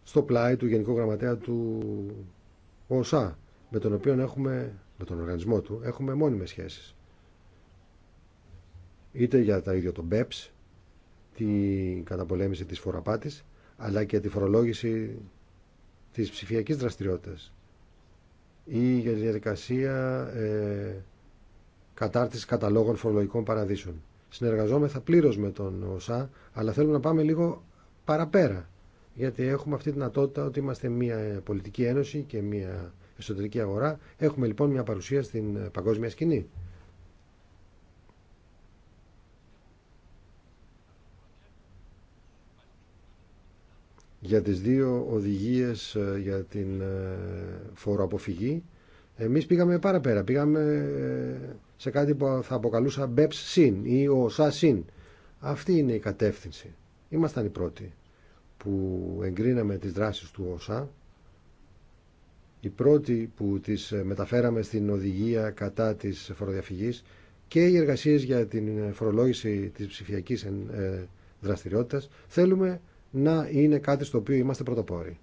στο πλάι του Γενικού Γραμματέα του ΟΣΑ με τον οποίο έχουμε, με τον οργανισμό του, έχουμε μόνιμες σχέσεις. Είτε για τα ίδια το BEPS, την καταπολέμηση της φοραπάτης, αλλά και τη φορολόγηση της ψηφιακής δραστηριότητας ή για τη διαδικασία ε, κατάρτισης καταλόγων φορολογικών παραδείσων συνεργαζόμεθα πλήρω με τον ΟΣΑ, αλλά θέλουμε να πάμε λίγο παραπέρα. Γιατί έχουμε αυτή τη δυνατότητα ότι είμαστε μια πολιτική ένωση και μια εσωτερική αγορά. Έχουμε λοιπόν μια παρουσία στην παγκόσμια σκηνή. Για τις δύο οδηγίες ε, για την ε, φοροαποφυγή, εμείς πήγαμε παραπέρα. Πήγαμε ε, σε κάτι που θα αποκαλούσα BEPS συν ή ο συν. Αυτή είναι η κατεύθυνση. Ήμασταν οι πρώτοι που εγκρίναμε τις δράσεις του ΩΣΑ, οι πρώτοι που τις ε, μεταφέραμε στην οδηγία κατά της φοροδιαφυγής και οι εργασίες για την φορολόγηση της ψηφιακής ε, δραστηριότητας θέλουμε να είναι κάτι στο οποίο είμαστε πρωτοπόροι.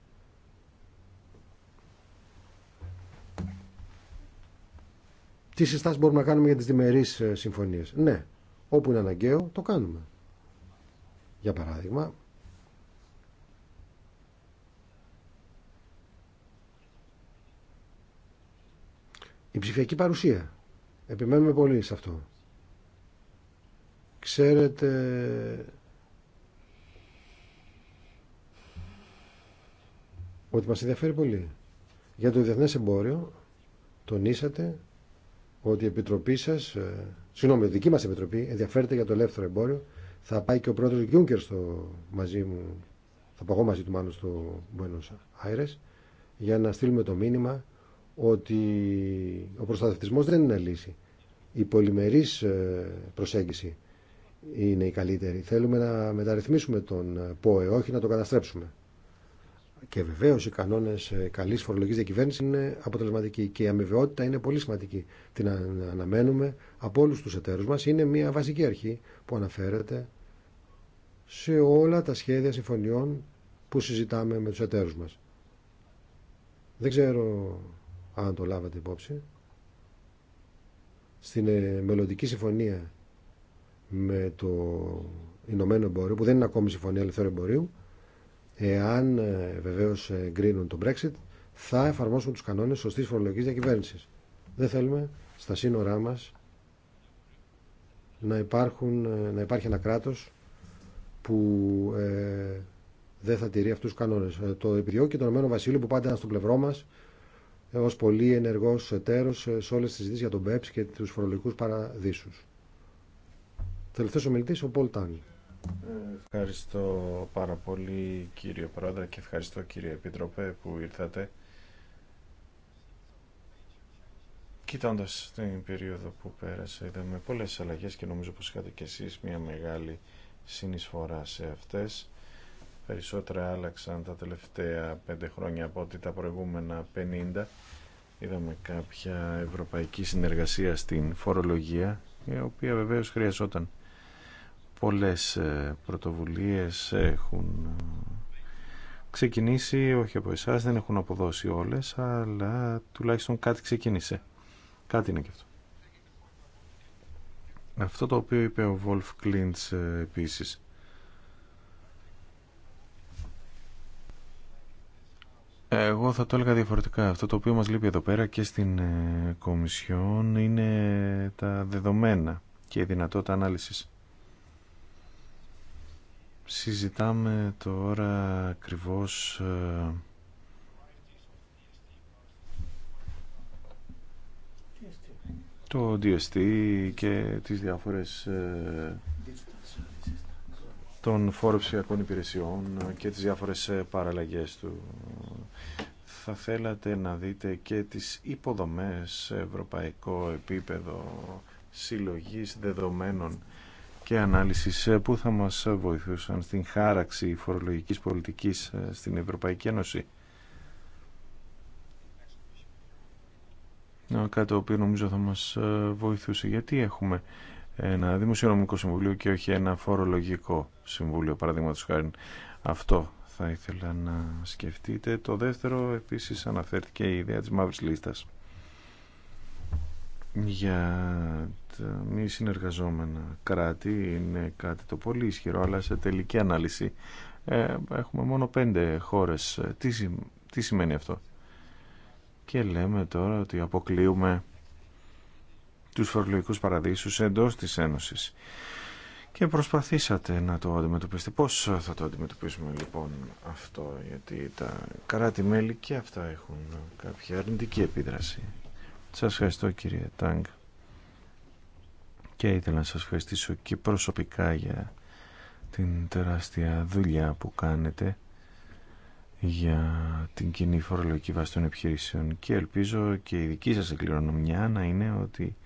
τι συστάσει μπορούμε να κάνουμε για τις διμερείς ε, συμφωνίες. Ναι, όπου είναι αναγκαίο το κάνουμε. Για παράδειγμα, η ψηφιακή παρουσία. Επιμένουμε πολύ σε αυτό. Ξέρετε, ότι μας ενδιαφέρει πολύ. Για το διεθνές εμπόριο τονίσατε ότι η Επιτροπή σα, ε, συγγνώμη, η δική μας Επιτροπή ενδιαφέρεται για το ελεύθερο εμπόριο. Θα πάει και ο πρόεδρος Γιούγκερ στο μαζί μου, θα πάω μαζί του μάλλον στο Buenos Aires, για να στείλουμε το μήνυμα ότι ο προστατευτισμός δεν είναι λύση. Η πολυμερής ε, προσέγγιση είναι η καλύτερη. Θέλουμε να μεταρρυθμίσουμε τον ε, ΠΟΕ, όχι να τον καταστρέψουμε και βεβαίω οι κανόνε ε, καλή φορολογική διακυβέρνηση είναι αποτελεσματικοί και η αμοιβαιότητα είναι πολύ σημαντική. Την αναμένουμε από όλου του εταίρου μα. Είναι μια βασική αρχή που αναφέρεται σε όλα τα σχέδια συμφωνιών που συζητάμε με του εταίρου μα. Δεν ξέρω αν το λάβατε υπόψη. Στην ε, μελλοντική συμφωνία με το Ηνωμένο Εμπόριο, που δεν είναι ακόμη συμφωνία ελευθερών εμπορίου, εάν ε, βεβαίως εγκρίνουν τον Brexit, θα εφαρμόσουν τους κανόνες σωστή φορολογική διακυβέρνησης. Δεν θέλουμε στα σύνορά μα να, υπάρχουν, ε, να υπάρχει ένα κράτος που ε, δεν θα τηρεί αυτούς τους κανόνες. Ε, το επιδιώκει και το Ρωμένο Βασίλειο που πάντα ήταν στο πλευρό μας ως πολύ ενεργός εταίρος σε όλες τις ζητήσεις για τον ΠΕΠΣ e και τους φορολογικούς παραδείσους. Τελευταίος ομιλητής ο Πολ Τάνι. Ευχαριστώ πάρα πολύ κύριε Πρόεδρε και ευχαριστώ κύριε Επίτροπε που ήρθατε. Κοιτώντας την περίοδο που πέρασε είδαμε πολλές αλλαγές και νομίζω πως είχατε και εσείς μια μεγάλη συνεισφορά σε αυτές. Περισσότερα άλλαξαν τα τελευταία πέντε χρόνια από ότι τα προηγούμενα 50. Είδαμε κάποια ευρωπαϊκή συνεργασία στην φορολογία, η οποία βεβαίως χρειαζόταν πολλές ε, πρωτοβουλίες έχουν ε, ξεκινήσει, όχι από εσάς, δεν έχουν αποδώσει όλες, αλλά τουλάχιστον κάτι ξεκίνησε. Κάτι είναι και αυτό. Αυτό το οποίο είπε ο Βολφ Κλίντς ε, επίσης. Εγώ θα το έλεγα διαφορετικά. Αυτό το οποίο μας λείπει εδώ πέρα και στην Κομισιόν είναι τα δεδομένα και η δυνατότητα ανάλυσης. Συζητάμε τώρα ακριβώς ε, το DST και τις διάφορες ε, των φόροψιακών υπηρεσιών και τις διάφορες ε, παραλλαγές του. Θα θέλατε να δείτε και τις υποδομές σε ευρωπαϊκό επίπεδο συλλογής δεδομένων και ανάλυσης ε, που θα μας βοηθούσαν στην χάραξη φορολογικής πολιτικής ε, στην Ευρωπαϊκή Ένωση. Κάτι το οποίο νομίζω θα μας ε, βοηθούσε. Γιατί έχουμε ένα δημοσιονομικό συμβούλιο και όχι ένα φορολογικό συμβούλιο, παραδείγματο χάρη. Αυτό θα ήθελα να σκεφτείτε. Το δεύτερο, επίσης, αναφέρθηκε η ιδέα της μαύρης λίστας για τα μη συνεργαζόμενα κράτη είναι κάτι το πολύ ισχυρό αλλά σε τελική ανάλυση ε, έχουμε μόνο πέντε χώρες τι, τι σημαίνει αυτό και λέμε τώρα ότι αποκλείουμε τους φορολογικούς παραδείσους εντός της Ένωσης και προσπαθήσατε να το αντιμετωπίσετε. Πώς θα το αντιμετωπίσουμε λοιπόν αυτό, γιατί τα κράτη-μέλη και αυτά έχουν κάποια αρνητική επίδραση. Σας ευχαριστώ κύριε Τάγκ και ήθελα να σας ευχαριστήσω και προσωπικά για την τεράστια δουλειά που κάνετε για την κοινή φορολογική βάση των επιχειρήσεων και ελπίζω και η δική σας εκληρονομιά να είναι ότι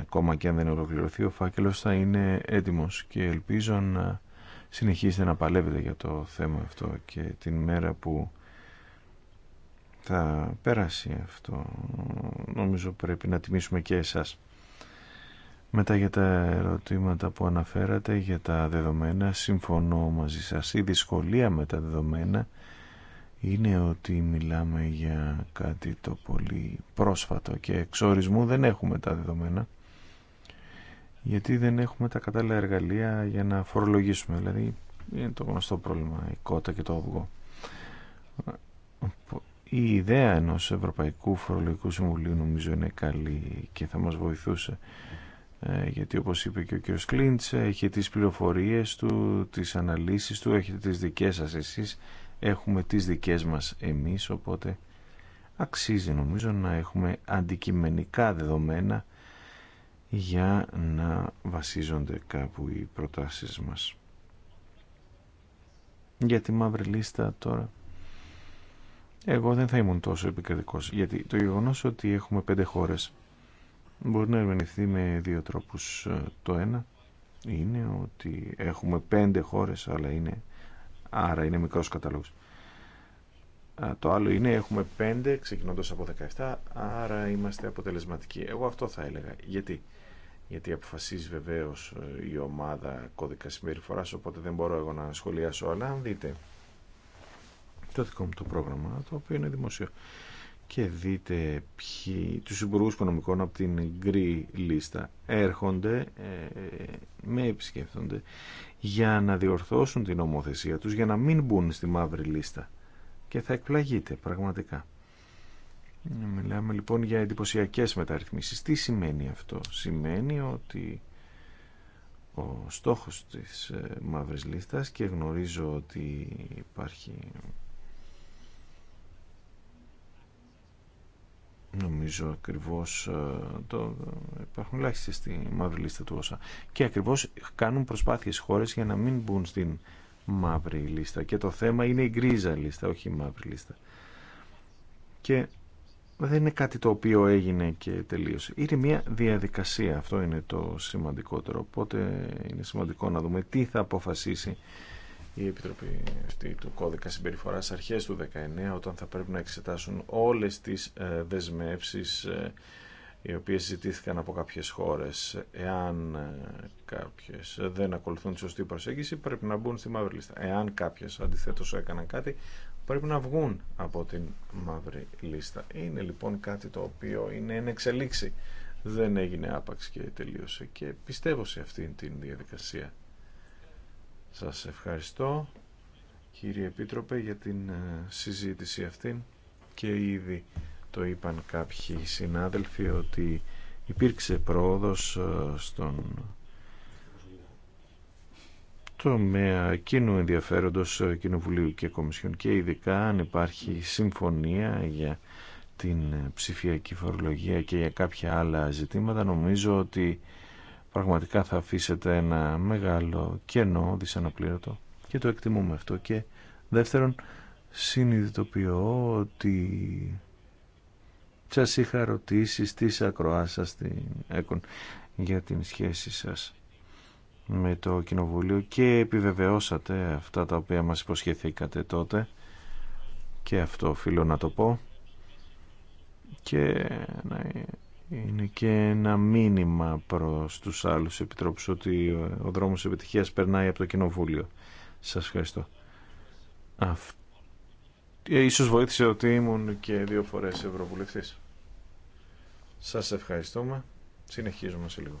ακόμα και αν δεν ολοκληρωθεί ο φάκελος θα είναι έτοιμος και ελπίζω να συνεχίσετε να παλεύετε για το θέμα αυτό και την μέρα που θα περάσει αυτό. Νομίζω πρέπει να τιμήσουμε και εσάς. Μετά για τα ερωτήματα που αναφέρατε για τα δεδομένα, συμφωνώ μαζί σας. Η δυσκολία με τα δεδομένα είναι ότι μιλάμε για κάτι το πολύ πρόσφατο και εξορισμού δεν έχουμε τα δεδομένα γιατί δεν έχουμε τα κατάλληλα εργαλεία για να φορολογήσουμε. Δηλαδή είναι το γνωστό πρόβλημα, η κότα και το αυγό η ιδέα ενός Ευρωπαϊκού Φορολογικού Συμβουλίου νομίζω είναι καλή και θα μας βοηθούσε ε, γιατί όπως είπε και ο κ. Κλίντ έχει τις πληροφορίες του, τις αναλύσεις του, έχετε τις δικές σας εσείς, έχουμε τις δικές μας εμείς, οπότε αξίζει νομίζω να έχουμε αντικειμενικά δεδομένα για να βασίζονται κάπου οι προτάσεις μας. Για τη μαύρη λίστα τώρα. Εγώ δεν θα ήμουν τόσο επικριτικό. γιατί το γεγονό ότι έχουμε πέντε χώρε μπορεί να ερμηνευτεί με δύο τρόπου ε, Το ένα είναι ότι έχουμε πέντε χώρε, αλλά είναι, άρα είναι μικρό καταλόγος. Ε, το άλλο είναι έχουμε πέντε, ξεκινώντας από 17, άρα είμαστε αποτελεσματικοί. Εγώ αυτό θα έλεγα. Γιατί? Γιατί αποφασίζει βεβαίω ε, η ομάδα κώδικα συμπεριφορά, οπότε δεν μπορώ εγώ να σχολιάσω. Αλλά αν δείτε το δικό μου το πρόγραμμα, το οποίο είναι δημοσίο. Και δείτε ποιοι, τους υπουργού οικονομικών από την γκρι λίστα έρχονται, ε, με επισκέφτονται, για να διορθώσουν την ομοθεσία τους, για να μην μπουν στη μαύρη λίστα. Και θα εκπλαγείτε πραγματικά. Μιλάμε λοιπόν για εντυπωσιακέ μεταρρυθμίσεις. Τι σημαίνει αυτό. Σημαίνει ότι ο στόχος της ε, μαύρης λίστας και γνωρίζω ότι υπάρχει νομίζω ακριβώς ε, το, υπάρχουν ελάχιστοι στη μαύρη λίστα του όσα και ακριβώς κάνουν προσπάθειες χώρες για να μην μπουν στην μαύρη λίστα και το θέμα είναι η γκρίζα λίστα όχι η μαύρη λίστα και δεν είναι κάτι το οποίο έγινε και τελείωσε είναι μια διαδικασία αυτό είναι το σημαντικότερο οπότε είναι σημαντικό να δούμε τι θα αποφασίσει η Επιτροπή αυτή του κώδικα συμπεριφοράς αρχές του 19 όταν θα πρέπει να εξετάσουν όλες τις ε, δεσμεύσεις ε, οι οποίες ζητήθηκαν από κάποιες χώρες. Εάν ε, κάποιες δεν ακολουθούν τη σωστή προσέγγιση πρέπει να μπουν στη μαύρη λίστα. Εάν κάποιες αντιθέτως έκαναν κάτι πρέπει να βγουν από την μαύρη λίστα. Είναι λοιπόν κάτι το οποίο είναι εν εξελίξη. Δεν έγινε άπαξ και τελείωσε και πιστεύω σε αυτήν την διαδικασία. Σας ευχαριστώ κύριε Επίτροπε για την ε, συζήτηση αυτή και ήδη το είπαν κάποιοι συνάδελφοι ότι υπήρξε πρόοδος ε, στον τομέα κοινού ενδιαφέροντος ε, Κοινοβουλίου και Κομισιόν και ειδικά αν υπάρχει συμφωνία για την ψηφιακή φορολογία και για κάποια άλλα ζητήματα νομίζω ότι πραγματικά θα αφήσετε ένα μεγάλο κενό δυσαναπλήρωτο και το εκτιμούμε αυτό και δεύτερον συνειδητοποιώ ότι σας είχα ρωτήσει στις ακροά σα την ΕΚΟΝ για την σχέση σας με το Κοινοβούλιο και επιβεβαιώσατε αυτά τα οποία μας υποσχεθήκατε τότε και αυτό οφείλω να το πω και να είναι και ένα μήνυμα προς τους άλλους επιτρόπους ότι ο δρόμος επιτυχίας περνάει από το Κοινοβούλιο. Σας ευχαριστώ. Ε, ίσως βοήθησε ότι ήμουν και δύο φορές Ευρωβουλευτής. Σας ευχαριστούμε. Συνεχίζουμε σε λιγο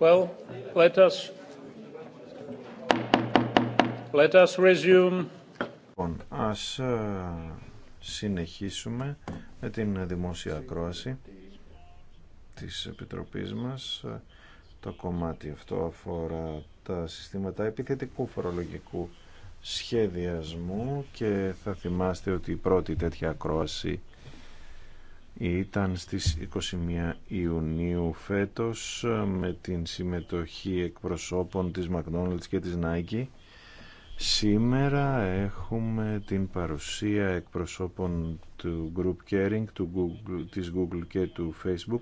Well, let us, let Λοιπόν, ας ε, συνεχίσουμε με την δημόσια ακρόαση της Επιτροπής μας. Το κομμάτι αυτό αφορά τα συστήματα επιθετικού φορολογικού σχεδιασμού και θα θυμάστε ότι η πρώτη τέτοια ακρόαση ήταν στις 21 Ιουνίου φέτος ε, με την συμμετοχή εκπροσώπων της McDonald's και της Nike. Σήμερα έχουμε την παρουσία εκπροσώπων του Group Caring, του Google, της Google και του Facebook.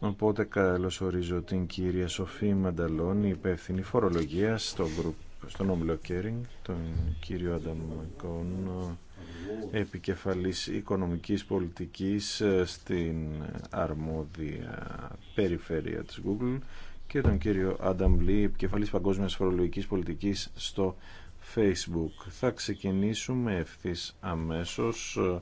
Οπότε καλώς ορίζω την κυρία Σοφή Μανταλώνη, υπεύθυνη φορολογίας στο group, στον Όμιλο Caring, τον κύριο Ανταμακόνο, επικεφαλής οικονομικής πολιτικής ε, στην αρμόδια περιφέρεια της Google και τον κύριο Άνταμ Λί, επικεφαλής παγκόσμιας φορολογικής πολιτικής στο Facebook. Θα ξεκινήσουμε ευθύς αμέσως ε,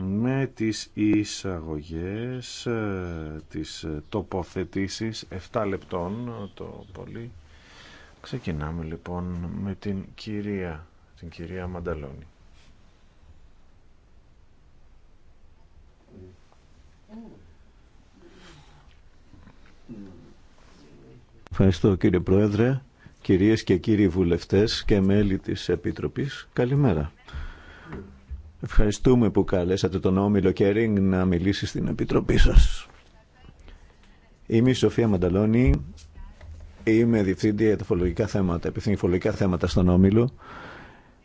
με τις εισαγωγές, ε, τις τοποθετήσεις 7 λεπτών το πολύ. Ξεκινάμε λοιπόν με την κυρία την κυρία Μανταλόνη. Ευχαριστώ κύριε Πρόεδρε, κυρίες και κύριοι βουλευτές και μέλη της Επιτροπής. Καλημέρα. Ευχαριστούμε που καλέσατε τον Όμιλο Κέρινγκ να μιλήσει στην Επιτροπή σας. Είμαι η Σοφία Μανταλόνη, είμαι διευθύντρια για τα θέματα, επιθυμητικά θέματα στον Όμιλο.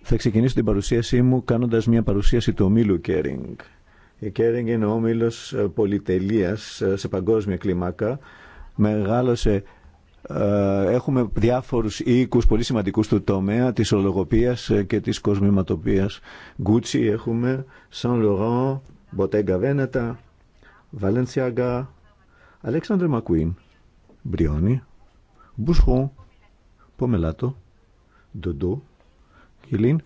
Θα ξεκινήσω την παρουσίασή μου κάνοντας μια παρουσίαση του ομίλου Κέρινγκ. Η Κέρινγκ είναι ο όμιλος ε, πολυτελείας ε, σε παγκόσμια κλίμακα. Μεγάλωσε ε, έχουμε διάφορους οίκους πολύ σημαντικούς του τομέα της ολογοπίας και της κοσμηματοπίας. Gucci έχουμε, Saint Laurent, Bottega Veneta, Valenciaga, Alexander McQueen, Μπριόνι, Bouchon, Πομελάτο, Dodo, Χιλίν,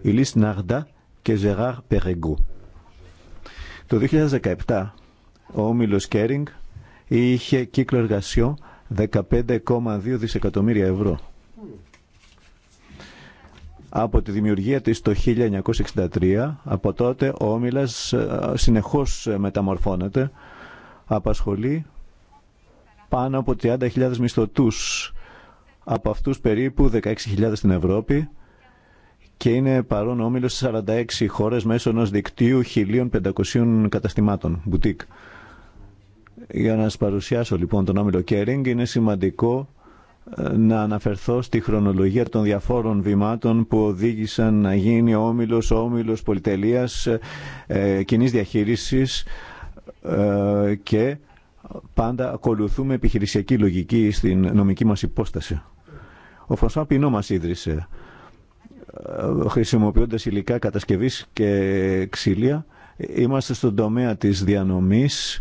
Ηλίς Ναρντά και Ζεράρ Περεγκού. Το 2017 ο Όμιλος Κέρινγκ είχε κύκλο εργασιών 15,2 δισεκατομμύρια ευρώ. Από τη δημιουργία της το 1963, από τότε ο Όμιλας ε, συνεχώς μεταμορφώνεται, απασχολεί πάνω από 30.000 μισθωτούς, από αυτούς περίπου 16.000 στην Ευρώπη, και είναι παρόν όμιλο σε 46 χώρε μέσω ενό δικτύου 1.500 καταστημάτων, μπουτίκ. Για να σα παρουσιάσω λοιπόν τον όμιλο Κέρινγκ είναι σημαντικό ε, να αναφερθώ στη χρονολογία των διαφόρων βημάτων που οδήγησαν να γίνει όμιλο, όμιλος, όμιλος πολυτελείας, ε, κοινής ε, και πάντα ακολουθούμε επιχειρησιακή λογική στην νομική μας υπόσταση. Ο Φρανσουά Πινό μας ίδρυσε χρησιμοποιώντας υλικά κατασκευής και ξυλία. Είμαστε στον τομέα της διανομής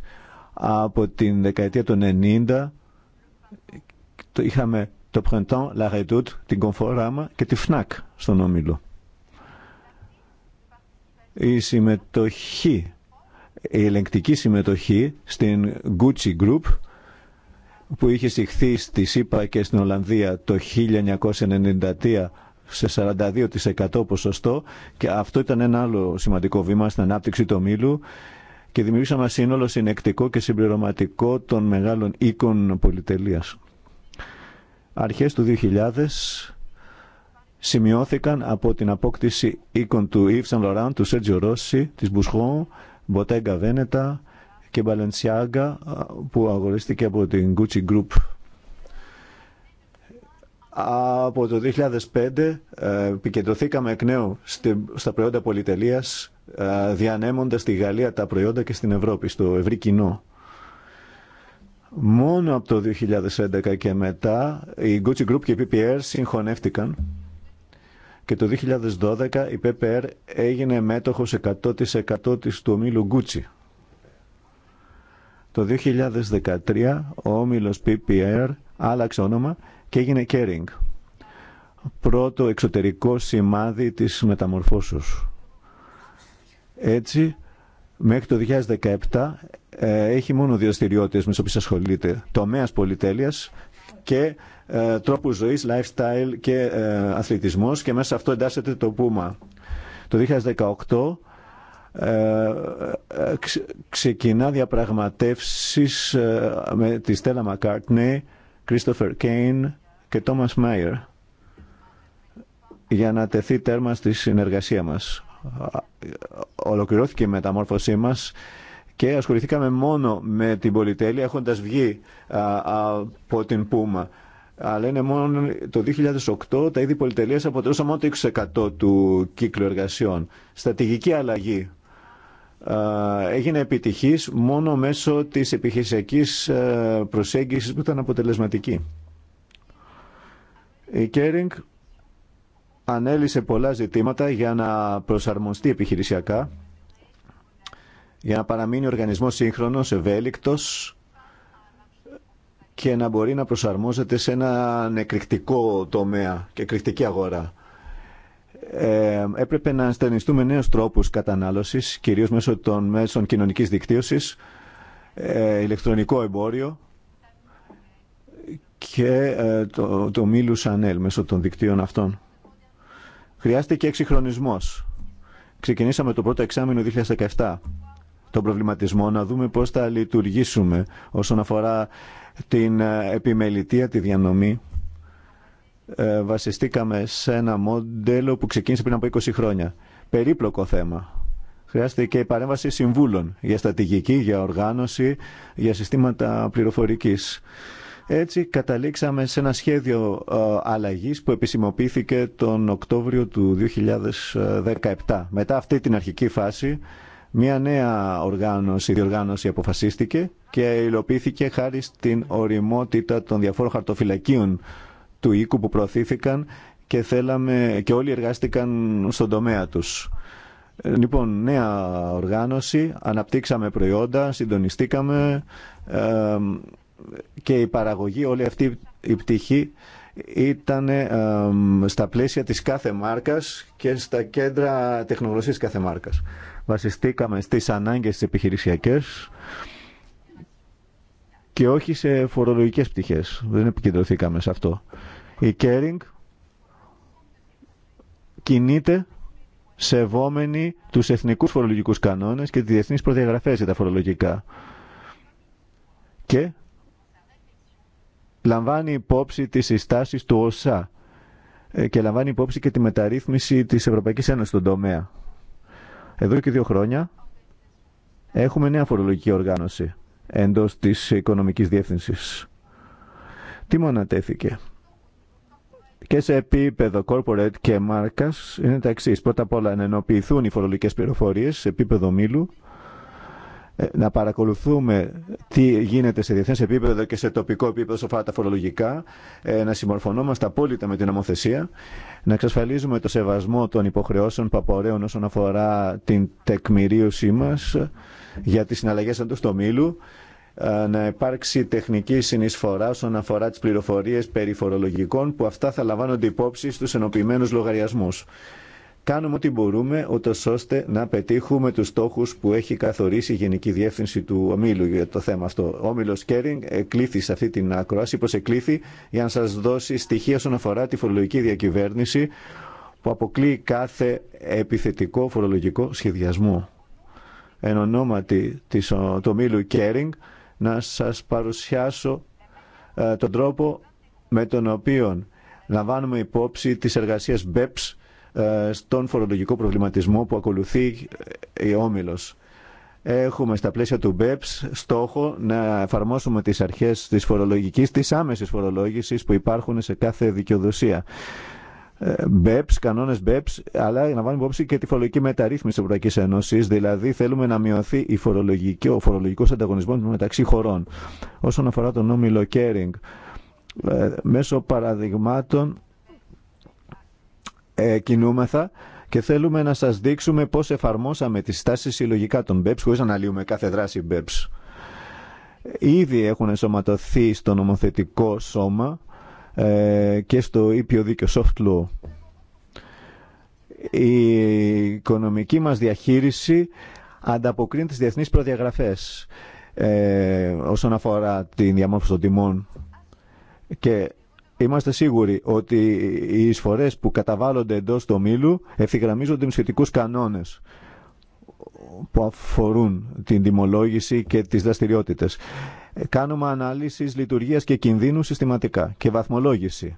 από την δεκαετία των 90. Είχαμε το Printemps, La Redoute, την Conforama και τη Fnac στον Όμιλο. Η συμμετοχή, η ελεγκτική συμμετοχή στην Gucci Group που είχε συχθεί στη ΣΥΠΑ και στην Ολλανδία το 1993 σε 42% ποσοστό και αυτό ήταν ένα άλλο σημαντικό βήμα στην ανάπτυξη του ομίλου και δημιουργήσαμε ένα σύνολο συνεκτικό και συμπληρωματικό των μεγάλων οίκων πολυτελείας. Αρχές του 2000 σημειώθηκαν από την απόκτηση οίκων του Yves Saint Laurent, του Sergio Rossi, της Bouchon, Bottega Veneta και Balenciaga που αγορίστηκε από την Gucci Group από το 2005 ε, επικεντρωθήκαμε εκ νέου στα προϊόντα πολυτελείας, ε, διανέμοντας στη Γαλλία τα προϊόντα και στην Ευρώπη, στο ευρύ κοινό. Μόνο από το 2011 και μετά η Gucci Group και η PPR συγχωνεύτηκαν και το 2012 η PPR έγινε μέτοχος 100% της του ομίλου Gucci. Το 2013 ο όμιλος PPR άλλαξε όνομα και έγινε Κέρινγκ. Πρώτο εξωτερικό σημάδι της μεταμορφώσεως. Έτσι, μέχρι το 2017 ε, έχει μόνο δύο αστηριότητες με τις οποίες ασχολείται. Τομέας πολυτέλειας και ε, τρόπου ζωής, lifestyle και ε, αθλητισμός και μέσα σε αυτό εντάσσεται το Πούμα. Το 2018 ε, ε, ξεκινά διαπραγματεύσεις με τη Στέλλα Μακάρτνεϊ Κρίστοφερ Κέιν και Τόμας Μάιερ για να τεθεί τέρμα στη συνεργασία μας. Ολοκληρώθηκε η μεταμόρφωσή μας και ασχοληθήκαμε μόνο με την πολυτέλεια έχοντας βγει από την Πούμα. Αλλά είναι μόνο το 2008 τα είδη πολυτελείας αποτελούσαν μόνο το 6% του κύκλου εργασιών. Στατηγική αλλαγή έγινε επιτυχής μόνο μέσω της επιχειρησιακής ε, προσέγγισης που ήταν αποτελεσματική. Η Κέρινγκ ανέλησε πολλά ζητήματα για να προσαρμοστεί επιχειρησιακά, για να παραμείνει ο οργανισμός σύγχρονος, ευέλικτος και να μπορεί να προσαρμόζεται σε έναν εκρηκτικό τομέα και εκρηκτική αγορά ε, έπρεπε να ασθενιστούμε νέου τρόπου κατανάλωσης, κυρίως μέσω των μέσων κοινωνικής δικτύωσης, ε, ηλεκτρονικό εμπόριο και ε, το, το μήλου Σανέλ μέσω των δικτύων αυτών. Χρειάστηκε εξυγχρονισμό. Ξεκινήσαμε το πρώτο εξάμεινο 2017 τον προβληματισμό, να δούμε πώς θα λειτουργήσουμε όσον αφορά την ε, επιμελητία, τη διανομή ε, βασιστήκαμε σε ένα μοντέλο που ξεκίνησε πριν από 20 χρόνια. Περίπλοκο θέμα. Χρειάστηκε η παρέμβαση συμβούλων για στατηγική, για οργάνωση, για συστήματα πληροφορικής. Έτσι καταλήξαμε σε ένα σχέδιο ε, αλλαγής που επισημοποιήθηκε τον Οκτώβριο του 2017. Μετά αυτή την αρχική φάση, μια νέα οργάνωση, διοργάνωση αποφασίστηκε και υλοποιήθηκε χάρη στην οριμότητα των διαφόρων χαρτοφυλακίων του οίκου που προωθήθηκαν και, θέλαμε, και όλοι εργάστηκαν στον τομέα τους. Ε, λοιπόν, νέα οργάνωση, αναπτύξαμε προϊόντα, συντονιστήκαμε ε, και η παραγωγή, όλη αυτή η πτυχή ήταν ε, στα πλαίσια της κάθε μάρκας και στα κέντρα τεχνογνωσίας κάθε μάρκας. Βασιστήκαμε στις ανάγκες της επιχειρησιακές, και όχι σε φορολογικές πτυχές. Δεν επικεντρωθήκαμε σε αυτό. Η Κέρινγκ κινείται σεβόμενη τους εθνικούς φορολογικούς κανόνες και τις διεθνείς προδιαγραφές για τα φορολογικά. Και λαμβάνει υπόψη τις συστάσεις του ΩΣΑ ε, και λαμβάνει υπόψη και τη μεταρρύθμιση της Ευρωπαϊκής Ένωσης στον τομέα. Εδώ και δύο χρόνια έχουμε νέα φορολογική οργάνωση εντός της οικονομικής διεύθυνσης. Τι μονατέθηκε. Και σε επίπεδο corporate και μάρκας είναι τα εξή. Πρώτα απ' όλα να ενοποιηθούν οι φορολογικές πληροφορίες σε επίπεδο μήλου ε, να παρακολουθούμε τι γίνεται σε διεθνές επίπεδο και σε τοπικό επίπεδο σε τα φορολογικά, ε, να συμμορφωνόμαστε απόλυτα με την νομοθεσία, να εξασφαλίζουμε το σεβασμό των υποχρεώσεων που όσον αφορά την τεκμηρίωσή μας για τις συναλλαγές εντός μήλου, ε, να υπάρξει τεχνική συνεισφορά όσον αφορά τις πληροφορίες περιφορολογικών που αυτά θα λαμβάνονται υπόψη στους ενοποιημένους λογαριασμούς. Κάνουμε ό,τι μπορούμε, ούτω ώστε να πετύχουμε τους στόχους που έχει καθορίσει η Γενική Διεύθυνση του Ομίλου για το θέμα αυτό. Ο όμιλο Κέρινγκ εκλήθη σε αυτή την ακρόαση, πως εκλήθη για να σας δώσει στοιχεία όσον αφορά τη φορολογική διακυβέρνηση που αποκλείει κάθε επιθετικό φορολογικό σχεδιασμό. Εν ονόματι του Ομίλου Κέρινγκ να σας παρουσιάσω ε, τον τρόπο με τον οποίο λαμβάνουμε υπόψη τις εργασίες BEPS ε, στον φορολογικό προβληματισμό που ακολουθεί η ε, Όμιλος. Έχουμε στα πλαίσια του BEPS στόχο να εφαρμόσουμε τις αρχές της φορολογικής, της άμεσης φορολόγησης που υπάρχουν σε κάθε δικαιοδοσία. Ε, BEPS, κανόνε BEPS, αλλά να βάλουμε υπόψη και τη φορολογική μεταρρύθμιση τη Ευρωπαϊκή Ένωση. Δηλαδή, θέλουμε να μειωθεί η φορολογική, ο φορολογικό ανταγωνισμό μεταξύ χωρών. Όσον αφορά τον όμιλο Κέρινγκ, μέσω παραδειγμάτων ε, κινούμεθα και θέλουμε να σας δείξουμε πώς εφαρμόσαμε τις στάσεις συλλογικά των BEPS χωρίς να αναλύουμε κάθε δράση BEPS. Ήδη έχουν ενσωματωθεί στο νομοθετικό σώμα ε, και στο ήπιο δίκαιο soft law. Η οικονομική μας διαχείριση ανταποκρίνει τις διεθνείς προδιαγραφές ε, όσον αφορά την διαμόρφωση των τιμών και είμαστε σίγουροι ότι οι εισφορές που καταβάλλονται εντός του ομίλου ευθυγραμμίζονται με σχετικούς κανόνες που αφορούν την τιμολόγηση και τις δραστηριότητες. Κάνουμε αναλύσεις λειτουργίας και κινδύνου συστηματικά και βαθμολόγηση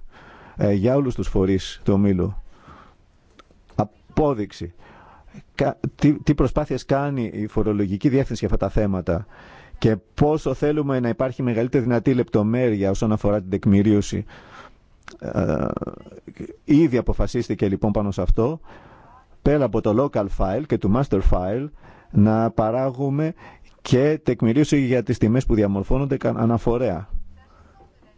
ε, για όλους τους φορείς του ομίλου. Απόδειξη. Τι προσπάθειες κάνει η φορολογική διεύθυνση για αυτά τα θέματα και πόσο θέλουμε να υπάρχει μεγαλύτερη δυνατή λεπτομέρεια όσον αφορά την τεκμηρίωση. Ε, ήδη αποφασίστηκε λοιπόν πάνω σε αυτό, πέρα από το local file και το master file, να παράγουμε και τεκμηρίωση για τις τιμές που διαμορφώνονται αναφορέα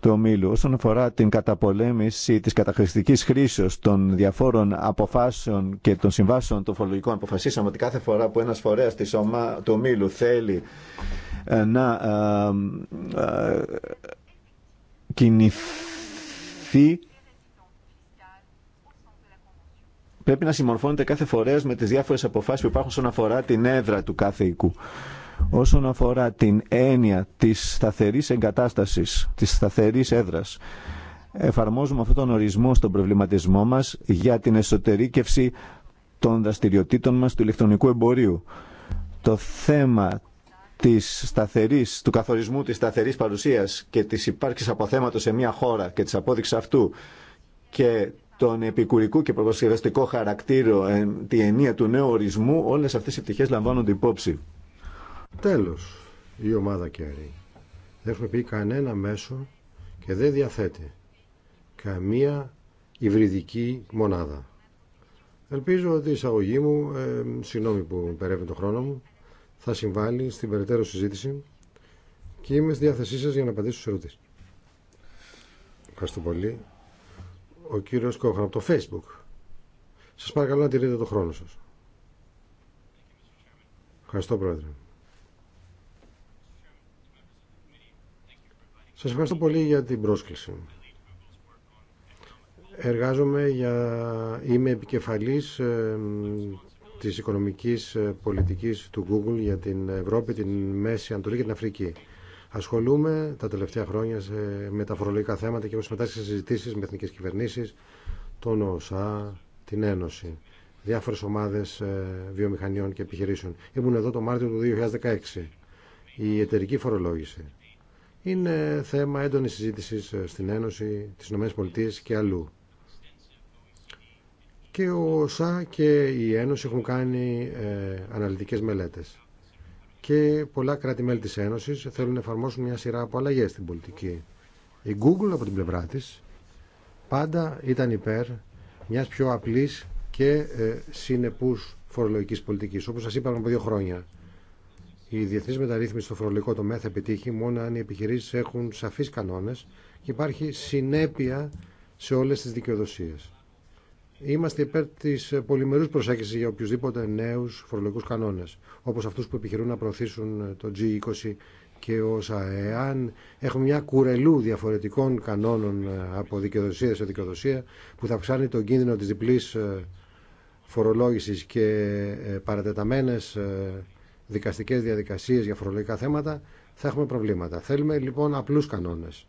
του ομίλου. Όσον αφορά την καταπολέμηση της καταχρηστικής χρήσεως των διαφόρων αποφάσεων και των συμβάσεων των φορολογικών, αποφασίσαμε ότι κάθε φορά που ένας φορέας της ομα... του ομίλου θέλει ε, να ε, ε, κινηθεί πρέπει να συμμορφώνεται κάθε φορέας με τις διάφορες αποφάσεις που υπάρχουν όσον αφορά την έδρα του κάθε οικού. Όσον αφορά την έννοια της σταθερής εγκατάστασης, της σταθερής έδρας, εφαρμόζουμε αυτόν τον ορισμό στον προβληματισμό μας για την εσωτερήκευση των δραστηριοτήτων μας του ηλεκτρονικού εμπορίου. Το θέμα της σταθερής, του καθορισμού της σταθερής παρουσίας και της υπάρξης αποθέματος σε μια χώρα και της απόδειξης αυτού και τον επικουρικό και προποσχευαστικό χαρακτήρο, ε, τη ενία του νέου ορισμού, όλες αυτές οι πτυχές λαμβάνονται υπόψη. Τέλος, η ομάδα Κέρι δεν πει κανένα μέσο και δεν διαθέτει καμία υβριδική μονάδα. Ελπίζω ότι η εισαγωγή μου, ε, συγγνώμη που περεύει το χρόνο μου, θα συμβάλλει στην περαιτέρω συζήτηση και είμαι στη διάθεσή σας για να απαντήσω στους ερωτήσεις. Ευχαριστώ πολύ. Ο κύριος Κόχαν από το Facebook. Σας παρακαλώ να τηρείτε το χρόνο σας. Ευχαριστώ Πρόεδρε. Σας ευχαριστώ πολύ για την πρόσκληση. Εργάζομαι για... Είμαι επικεφαλής της οικονομικής ε, πολιτικής του Google για την Ευρώπη, την Μέση Ανατολή και την Αφρική. Ασχολούμε τα τελευταία χρόνια με τα φορολογικά θέματα και έχω συμμετάσχει σε συζητήσεις με εθνικές κυβερνήσεις, τον ΟΣΑ, την Ένωση, διάφορες ομάδες ε, βιομηχανιών και επιχειρήσεων. Ήμουν εδώ το Μάρτιο του 2016. Η εταιρική φορολόγηση είναι θέμα έντονη συζήτηση ε, στην Ένωση, τις ΗΠΑ και αλλού. Και ο Σά και η Ένωση έχουν κάνει ε, αναλυτικές μελέτες. Και πολλά κράτη-μέλη της Ένωσης θέλουν να εφαρμόσουν μια σειρά από αλλαγές στην πολιτική. Η Google από την πλευρά της πάντα ήταν υπέρ μιας πιο απλής και ε, συνεπούς φορολογικής πολιτικής. Όπως σας είπαμε από δύο χρόνια, η διεθνή μεταρρύθμιση στο φορολογικό τομέα θα επιτύχει μόνο αν οι επιχειρήσει έχουν σαφείς κανόνε και υπάρχει συνέπεια σε όλε τι δικαιοδοσίε. Είμαστε υπέρ τη πολυμερού προσέγγιση για οποιουσδήποτε νέου φορολογικού κανόνε, όπω αυτού που επιχειρούν να προωθήσουν το G20 και όσα εάν έχουμε μια κουρελού διαφορετικών κανόνων ε, από δικαιοδοσία σε δικαιοδοσία που θα αυξάνει τον κίνδυνο της διπλής ε, φορολόγησης και ε, παρατεταμένες δικαστικές διαδικασίες για φορολογικά θέματα θα έχουμε προβλήματα. Θέλουμε λοιπόν απλούς κανόνες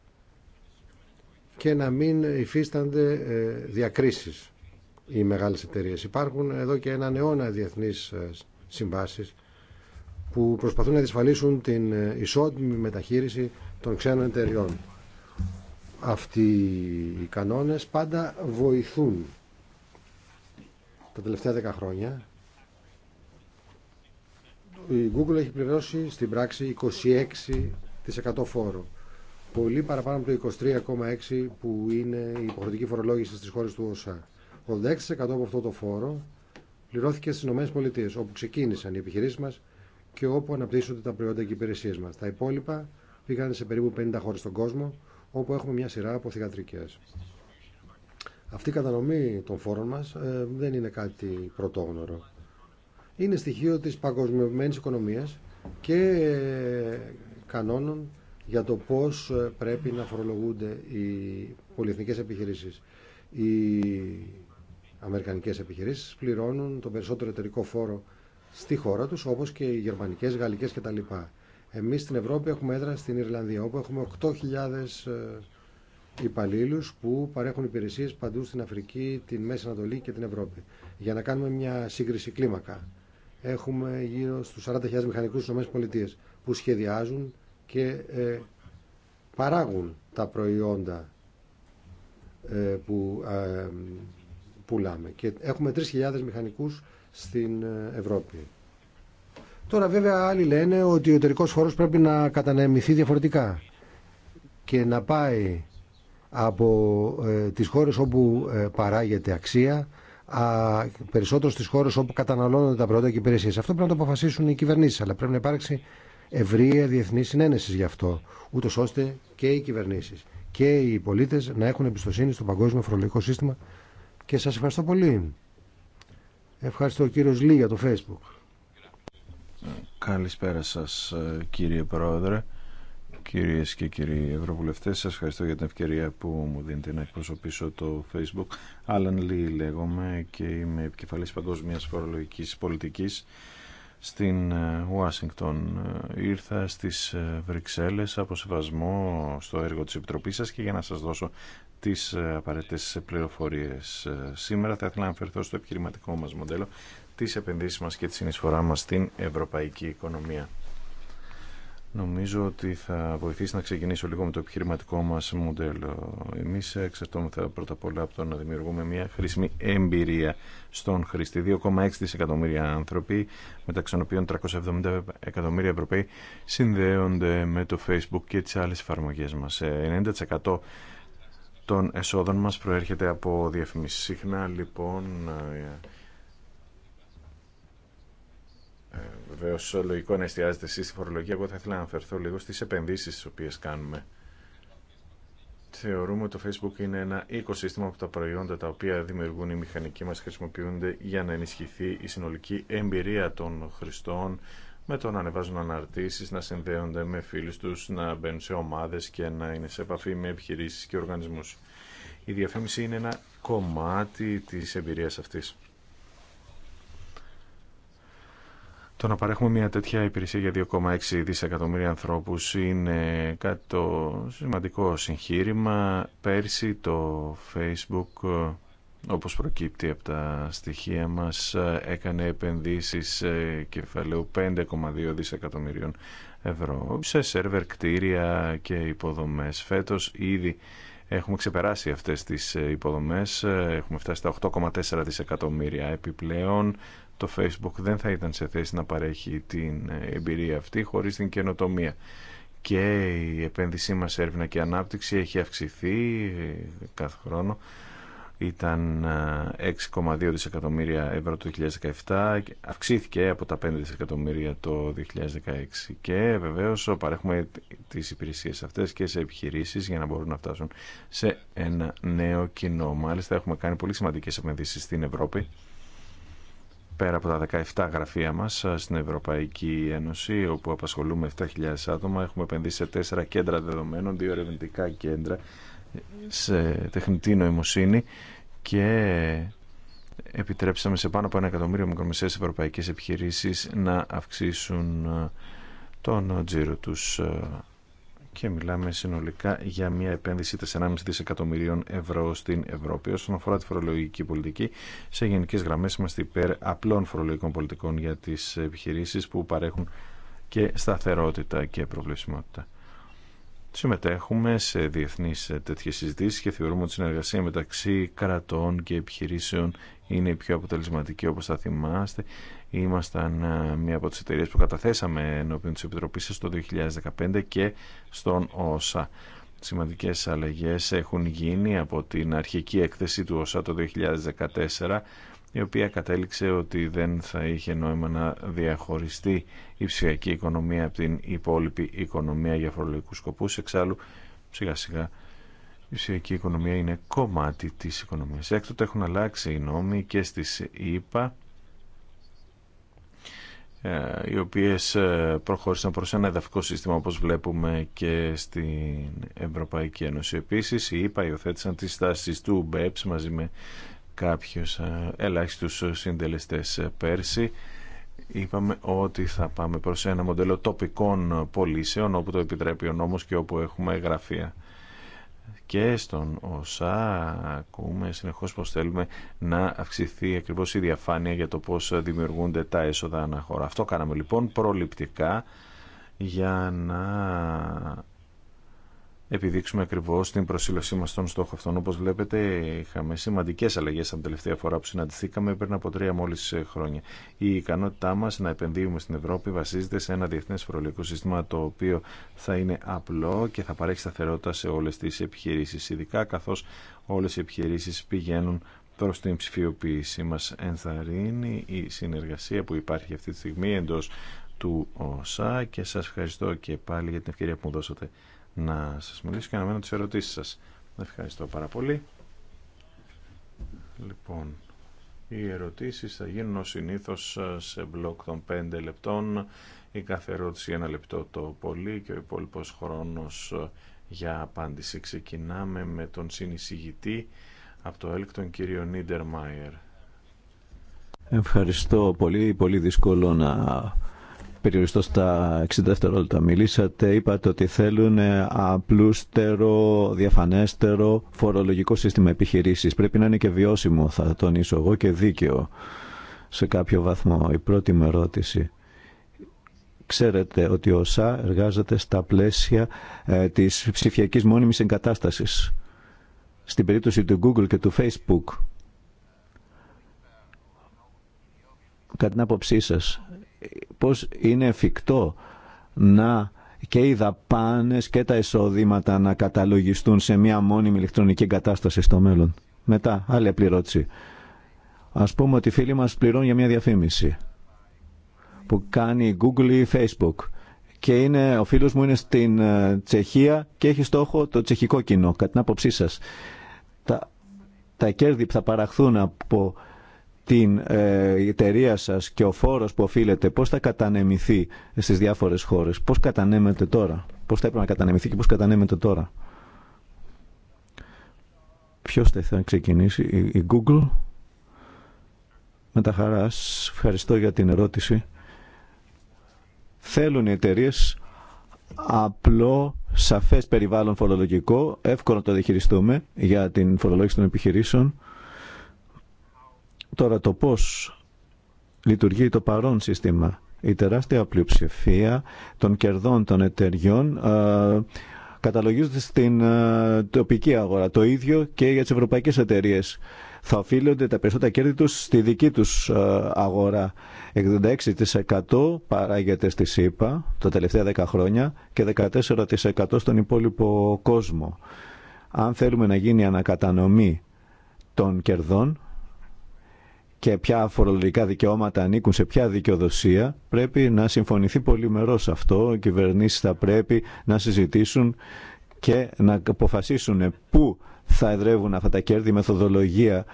και να μην υφίστανται διακρίσεις οι μεγάλες εταιρείες. Υπάρχουν εδώ και έναν αιώνα διεθνείς ε, συμβάσεις που προσπαθούν να δυσφαλίσουν την ε, ισότιμη μεταχείριση των ξένων εταιριών. Αυτοί οι κανόνες πάντα βοηθούν τα τελευταία δέκα χρόνια. Η Google έχει πληρώσει στην πράξη 26% φόρο. Πολύ παραπάνω από το 23,6% που είναι η υποχρεωτική φορολόγηση στις χώρες του ΩΣΑ. 6% από αυτό το φόρο πληρώθηκε στι ΗΠΑ, όπου ξεκίνησαν οι επιχειρήσει μα και όπου αναπτύσσονται τα προϊόντα και οι υπηρεσίε μα. Τα υπόλοιπα πήγαν σε περίπου 50 χώρε στον κόσμο, όπου έχουμε μια σειρά από θηγατρικέ. Αυτή η κατανομή των φόρων μα ε, δεν είναι κάτι πρωτόγνωρο. Είναι στοιχείο τη παγκοσμιοποιημένη οικονομία και ε, κανόνων για το πώς ε, πρέπει να φορολογούνται οι πολυεθνικέ επιχειρήσει αμερικανικές επιχειρήσεις πληρώνουν τον περισσότερο εταιρικό φόρο στη χώρα τους, όπως και οι γερμανικές, γαλλικές κτλ. Εμείς στην Ευρώπη έχουμε έδρα στην Ιρλανδία, όπου έχουμε 8.000 ε, υπαλλήλου που παρέχουν υπηρεσίες παντού στην Αφρική, την Μέση Ανατολή και την Ευρώπη. Για να κάνουμε μια σύγκριση κλίμακα, έχουμε γύρω στου 40.000 μηχανικού στι ΗΠΑ που σχεδιάζουν και ε, παράγουν τα προϊόντα ε, που πουλάμε. Και έχουμε 3.000 μηχανικούς στην ε, Ευρώπη. Τώρα βέβαια άλλοι λένε ότι ο εταιρικό χώρος πρέπει να κατανεμηθεί διαφορετικά και να πάει από ε, τις χώρες όπου ε, παράγεται αξία α, περισσότερο στις χώρες όπου καταναλώνονται τα πρώτα και υπηρεσίες. Αυτό πρέπει να το αποφασίσουν οι κυβερνήσεις, αλλά πρέπει να υπάρξει ευρία διεθνή συνένεση γι' αυτό, ούτω ώστε και οι κυβερνήσεις και οι πολίτες να έχουν εμπιστοσύνη στο παγκόσμιο φορολογικό σύστημα και σας ευχαριστώ πολύ. Ευχαριστώ ο κύριος Λί για το Facebook. Καλησπέρα σας κύριε Πρόεδρε, κυρίες και κύριοι Ευρωβουλευτές. Σας ευχαριστώ για την ευκαιρία που μου δίνετε να εκπροσωπήσω το Facebook. Άλλαν Λί λέγομαι και είμαι επικεφαλής παγκόσμιας φορολογικής πολιτικής στην ε, Ουάσιγκτον. Ε, ήρθα στις ε, Βρυξέλλες από σεβασμό στο έργο της Επιτροπής σας και για να σας δώσω τις απαραίτητες πληροφορίες. Σήμερα θα ήθελα να αναφερθώ στο επιχειρηματικό μας μοντέλο, τις επενδύσεις μας και τη συνεισφορά μας στην ευρωπαϊκή οικονομία. Νομίζω ότι θα βοηθήσει να ξεκινήσω λίγο με το επιχειρηματικό μας μοντέλο. Εμείς εξαρτώμεθα πρώτα απ' όλα από το να δημιουργούμε μια χρήσιμη εμπειρία στον χρήστη. 2,6 δισεκατομμύρια άνθρωποι, μεταξύ των οποίων 370 εκατομμύρια Ευρωπαίοι, συνδέονται με το Facebook και τις άλλες εφαρμογές μας. 90% ε, των εσόδων μας προέρχεται από διαφημίσεις. Συχνά λοιπόν ε, ε, Βεβαίω, λογικό να εστιάζετε εσεί στη φορολογία. Εγώ θα ήθελα να αναφερθώ λίγο στι επενδύσει τι οποίε κάνουμε. Θεωρούμε ότι το Facebook είναι ένα οικοσύστημα από τα προϊόντα τα οποία δημιουργούν οι μηχανικοί μα χρησιμοποιούνται για να ενισχυθεί η συνολική εμπειρία των χρηστών με το να ανεβάζουν αναρτήσεις, να συνδέονται με φίλους τους, να μπαίνουν σε ομάδες και να είναι σε επαφή με επιχειρήσεις και οργανισμούς. Η διαφήμιση είναι ένα κομμάτι της εμπειρίας αυτής. Το να παρέχουμε μια τέτοια υπηρεσία για 2,6 δισεκατομμύρια ανθρώπους είναι κάτι το σημαντικό συγχείρημα. Πέρσι το Facebook, όπως προκύπτει από τα στοιχεία μας, έκανε επενδύσεις κεφαλαίου 5,2 δισεκατομμυρίων ευρώ σε σερβερ, κτίρια και υποδομές. Φέτος ήδη έχουμε ξεπεράσει αυτές τις υποδομές, έχουμε φτάσει στα 8,4 δισεκατομμύρια επιπλέον το Facebook δεν θα ήταν σε θέση να παρέχει την ε, εμπειρία αυτή χωρίς την καινοτομία. Και η επένδυσή μας σε έρευνα και ανάπτυξη έχει αυξηθεί ε, κάθε χρόνο. Ήταν 6,2 ε, δισεκατομμύρια ευρώ το 2017, αυξήθηκε από τα 5 δισεκατομμύρια το 2016 και βεβαίως παρέχουμε τις υπηρεσίες αυτές και σε επιχειρήσεις για να μπορούν να φτάσουν σε ένα νέο κοινό. Μάλιστα έχουμε κάνει πολύ σημαντικές επενδύσεις στην Ευρώπη πέρα από τα 17 γραφεία μας ε, στην Ευρωπαϊκή Ένωση όπου απασχολούμε 7.000 άτομα έχουμε επενδύσει σε τέσσερα κέντρα δεδομένων, δύο ερευνητικά κέντρα σε τεχνητή νοημοσύνη και επιτρέψαμε σε πάνω από ένα εκατομμύριο μικρομεσαίες ευρωπαϊκές επιχειρήσεις να αυξήσουν ε, τον τζίρο τους ε, και μιλάμε συνολικά για μια επένδυση 4,5 δισεκατομμυρίων ευρώ στην Ευρώπη. Όσον αφορά τη φορολογική πολιτική, σε γενικέ γραμμέ είμαστε υπέρ απλών φορολογικών πολιτικών για τι επιχειρήσει που παρέχουν και σταθερότητα και προβλεψιμότητα. Συμμετέχουμε σε διεθνεί τέτοιε συζητήσει και θεωρούμε ότι η συνεργασία μεταξύ κρατών και επιχειρήσεων είναι η πιο αποτελεσματική, όπω θα θυμάστε ήμασταν ε, μία από τις εταιρείες που καταθέσαμε ενώπιον της Επιτροπής στο το 2015 και στον ΩΣΑ. Σημαντικές αλλαγές έχουν γίνει από την αρχική έκθεση του ΩΣΑ το 2014 η οποία κατέληξε ότι δεν θα είχε νόημα να διαχωριστεί η ψηφιακή οικονομία από την υπόλοιπη οικονομία για φορολογικούς σκοπούς. Εξάλλου, σιγά σιγά, η ψηφιακή οικονομία είναι κομμάτι της οικονομίας. Έκτοτε έχουν αλλάξει οι νόμοι και στις ΗΠΑ ε, οι οποίες ε, προχώρησαν προς ένα εδαφικό σύστημα όπως βλέπουμε και στην Ευρωπαϊκή Ένωση. Επίσης, οι ΙΠΑ υιοθέτησαν τις στάσεις του BEPS ε μαζί με κάποιους ελάχιστους συντελεστές πέρσι. Είπαμε ότι θα πάμε προς ένα μοντέλο τοπικών πολίσεων όπου το επιτρέπει ο νόμος και όπου έχουμε γραφεία και στον ΩΣΑ ακούμε συνεχώς πως θέλουμε να αυξηθεί ακριβώς η διαφάνεια για το πώς δημιουργούνται τα έσοδα αναχώρα. Αυτό κάναμε λοιπόν προληπτικά για να επιδείξουμε ακριβώ την προσήλωσή μα στον στόχο αυτόν. όπω βλέπετε είχαμε σημαντικέ αλλαγέ από την τελευταία φορά που συναντηθήκαμε πριν από τρία μόλι χρόνια. Η ικανότητά μα να επενδύουμε στην Ευρώπη βασίζεται σε ένα διεθνέ φορολογικό σύστημα το οποίο θα είναι απλό και θα παρέχει σταθερότητα σε όλε τι επιχειρήσει, ειδικά καθώ όλε οι επιχειρήσει πηγαίνουν προ την ψηφιοποίηση μα. ενθαρρύνει η συνεργασία που υπάρχει αυτή τη στιγμή εντό του ΩΣΑ και σας ευχαριστώ και πάλι για την ευκαιρία που μου δώσατε να σας μιλήσω και αναμένω τις ερωτήσεις σας. Ευχαριστώ πάρα πολύ. Λοιπόν, οι ερωτήσεις θα γίνουν ως συνήθως σε μπλοκ των 5 λεπτών. Η κάθε ερώτηση ένα λεπτό το πολύ και ο υπόλοιπο χρόνος για απάντηση. Ξεκινάμε με τον συνεισηγητή από το ΕΛΚ τον κύριο Μάιερ. Ευχαριστώ πολύ. Πολύ δύσκολο να περιοριστώ στα 60 δευτερόλεπτα. Μιλήσατε, είπατε ότι θέλουν ε, απλούστερο, διαφανέστερο φορολογικό σύστημα επιχειρήσει. Πρέπει να είναι και βιώσιμο, θα τονίσω εγώ, και δίκαιο σε κάποιο βαθμό. Η πρώτη μου ερώτηση. Ξέρετε ότι ο ΣΑ εργάζεται στα πλαίσια ε, της ψηφιακής μόνιμης εγκατάστασης. Στην περίπτωση του Google και του Facebook, κατά την άποψή σα πώς είναι εφικτό να και οι δαπάνε και τα εισόδηματα να καταλογιστούν σε μια μόνιμη ηλεκτρονική εγκατάσταση στο μέλλον. Μετά, άλλη απληρώτηση. Ας πούμε ότι οι φίλοι μας πληρώνουν για μια διαφήμιση που κάνει Google ή Facebook και είναι, ο φίλος μου είναι στην ε, Τσεχία και έχει στόχο το τσεχικό κοινό, κατά την άποψή σας. Τα, τα κέρδη που θα παραχθούν από την ε, εταιρεία σας και ο φόρος που οφείλεται, πώς θα κατανεμηθεί στις διάφορες χώρες, πώς κατανέμεται τώρα, πώς θα έπρεπε να κατανεμηθεί και πώς κατανέμεται τώρα. Ποιος θα ήθελε να ξεκινήσει, η Google. Με τα χαράς, ευχαριστώ για την ερώτηση. Θέλουν οι εταιρείε απλό, σαφές περιβάλλον φορολογικό, εύκολο να το διαχειριστούμε για την φορολόγηση των επιχειρήσεων Τώρα το πώς λειτουργεί το παρόν σύστημα. Η τεράστια πλειοψηφία των κερδών των εταιριών καταλογίζεται καταλογίζονται στην ε, τοπική αγορά. Το ίδιο και για τις ευρωπαϊκές εταιρείες. Θα οφείλονται τα περισσότερα κέρδη τους στη δική τους ε, αγορά. 66% παράγεται στη ΣΥΠΑ τα τελευταία 10 χρόνια και 14% στον υπόλοιπο κόσμο. Αν θέλουμε να γίνει ανακατανομή των κερδών και ποια φορολογικά δικαιώματα ανήκουν σε ποια δικαιοδοσία, πρέπει να συμφωνηθεί πολυμερό αυτό. Οι κυβερνήσει θα πρέπει να συζητήσουν και να αποφασίσουν πού θα εδρεύουν αυτά τα κέρδη. Η μεθοδολογία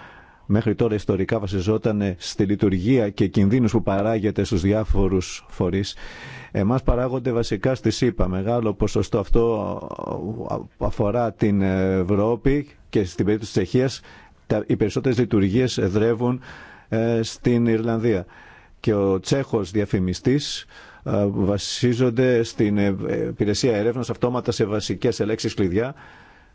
μέχρι τώρα ιστορικά βασιζόταν στη λειτουργία και κινδύνους που παράγεται στους διάφορους φορείς. Εμάς παράγονται βασικά στη ΣΥΠΑ. Μεγάλο ποσοστό αυτό αφορά την Ευρώπη και στην περίπτωση της Τσεχίας οι περισσότερες λειτουργίε εδρεύουν ε, στην Ιρλανδία. Και ο Τσέχος διαφημιστής ε, βασίζονται στην ε, υπηρεσία έρευνας αυτόματα σε βασικές ελέξεις κλειδιά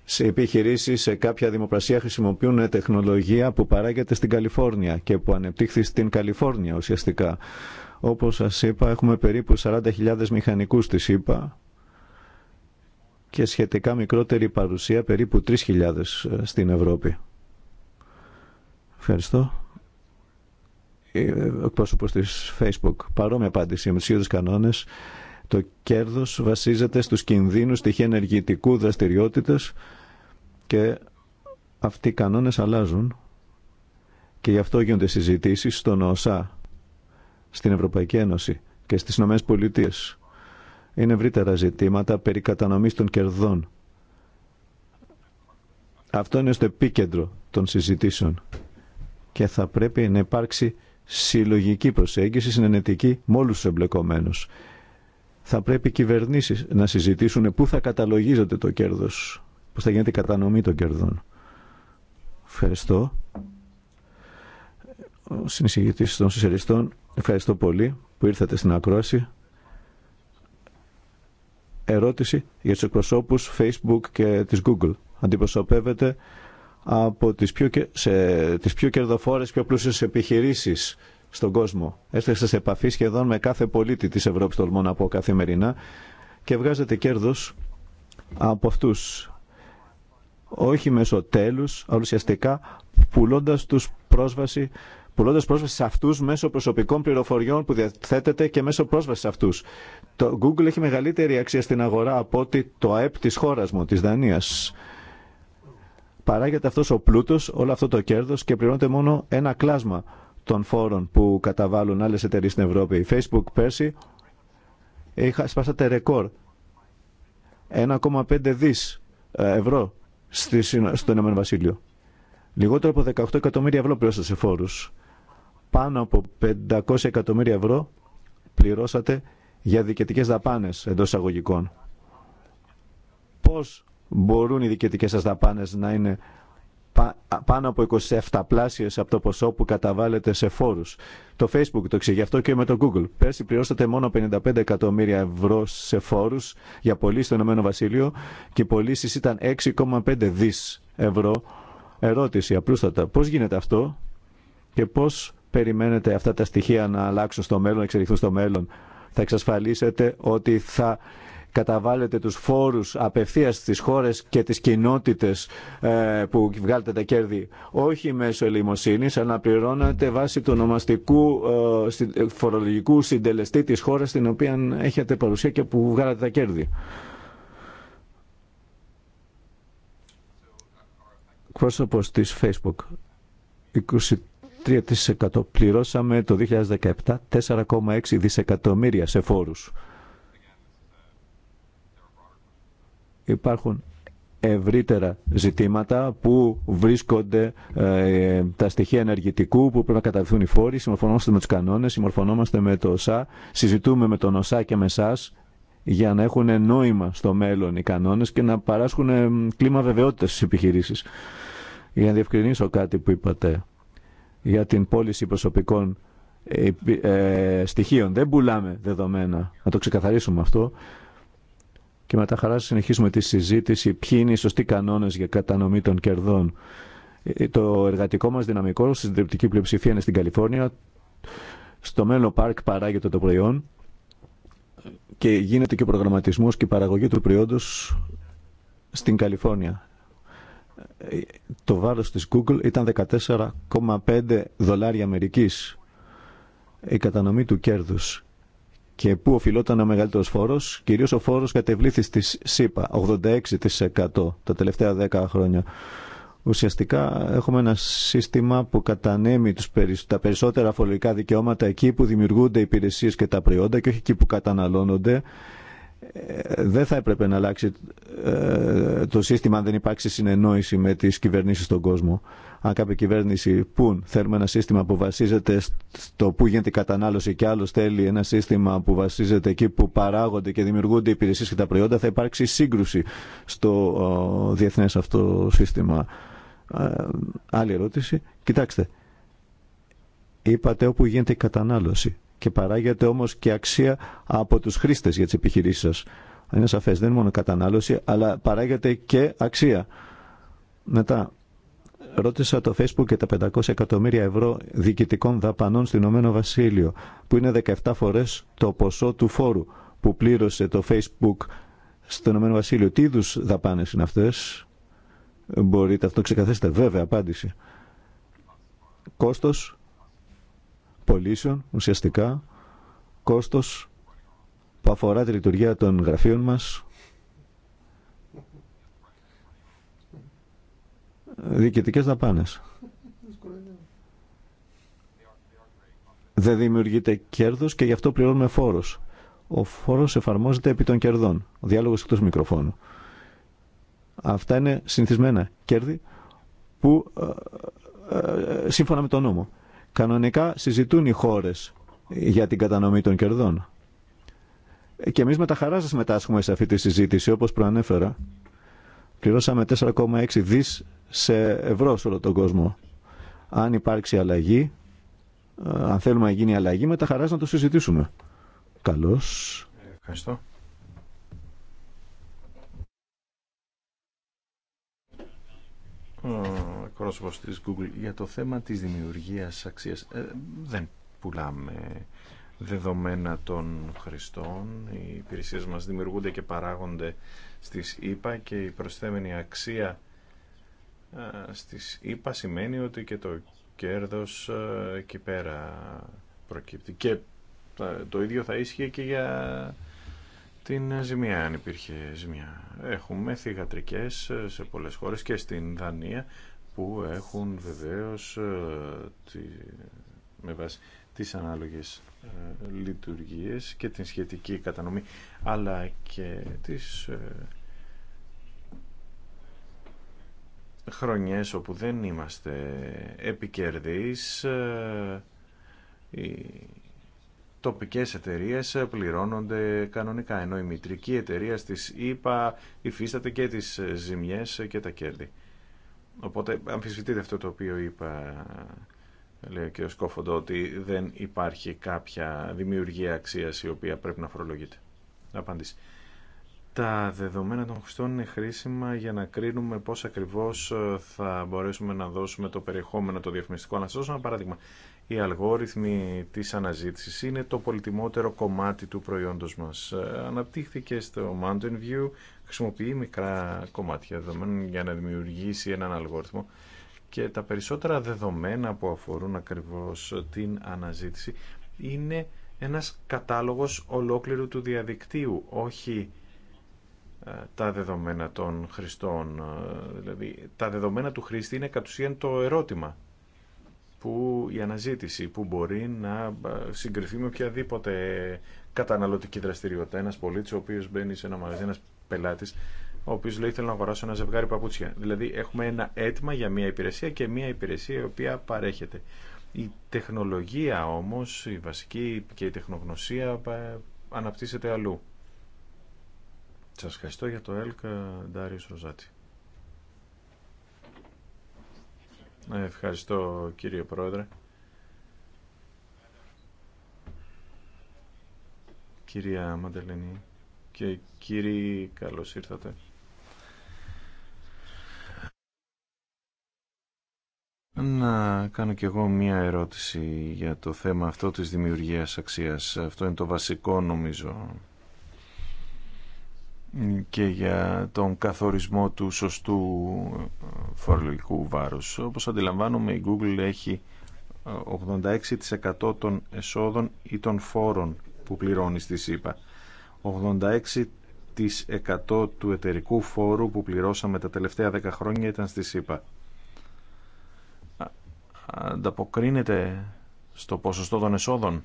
σε επιχειρήσεις σε κάποια δημοπρασία χρησιμοποιούν τεχνολογία που παράγεται στην Καλιφόρνια και που ανεπτύχθη στην Καλιφόρνια ουσιαστικά. Όπως σας είπα έχουμε περίπου 40.000 μηχανικούς της ΕΠΑ και σχετικά μικρότερη παρουσία περίπου 3.000 στην Ευρώπη. Ευχαριστώ. Ε, πρόσωπο τη Facebook. Παρόμοια απάντηση με του ίδιου κανόνες. Το κέρδος βασίζεται στους κινδύνους στοιχεία ενεργητικού δραστηριότητας και αυτοί οι κανόνες αλλάζουν και γι' αυτό γίνονται συζητήσεις στον ΟΣΑ, στην Ευρωπαϊκή Ένωση και στις νομές Είναι ευρύτερα ζητήματα περί κατανομής των κερδών. Αυτό είναι στο επίκεντρο των συζητήσεων και θα πρέπει να υπάρξει συλλογική προσέγγιση, συνενετική με όλου του εμπλεκομένου. Θα πρέπει οι κυβερνήσει να συζητήσουν πού θα καταλογίζεται το κέρδο, πώ θα γίνεται η κατανομή των κερδών. Ευχαριστώ. Ο συνεισηγητής των σοσιαλιστών, ευχαριστώ πολύ που θα καταλογιζεται το κερδο πω θα γινεται η κατανομη των κερδων ευχαριστω ο των σοσιαλιστων ευχαριστω πολυ που ηρθατε στην ακρόαση. Ερώτηση για του εκπροσώπου Facebook και της Google. Αντιπροσωπεύετε από τις πιο, σε, τις πιο κερδοφόρες, πιο πλούσιες επιχειρήσεις στον κόσμο. Έστρεψε σε επαφή σχεδόν με κάθε πολίτη της Ευρώπης, τολμώ να πω καθημερινά, και βγάζετε κέρδος από αυτούς. Όχι μέσω τέλους, αλλά ουσιαστικά πουλώντας τους πρόσβαση Πουλώντα πρόσβαση σε αυτού μέσω προσωπικών πληροφοριών που διαθέτεται και μέσω πρόσβαση σε αυτού. Το Google έχει μεγαλύτερη αξία στην αγορά από ότι το ΑΕΠ τη χώρα μου, τη Δανία παράγεται αυτός ο πλούτος, όλο αυτό το κέρδος και πληρώνεται μόνο ένα κλάσμα των φόρων που καταβάλουν άλλες εταιρείες στην Ευρώπη. Η Facebook πέρσι είχα, σπάσατε ρεκόρ 1,5 δις ε, ευρώ στον στο Ηνωμένο Βασίλειο. Λιγότερο από 18 εκατομμύρια ευρώ πληρώσατε σε φόρους. Πάνω από 500 εκατομμύρια ευρώ πληρώσατε για δικαιτικές δαπάνες εντός εισαγωγικών. Πώς μπορούν οι διοικητικές σας δαπάνες να είναι πάνω από 27 πλάσιες από το ποσό που καταβάλλεται σε φόρους. Το Facebook το γι' αυτό και με το Google. Πέρσι πληρώσατε μόνο 55 εκατομμύρια ευρώ σε φόρους για πωλήσει στο Ηνωμένο Βασίλειο και οι πωλήσει ήταν 6,5 δις ευρώ. Ερώτηση απλούστατα. Πώς γίνεται αυτό και πώς περιμένετε αυτά τα στοιχεία να αλλάξουν στο μέλλον, να εξελιχθούν στο μέλλον. Θα εξασφαλίσετε ότι θα καταβάλλετε τους φόρους απευθείας στις χώρες και τις κοινότητες ε, που βγάλετε τα κέρδη όχι μέσω ελλημοσύνης, αλλά πληρώνετε βάσει του ονομαστικού ε, φορολογικού συντελεστή της χώρας στην οποία έχετε παρουσία και που βγάλετε τα κέρδη. Πρόσωπος της Facebook 23% πληρώσαμε το 2017 4,6 δισεκατομμύρια σε φόρους. Υπάρχουν ευρύτερα ζητήματα που βρίσκονται ε, τα στοιχεία ενεργητικού που πρέπει να καταβηθούν οι φόροι. Συμμορφωνόμαστε με τους κανόνες, συμμορφωνόμαστε με το ΩΣΑ, συζητούμε με τον ΩΣΑ και με εσά για να έχουν νόημα στο μέλλον οι κανόνες και να παράσχουν ε, κλίμα βεβαιότητας στις επιχειρήσεις. Για να διευκρινίσω κάτι που είπατε για την πώληση προσωπικών ε, στοιχείων. Δεν πουλάμε δεδομένα, να το ξεκαθαρίσουμε αυτό και μετά χαρά συνεχίσουμε τη συζήτηση ποιοι είναι οι σωστοί κανόνες για κατανομή των κερδών. Ε, το εργατικό μας δυναμικό, συντριπτική πλειοψηφία είναι στην Καλιφόρνια, στο μέλλον πάρκ παράγεται το προϊόν και γίνεται και ο προγραμματισμός και η παραγωγή του προϊόντος στην Καλιφόρνια. Ε, το βάρος της Google ήταν 14,5 δολάρια Αμερικής η κατανομή του κέρδους και πού οφειλόταν ο μεγαλύτερο φόρο, κυρίω ο φόρος κατεβλήθη στη ΣΥΠΑ, 86% τα τελευταία 10 χρόνια. Ουσιαστικά έχουμε ένα σύστημα που κατανέμει τους, τα περισσότερα φορολογικά δικαιώματα εκεί που δημιουργούνται υπηρεσίες και τα προϊόντα και όχι εκεί που καταναλώνονται ε, δεν θα έπρεπε να αλλάξει ε, το σύστημα αν δεν υπάρξει συνεννόηση με τις κυβερνήσεις στον κόσμο. Αν κάποια κυβέρνηση πουν θέλουμε ένα σύστημα που βασίζεται στο που γίνεται η κατανάλωση και άλλο θέλει ένα σύστημα που βασίζεται εκεί που παράγονται και δημιουργούνται οι υπηρεσίες και τα προϊόντα θα υπάρξει σύγκρουση στο διεθνές αυτό σύστημα. Ε, άλλη ερώτηση. Κοιτάξτε. Είπατε όπου γίνεται η κατανάλωση και παράγεται όμως και αξία από τους χρήστες για τις επιχειρήσεις σας. Είναι σαφές, δεν είναι μόνο κατανάλωση, αλλά παράγεται και αξία. Μετά, ρώτησα το Facebook και τα 500 εκατομμύρια ευρώ διοικητικών δαπανών στην Ηνωμένο Βασίλειο, που είναι 17 φορές το ποσό του φόρου που πλήρωσε το Facebook στο Ηνωμένο Βασίλειο. Τι είδου δαπάνες είναι αυτές, μπορείτε αυτό ξεκαθέσετε, βέβαια απάντηση. Κόστος πωλήσεων, ουσιαστικά κόστος που αφορά τη λειτουργία των γραφείων μας, διοικητικές δαπάνες. Δεν δημιουργείται κέρδος και γι' αυτό πληρώνουμε φόρος. Ο φόρος εφαρμόζεται επί των κερδών. Ο διάλογος εκτός μικροφώνου. Αυτά είναι συνηθισμένα κέρδη που ε, ε, ε, σύμφωνα με τον νόμο. Κανονικά συζητούν οι χώρες για την κατανομή των κερδών. Και εμείς με τα χαρά σας μετάσχουμε σε αυτή τη συζήτηση, όπως προανέφερα. Πληρώσαμε 4,6 δις σε ευρώ σε όλο τον κόσμο. Αν υπάρξει αλλαγή, ε, αν θέλουμε να γίνει αλλαγή, με τα χαρά να το συζητήσουμε. Καλώς. Ευχαριστώ. εκπρόσωπος της Google για το θέμα της δημιουργίας αξίας. Ε, δεν πουλάμε δεδομένα των χρηστών. Οι υπηρεσίες μας δημιουργούνται και παράγονται στις ΕΠΑ και η προσθέμενη αξία ε, στις ΕΠΑ σημαίνει ότι και το κέρδος ε, εκεί πέρα προκύπτει. Και το ίδιο θα ίσχυε και για την ζημιά, αν υπήρχε ζημιά. Έχουμε θηγατρικές σε πολλές χώρες και στην Δανία που έχουν βεβαίως ε, με βάση τις ανάλογες ε, λειτουργίες και την σχετική κατανομή αλλά και τις ε, χρονιές όπου δεν είμαστε επικερδείς τοπικές εταιρείες πληρώνονται κανονικά, ενώ η μητρική εταιρεία στις ΗΠΑ υφίσταται και τις ζημιές και τα κέρδη. Οπότε αμφισβητείτε αυτό το οποίο είπα, λέει ο κ. Σκόφοντο, ότι δεν υπάρχει κάποια δημιουργία αξίας η οποία πρέπει να φορολογείται. Απάντηση. Τα δεδομένα των χρηστών είναι χρήσιμα για να κρίνουμε πώς ακριβώς θα μπορέσουμε να δώσουμε το περιεχόμενο το διαφημιστικό. Να σας δώσω ένα παράδειγμα οι αλγόριθμοι της αναζήτησης είναι το πολυτιμότερο κομμάτι του προϊόντος μας. Ε, αναπτύχθηκε στο Mountain View, χρησιμοποιεί μικρά κομμάτια δεδομένων για να δημιουργήσει έναν αλγόριθμο και τα περισσότερα δεδομένα που αφορούν ακριβώς την αναζήτηση είναι ένας κατάλογος ολόκληρου του διαδικτύου, όχι ε, τα δεδομένα των χρηστών. Ε, δηλαδή, τα δεδομένα του χρήστη είναι κατ' ουσίαν το ερώτημα που η αναζήτηση που μπορεί να ε, συγκριθεί με οποιαδήποτε καταναλωτική δραστηριότητα. ένα πολίτης ο οποίο μπαίνει σε ένα μαγαζί, ένας πελάτης, ο οποίο λέει θέλω να αγοράσω ένα ζευγάρι παπούτσια. Δηλαδή έχουμε ένα αίτημα για μια υπηρεσία και μια υπηρεσία η οποία παρέχεται. Η τεχνολογία όμως, η βασική και η τεχνογνωσία ε, αναπτύσσεται αλλού. Σας ευχαριστώ για το ΕΛΚ, ε, Ντάριος Ροζάτη. Ε, ευχαριστώ κύριε Πρόεδρε. Κυρία Μαντελενή και κύριοι καλώς ήρθατε. Να κάνω κι εγώ μία ερώτηση για το θέμα αυτό της δημιουργίας αξίας. Αυτό είναι το βασικό νομίζω και για τον καθορισμό του σωστού φορολογικού βάρους. Όπως αντιλαμβάνομαι η Google έχει 86% ε, των εσόδων ή των φόρων που πληρώνει στη ΣΥΠΑ. 86% του εταιρικού φόρου που πληρώσαμε τα τελευταία 10 χρόνια ήταν στη ΣΥΠΑ. Ανταποκρίνεται στο ποσοστό των εσόδων.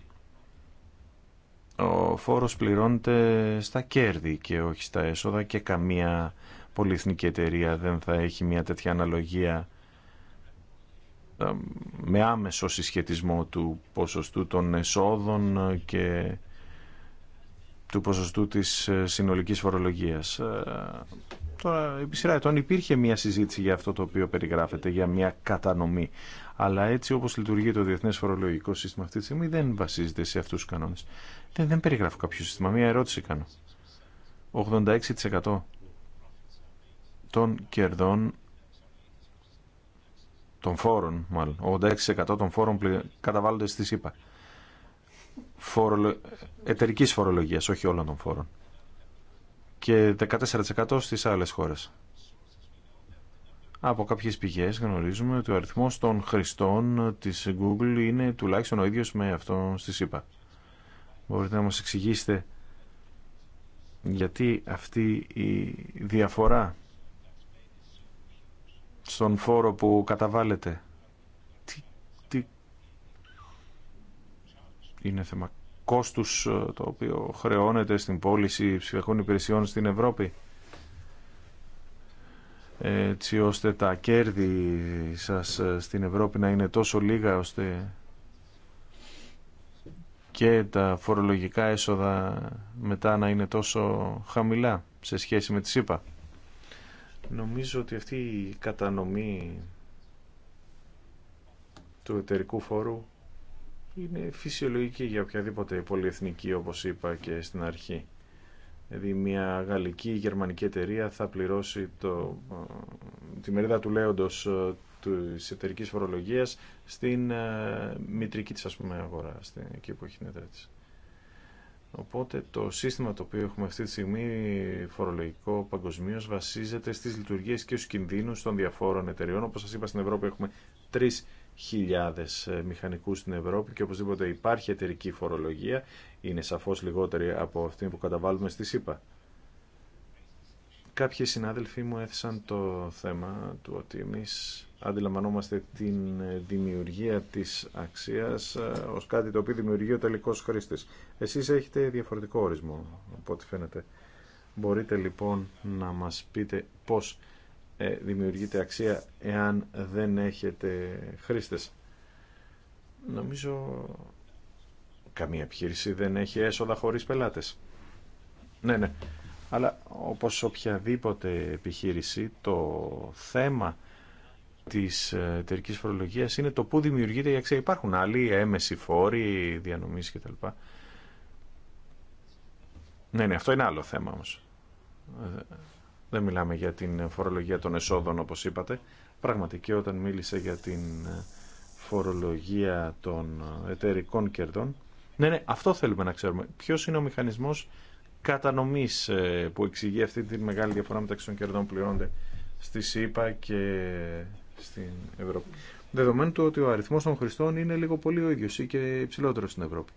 Ο φόρος πληρώνεται στα κέρδη και όχι στα έσοδα και καμία πολυεθνική εταιρεία δεν θα έχει μια τέτοια αναλογία με άμεσο συσχετισμό του ποσοστού των εσόδων και του ποσοστού της ε, συνολικής φορολογίας. Ε, τώρα, επί σειρά ετών υπήρχε μια συζήτηση για αυτό το οποίο περιγράφεται, για μια κατανομή. Αλλά έτσι όπως λειτουργεί το διεθνές φορολογικό σύστημα αυτή τη στιγμή δεν βασίζεται σε αυτούς τους κανόνες. Δεν, δεν περιγράφω κάποιο σύστημα. Μία ερώτηση κάνω. 86% των κερδών των φόρων, μάλλον, 86% των φόρων καταβάλλονται στη ΣΥΠΑ. Φορολο... εταιρικής φορολογίας, όχι όλων των φόρων. Και 14% στις άλλες χώρες. Από κάποιες πηγές γνωρίζουμε ότι ο αριθμός των χρηστών της Google είναι τουλάχιστον ο ίδιος με αυτό στη ΣΥΠΑ. Μπορείτε να μας εξηγήσετε γιατί αυτή η διαφορά στον φόρο που καταβάλλεται τι, είναι θέμα κόστους ε, το οποίο χρεώνεται στην πώληση ψηφιακών υπηρεσιών στην Ευρώπη έτσι ώστε τα κέρδη σας ε, στην Ευρώπη να είναι τόσο λίγα ώστε και τα φορολογικά έσοδα μετά να είναι τόσο χαμηλά σε σχέση με τις ΣΥΠΑ. Νομίζω ότι αυτή η κατανομή του εταιρικού φόρου είναι φυσιολογική για οποιαδήποτε πολυεθνική όπως είπα και στην αρχή. Δηλαδή μια γαλλική ή γερμανική εταιρεία θα πληρώσει το, ε, τη μερίδα του λέοντος ε, της εταιρικής φορολογίας στην ε, μητρική της ας αγορά, στην, εκεί που έχει την εταιρεία της. Οπότε το σύστημα το οποίο έχουμε αυτή τη στιγμή φορολογικό παγκοσμίω βασίζεται στις λειτουργίες και στους κινδύνους των διαφόρων εταιριών. Όπως σας είπα στην Ευρώπη έχουμε 3.000 ε, μηχανικούς στην Ευρώπη και οπωσδήποτε υπάρχει εταιρική φορολογία. Είναι σαφώς λιγότερη από αυτή που καταβάλουμε στη ΣΥΠΑ. Κάποιοι συνάδελφοί μου έθεσαν το θέμα του ότι εμείς αντιλαμβανόμαστε την ε, δημιουργία της αξίας ε, ως κάτι το οποίο δημιουργεί ο τελικός χρήστης. Εσείς έχετε διαφορετικό ορισμό από ό,τι φαίνεται. Μπορείτε λοιπόν να μας πείτε πώς ε, δημιουργείται αξία εάν δεν έχετε χρήστες. Νομίζω καμία επιχείρηση δεν έχει έσοδα χωρίς πελάτες. Ναι, ναι. Αλλά όπως οποιαδήποτε επιχείρηση το θέμα Τη ε, εταιρική φορολογία είναι το πού δημιουργείται η αξία. Υπάρχουν άλλοι έμεση φόροι, διανομή κτλ. Ναι, ναι, αυτό είναι άλλο θέμα όμως. Ε, δεν μιλάμε για την φορολογία των εσόδων όπως είπατε. Πράγματι όταν μίλησε για την ε, φορολογία των εταιρικών κερδών. Ναι, ναι, αυτό θέλουμε να ξέρουμε. Ποιο είναι ο μηχανισμό κατανομής που εξηγεί αυτή τη μεγάλη διαφορά μεταξύ των κερδών που πληρώνονται στη ΣΥΠΑ και στην Ευρώπη. Δεδομένου ότι ο αριθμός των χρηστών είναι λίγο πολύ ο ίδιο ή και υψηλότερο στην Ευρώπη.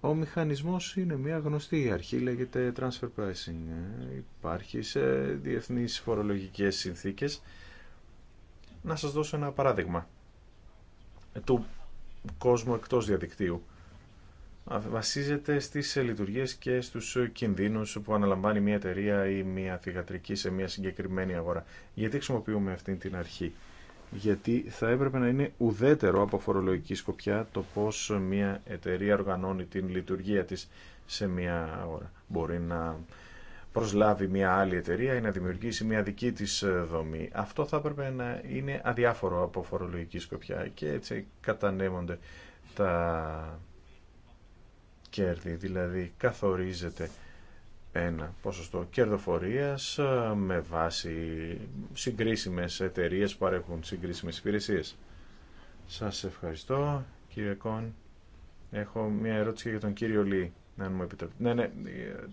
Ο μηχανισμός είναι μια γνωστή αρχή, λέγεται transfer pricing. Ε, υπάρχει σε διεθνείς φορολογικές συνθήκες. Να σας δώσω ένα παράδειγμα του κόσμου εκτό διαδικτύου βασίζεται στις λειτουργίες και στους κινδύνους που αναλαμβάνει μια εταιρεία ή μια θηγατρική σε μια συγκεκριμένη αγορά. Γιατί χρησιμοποιούμε αυτή την αρχή. Γιατί θα έπρεπε να είναι ουδέτερο από φορολογική σκοπιά το πώς μια εταιρεία οργανώνει την λειτουργία της σε μια αγορά. Μπορεί να προσλάβει μια άλλη εταιρεία ή να δημιουργήσει μια δική της ε, δομή. Αυτό θα έπρεπε να είναι αδιάφορο από φορολογική σκοπιά και έτσι κατανέμονται τα κέρδη, δηλαδή καθορίζεται ένα ποσοστό κερδοφορίας ε, με βάση συγκρίσιμες εταιρείες που παρέχουν συγκρίσιμες υπηρεσίες. Σας ευχαριστώ κύριε Κον. Έχω μια ερώτηση για τον κύριο Λί, αν μου επιτρέπετε. Ναι, ναι, ε,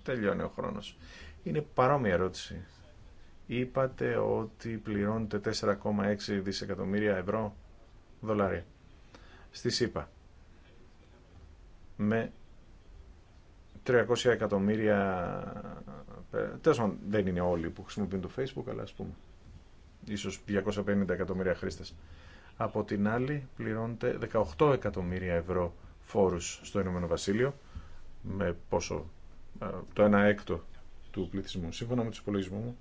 τελειώνει ο χρόνος. Είναι παρόμοια ερώτηση. Είπατε ότι πληρώνετε 4,6 δισεκατομμύρια ευρώ δολάρια στη ΣΥΠΑ με 300 εκατομμύρια τέλος δεν είναι όλοι που χρησιμοποιούν το facebook αλλά ας πούμε ίσως 250 εκατομμύρια χρήστες από την άλλη πληρώνεται 18 εκατομμύρια ευρώ φόρους στο Ηνωμένο Βασίλειο με πόσο ε, το 1 έκτο του πληθυσμού σύμφωνα με τους υπολογισμού μου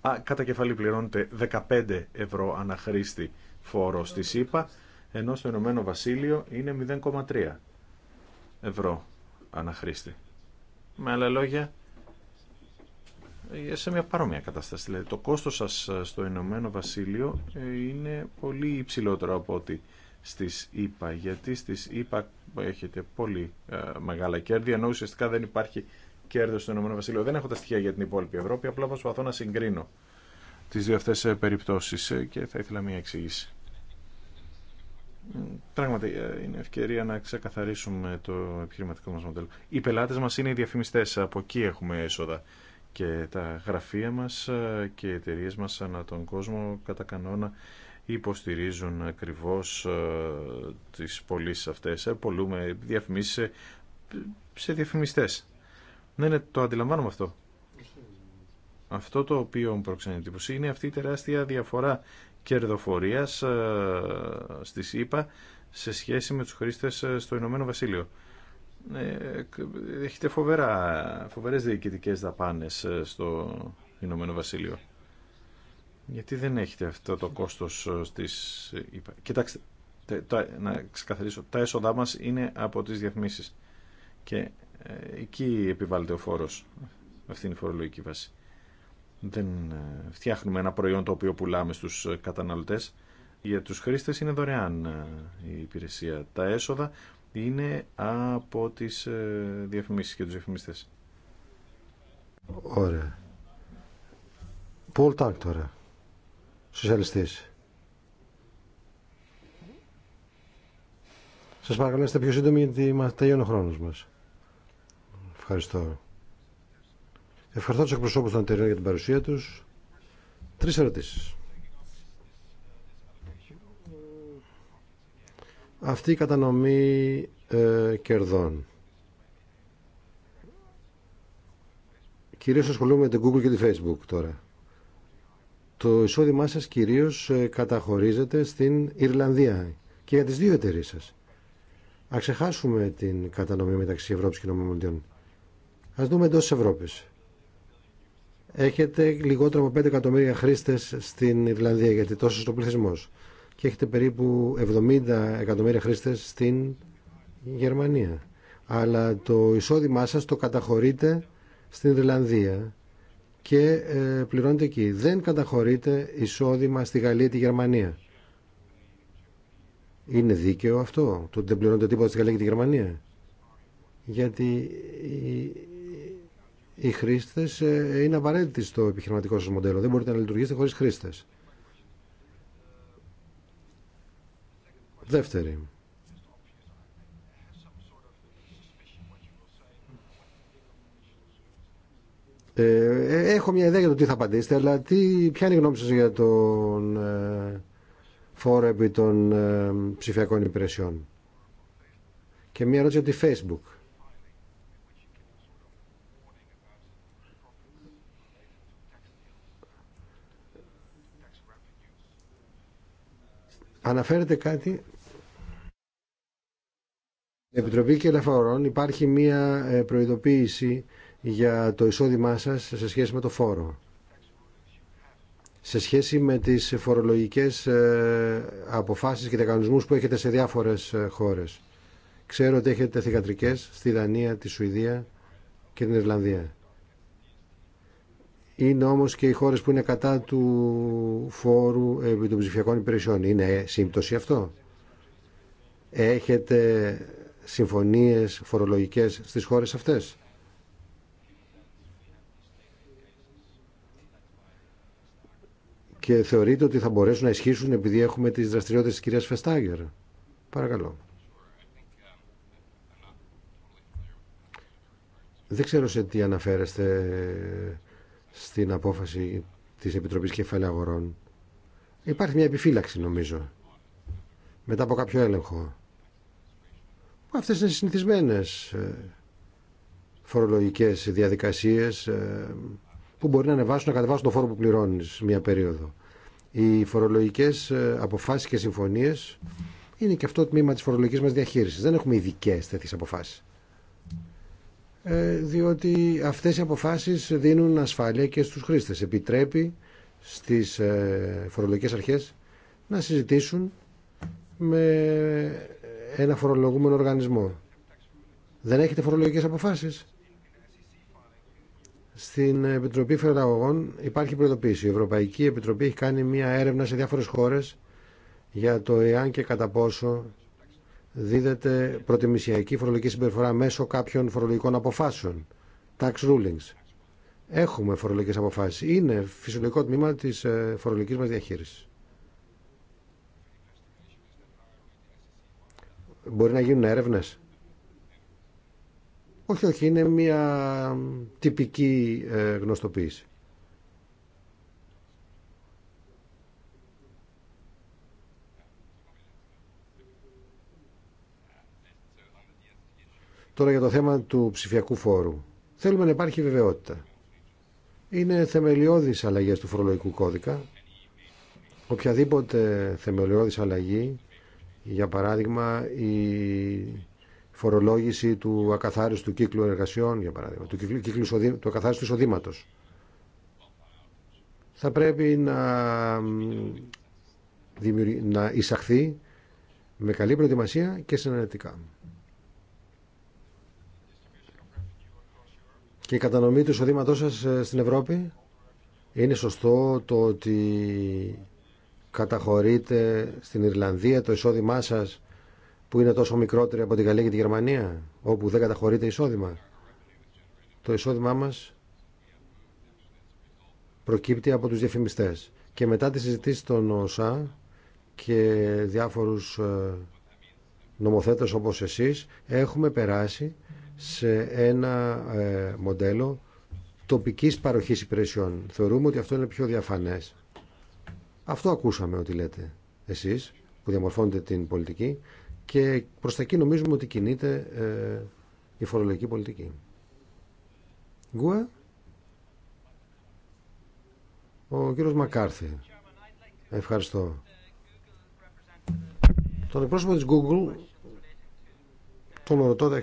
Α, κατά κεφαλή πληρώνεται 15 ευρώ αναχρήστη φόρο στη ΣΥΠΑ ενώ στο Ηνωμένο Βασίλειο είναι 0,3 ευρώ αναχρήστη. Με άλλα λόγια, ε, σε μια παρόμοια κατάσταση. Δηλαδή, το κόστος σας ε, στο Ηνωμένο Βασίλειο ε, είναι πολύ υψηλότερο από ότι στις ΗΠΑ, γιατί στις ΗΠΑ έχετε πολύ μεγάλα κέρδη, ενώ ουσιαστικά δεν υπάρχει κέρδο στο Ηνωμένο Βασίλειο. Δεν έχω τα στοιχεία για την υπόλοιπη Ευρώπη, απλά προσπαθώ να συγκρίνω τι δύο αυτές περιπτώσεις και θα ήθελα μια εξήγηση. Πράγματι ε, είναι ευκαιρία να ξεκαθαρίσουμε το επιχειρηματικό μας μοντέλο. Οι πελάτες μας είναι οι διαφημιστές, από εκεί έχουμε έσοδα. Και τα γραφεία μας ε, και οι εταιρείε μας ανά τον κόσμο κατά κανόνα υποστηρίζουν ακριβώς ε, τις πωλήσει αυτές. Πολλούμε διαφημίσεις σε διαφημιστές. Ναι, ναι, το αντιλαμβάνομαι αυτό. Αυτό το οποίο μου προξενεί εντύπωση είναι αυτή η τεράστια διαφορά κερδοφορίας ε, στη ΣΥΠΑ σε σχέση με τους χρήστες ε, στο Ηνωμένο Βασίλειο. Ε, έχετε φοβερά, φοβερές διοικητικές δαπάνες στο Ηνωμένο Βασίλειο. Γιατί δεν έχετε αυτό το κόστος στις ΗΠΑ. Κοιτάξτε, τα, να ξεκαθαρίσω, τα έσοδά μας είναι από τις διαφημίσεις και εκεί επιβάλλεται ο φόρος. Αυτή είναι η φορολογική βάση. Δεν ε, φτιάχνουμε ένα προϊόν το οποίο πουλάμε στους ε, καταναλωτές. Για τους χρήστες είναι δωρεάν ε, η υπηρεσία. Τα έσοδα είναι από τις διαφημίσεις και τους διαφημιστές. Ωραία. Πολ Τάκ τώρα. Σοσιαλιστής. Σας παρακαλώ να είστε πιο σύντομοι γιατί τελειώνει ο χρόνος μας. Ευχαριστώ. Ευχαριστώ τους εκπροσώπους των εταιριών για την παρουσία τους. Τρεις ερωτήσεις. Αυτή η κατανομή ε, κερδών. Κυρίως ασχολούμαι με την Google και τη Facebook τώρα. Το εισόδημά σας κυρίως ε, καταχωρίζεται στην Ιρλανδία και για τις δύο εταιρείες σας. Ας ξεχάσουμε την κατανομή μεταξύ Ευρώπης και νομιμοντιών. Ας δούμε εντός της Ευρώπης έχετε λιγότερο από 5 εκατομμύρια χρήστες στην Ιρλανδία γιατί τόσο ο πληθυσμό. και έχετε περίπου 70 εκατομμύρια χρήστες στην Γερμανία αλλά το εισόδημά σας το καταχωρείτε στην Ιρλανδία και ε, πληρώνετε εκεί. Δεν καταχωρείτε εισόδημα στη Γαλλία τη Γερμανία. Είναι δίκαιο αυτό, το ότι δεν πληρώνετε τίποτα στη Γαλλία και τη Γερμανία. Γιατί οι χρήστε ε, είναι απαραίτητοι στο επιχειρηματικό σα μοντέλο. Δεν μπορείτε να λειτουργήσετε χωρί χρήστε. Δεύτερη. Ε, ε, έχω μια ιδέα για το τι θα απαντήσετε, αλλά τι, ποια είναι η γνώμη σας για τον ε, φόρο επί των ε, ψηφιακών υπηρεσιών. Και μια ερώτηση για τη Facebook. Αναφέρεται κάτι στην Επιτροπή Κελαφορών υπάρχει μία ε, προειδοποίηση για το εισόδημά σας σε σχέση με το φόρο. Σε σχέση με τις φορολογικές ε, αποφάσεις και κανονισμούς που έχετε σε διάφορες ε, χώρες. Ξέρω ότι έχετε θηγατρικές στη Δανία, τη Σουηδία και την Ιρλανδία είναι όμως και οι χώρες που είναι κατά του φόρου επί των ψηφιακών υπηρεσιών. Είναι σύμπτωση αυτό. Έχετε συμφωνίες φορολογικές στις χώρες αυτές. Και θεωρείτε ότι θα μπορέσουν να ισχύσουν επειδή έχουμε τις δραστηριότητες της κυρίας Φεστάγερ. Παρακαλώ. Δεν ξέρω σε τι αναφέρεστε στην απόφαση της Επιτροπής Κεφαλαίου Αγορών. Υπάρχει μια επιφύλαξη νομίζω. Μετά από κάποιο έλεγχο. Αυτές είναι συνηθισμένες ε, φορολογικές διαδικασίες ε, που μπορεί να ανεβάσουν, να κατεβάσουν το φόρο που πληρώνεις μια περίοδο. Οι φορολογικές ε, αποφάσεις και συμφωνίες είναι και αυτό το τμήμα της φορολογικής μας διαχείρισης. Δεν έχουμε ειδικέ τέτοιε αποφάσεις. Ε, διότι αυτές οι αποφάσεις δίνουν ασφάλεια και στους χρήστες. Επιτρέπει στις ε, φορολογικές αρχές να συζητήσουν με ένα φορολογούμενο οργανισμό. Δεν έχετε φορολογικές αποφάσεις. Στην Επιτροπή Φεραγωγών υπάρχει προειδοποίηση. Η Ευρωπαϊκή Επιτροπή έχει κάνει μια έρευνα σε διάφορες χώρες για το εάν και κατά πόσο δίδεται προτιμησιακή φορολογική συμπεριφορά μέσω κάποιων φορολογικών αποφάσεων, tax rulings. Έχουμε φορολογικέ αποφάσεις. Είναι φυσιολογικό τμήμα της ε, φορολογική μας διαχείρισης. Μπορεί να γίνουν έρευνε. Όχι, όχι, είναι μια τυπική ε, γνωστοποίηση. Τώρα για το θέμα του ψηφιακού φόρου. Θέλουμε να υπάρχει βεβαιότητα. Είναι θεμελιώδης αλλαγές του φορολογικού κώδικα. Οποιαδήποτε θεμελιώδης αλλαγή, για παράδειγμα η φορολόγηση του ακαθάριστου κύκλου εργασιών, για παράδειγμα, του, κύκλου, του ακαθάριστου εισοδήματο. Θα πρέπει να, να εισαχθεί με καλή προετοιμασία και συναντητικά. και η κατανομή του εισοδήματός σας ε, στην Ευρώπη. Είναι σωστό το ότι καταχωρείτε στην Ιρλανδία το εισόδημά σας που είναι τόσο μικρότερο από την Γαλλία και τη Γερμανία, όπου δεν καταχωρείτε εισόδημα. Το εισόδημά μας προκύπτει από τους διαφημιστέ. Και μετά τις συζητήσεις των ΟΣΑ και διάφορους ε, νομοθέτες όπως εσείς, έχουμε περάσει σε ένα ε, μοντέλο τοπικής παροχής υπηρεσιών. Θεωρούμε ότι αυτό είναι πιο διαφανές. Αυτό ακούσαμε ότι λέτε εσείς που διαμορφώνετε την πολιτική και προς τα εκεί νομίζουμε ότι κινείται ε, η φορολογική πολιτική. Γκουα. Ο κύριος Μακάρθη. Ευχαριστώ. Τον εκπρόσωπο της Google τον ρωτώ τα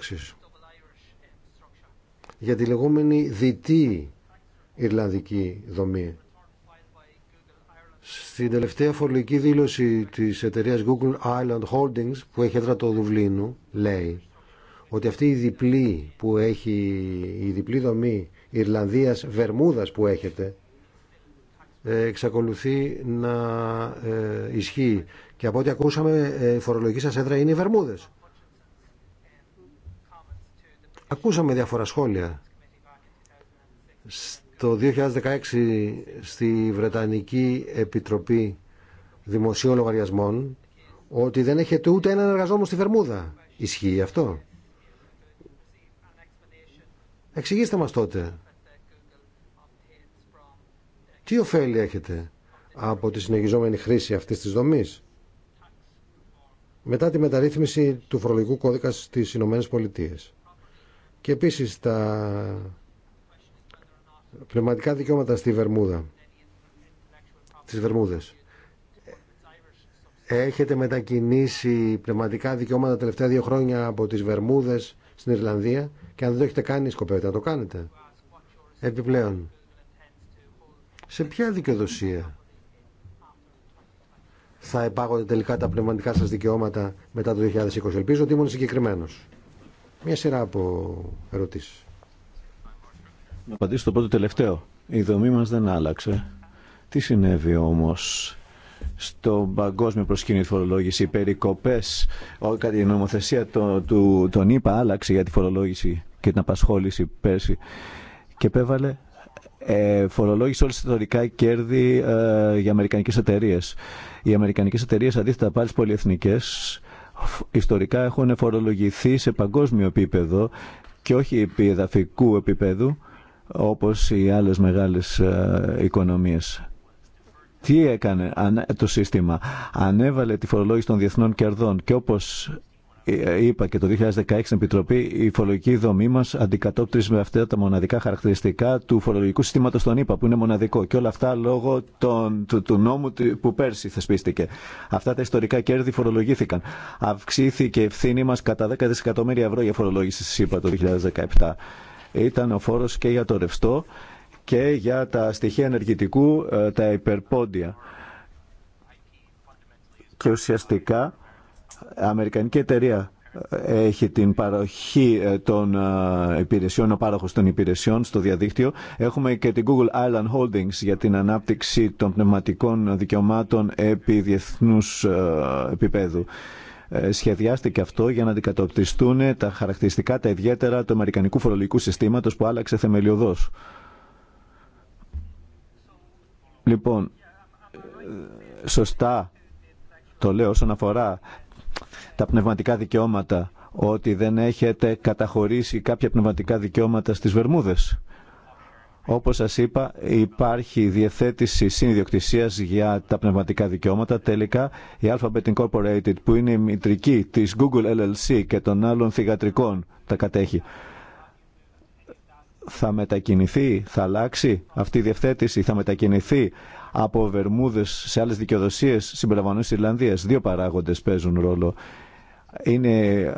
για τη λεγόμενη διτή Ιρλανδική δομή. Στην τελευταία φορολογική δήλωση της εταιρείας Google Island Holdings που έχει έδρα το Δουβλίνου λέει ότι αυτή η διπλή που έχει η διπλή δομή Ιρλανδίας Βερμούδας που έχετε ε, εξακολουθεί να ε, ισχύει και από ό,τι ακούσαμε ε, η φορολογική σας έδρα είναι οι Βερμούδες Ακούσαμε διάφορα σχόλια. στο 2016 στη Βρετανική Επιτροπή Δημοσίων Λογαριασμών ότι δεν έχετε ούτε έναν εργαζόμενο στη Φερμούδα. Ισχύει αυτό. Εξηγήστε μας τότε. Τι ωφέλη έχετε από τη συνεχιζόμενη χρήση αυτής της δομής. Μετά τη μεταρρύθμιση του φορολογικού κώδικα στις Ηνωμένες Πολιτείες. Και επίσης τα πνευματικά δικαιώματα στη Βερμούδα, τις Βερμούδες. Έχετε μετακινήσει πνευματικά δικαιώματα τα τελευταία δύο χρόνια από τις Βερμούδες στην Ιρλανδία και αν δεν το έχετε κάνει σκοπεύετε να το κάνετε. Επιπλέον, σε ποια δικαιοδοσία θα επάγονται τελικά τα πνευματικά σας δικαιώματα μετά το 2020. Ελπίζω ότι ήμουν συγκεκριμένος. Μια σειρά από ερωτήσεις. Να απαντήσω το πρώτο τελευταίο. Η δομή μας δεν άλλαξε. Τι συνέβη όμως στο παγκόσμιο προσκήνιο φορολόγηση, οι περικοπές, η νομοθεσία του, τον είπα άλλαξε για τη φορολόγηση και την απασχόληση πέρσι και επέβαλε ε, φορολόγηση όλες τις ιστορικά κέρδη ε, για αμερικανικές εταιρείες. Οι αμερικανικές εταιρείες αντίθετα πάλι πολυεθνικές ιστορικά έχουν φορολογηθεί σε παγκόσμιο επίπεδο και όχι επί εδαφικού επίπεδου όπως οι άλλες μεγάλες ε, οικονομίες. Τι έκανε το σύστημα. Ανέβαλε τη φορολόγηση των διεθνών κερδών και όπως ε, ε, είπα και το 2016 στην Επιτροπή, η φορολογική δομή μα αντικατόπτρισε με αυτά τα μοναδικά χαρακτηριστικά του φορολογικού συστήματο των ΗΠΑ, που είναι μοναδικό. Και όλα αυτά λόγω του, νόμου που πέρσι θεσπίστηκε. Αυτά τα ιστορικά κέρδη φορολογήθηκαν. Αυξήθηκε η ευθύνη μα κατά 10 δισεκατομμύρια ευρώ για φορολόγηση στι ΗΠΑ το 2017. Ήταν ο φόρο και για το ρευστό και για τα στοιχεία ενεργητικού, ε, τα υπερπόντια. Και ουσιαστικά αμερικανική εταιρεία έχει την παροχή ε, των ε, υπηρεσιών, ο πάροχος των υπηρεσιών στο διαδίκτυο. Έχουμε και την Google Island Holdings για την ανάπτυξη των πνευματικών δικαιωμάτων επί διεθνούς ε, επίπεδου. Σχεδιάστηκε αυτό για να αντικατοπτριστούν τα χαρακτηριστικά τα ιδιαίτερα του αμερικανικού φορολογικού συστήματος που άλλαξε θεμελιωδώς. Λοιπόν, σωστά το λέω όσον αφορά τα πνευματικά δικαιώματα, ότι δεν έχετε καταχωρήσει κάποια πνευματικά δικαιώματα στις Βερμούδες. Όπως σας είπα, υπάρχει διεθέτηση συνειδιοκτησίας για τα πνευματικά δικαιώματα. Τελικά, η Alphabet Incorporated, που είναι η μητρική της Google LLC και των άλλων θυγατρικών, τα κατέχει. Θα μετακινηθεί, θα αλλάξει αυτή η διευθέτηση, θα μετακινηθεί από Βερμούδε σε άλλε δικαιοδοσίε συμπεριλαμβανομένω τη Ιρλανδία. Δύο παράγοντε παίζουν ρόλο. Είναι ε,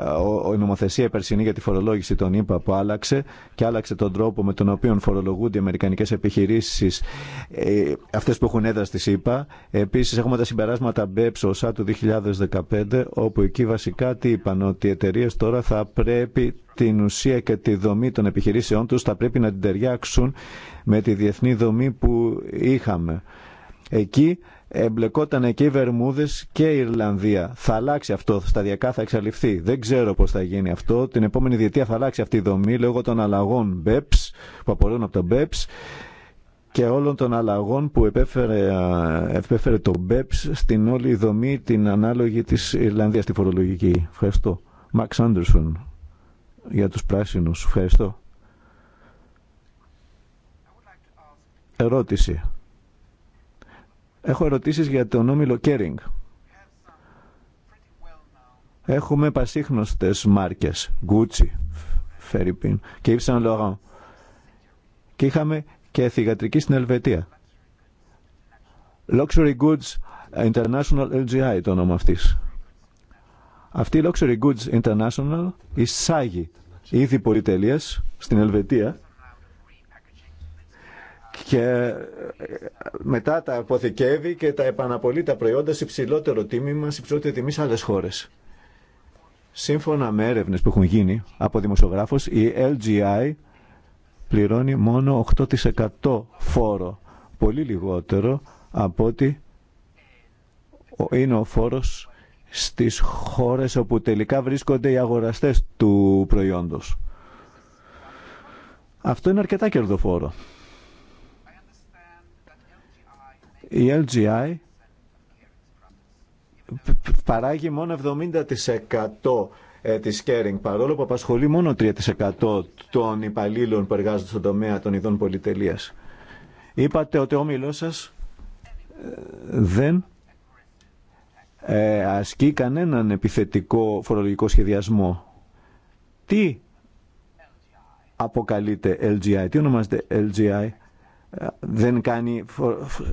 η νομοθεσία περσινή για τη φορολόγηση των ΗΠΑ που άλλαξε και άλλαξε τον τρόπο με τον οποίο φορολογούνται οι αμερικανικέ επιχειρήσει, ε, αυτέ που έχουν έδρα στι ΗΠΑ. Επίση, έχουμε τα συμπεράσματα BEPS του 2015, όπου εκεί βασικά τι είπαν, ότι οι εταιρείε τώρα θα πρέπει την ουσία και τη δομή των επιχειρήσεών του θα πρέπει να την ταιριάξουν με τη διεθνή δομή που είχαμε Εκεί εμπλεκόταν και οι Βερμούδε και η Ιρλανδία. Θα αλλάξει αυτό, σταδιακά θα εξαλειφθεί. Δεν ξέρω πώ θα γίνει αυτό. Την επόμενη διετία θα αλλάξει αυτή η δομή λόγω των αλλαγών BEPS που απορρέουν από το BEPS και όλων των αλλαγών που επέφερε, επέφερε το BEPS στην όλη δομή την ανάλογη της Ιρλανδίας τη φορολογική. Ευχαριστώ. Μαξ Άντερσον για τους πράσινους. Ευχαριστώ. Ερώτηση. Έχω ερωτήσεις για τον όμιλο Κέρινγκ. Έχουμε πασίχνωστες μάρκες, Gucci, Φερρυπίν και Yves Saint Laurent. Και είχαμε και θηγατρική στην Ελβετία. Luxury Goods International LGI το όνομα αυτής. Αυτή η Luxury Goods International εισάγει ήδη πολυτελείας στην Ελβετία και ε, μετά τα αποθηκεύει και τα επαναπολεί τα προϊόντα σε υψηλότερο τίμημα, σε υψηλότερη τιμή σε άλλες χώρες. Σύμφωνα με έρευνες που έχουν γίνει από δημοσιογράφους, η LGI πληρώνει μόνο 8% φόρο, πολύ λιγότερο από ότι είναι ο φόρος στις χώρες όπου τελικά βρίσκονται οι αγοραστές του προϊόντος. Αυτό είναι αρκετά κερδοφόρο. Η LGI παράγει μόνο 70% ε, της caring, παρόλο που απασχολεί μόνο 3% των υπαλλήλων που εργάζονται στον τομέα των ειδών πολυτελείας. Είπατε ότι ο όμιλός σας ε, δεν ε, ασκεί κανέναν επιθετικό φορολογικό σχεδιασμό. Τι αποκαλείται LGI, τι ονομάζεται LGI δεν κάνει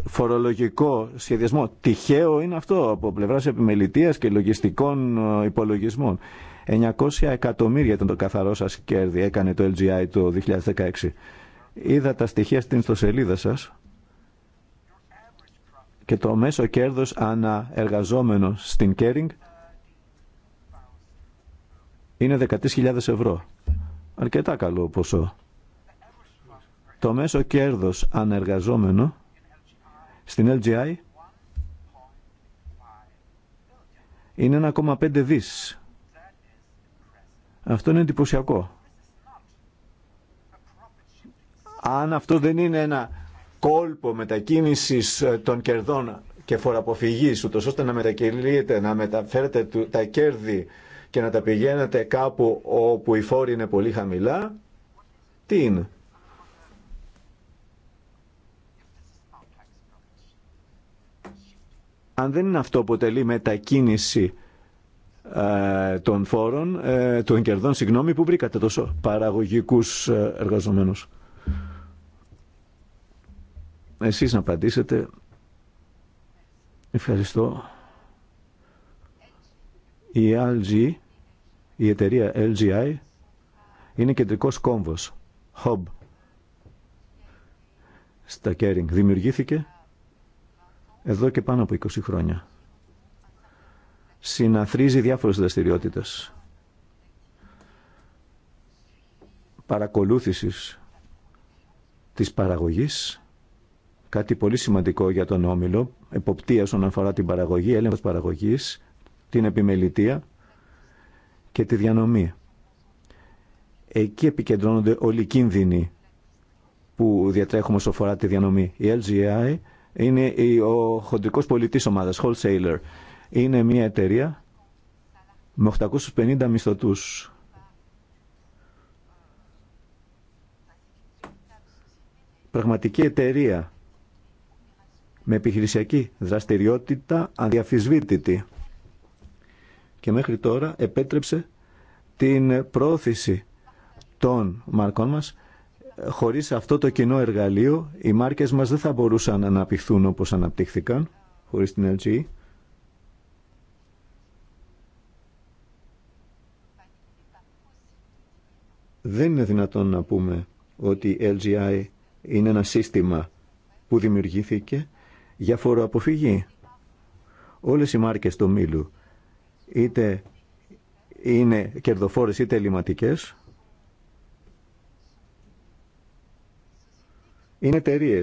φορολογικό σχεδιασμό. Τυχαίο είναι αυτό από πλευράς επιμελητίας και λογιστικών ε, υπολογισμών. 900 εκατομμύρια ήταν το καθαρό σας κέρδη, έκανε το LGI το 2016. Είδα τα στοιχεία στην ιστοσελίδα σας και το μέσο κέρδος εργαζόμενο στην Κέρινγκ είναι 13.000 ευρώ. Αρκετά καλό ποσό. Το μέσο κέρδος ανεργαζόμενο στην LGI είναι 1,5 δις. Αυτό είναι εντυπωσιακό. Αν αυτό δεν είναι ένα κόλπο μετακίνησης ε, των κερδών και φοροαποφυγής, ούτως ώστε να μετακυλείτε, να μεταφέρετε τα κέρδη και να τα πηγαίνετε κάπου όπου οι φόροι είναι πολύ χαμηλά, τι είναι. Αν δεν είναι αυτό αποτελεί μετακίνηση ε, των φόρων, ε, των κερδών, συγγνώμη, που βρήκατε τόσο παραγωγικούς ε, εργαζομένους. Εσείς να απαντήσετε. Ευχαριστώ. Η LG, η εταιρεία LGI, είναι κεντρικός κόμβος, hub, στα Caring. Δημιουργήθηκε εδώ και πάνω από 20 χρόνια. Συναθρίζει διάφορες δραστηριότητες παρακολούθησης της παραγωγής, κάτι πολύ σημαντικό για τον Όμιλο, εποπτεία όσον αφορά την παραγωγή, έλεγχος παραγωγής, την επιμελητεία και τη διανομή. Εκεί επικεντρώνονται όλοι οι κίνδυνοι που διατρέχουμε όσον αφορά τη διανομή. Η LGI είναι ο χοντρικός πολιτής ομάδας, wholesaler. Είναι μια εταιρεία με 850 μισθωτούς. Πραγματική εταιρεία με επιχειρησιακή δραστηριότητα αδιαφυσβήτητη. Και μέχρι τώρα επέτρεψε την πρόθεση των μαρκών μας Χωρίς αυτό το κοινό εργαλείο, οι μάρκες μας δεν θα μπορούσαν να αναπτυχθούν όπως αναπτύχθηκαν, χωρίς την LG. E. Δεν είναι δυνατόν να πούμε ότι η LGI είναι ένα σύστημα που δημιουργήθηκε για φοροαποφυγή. Όλες οι μάρκες του μήλου είτε είναι κερδοφόρες είτε ελληματικές είναι εταιρείε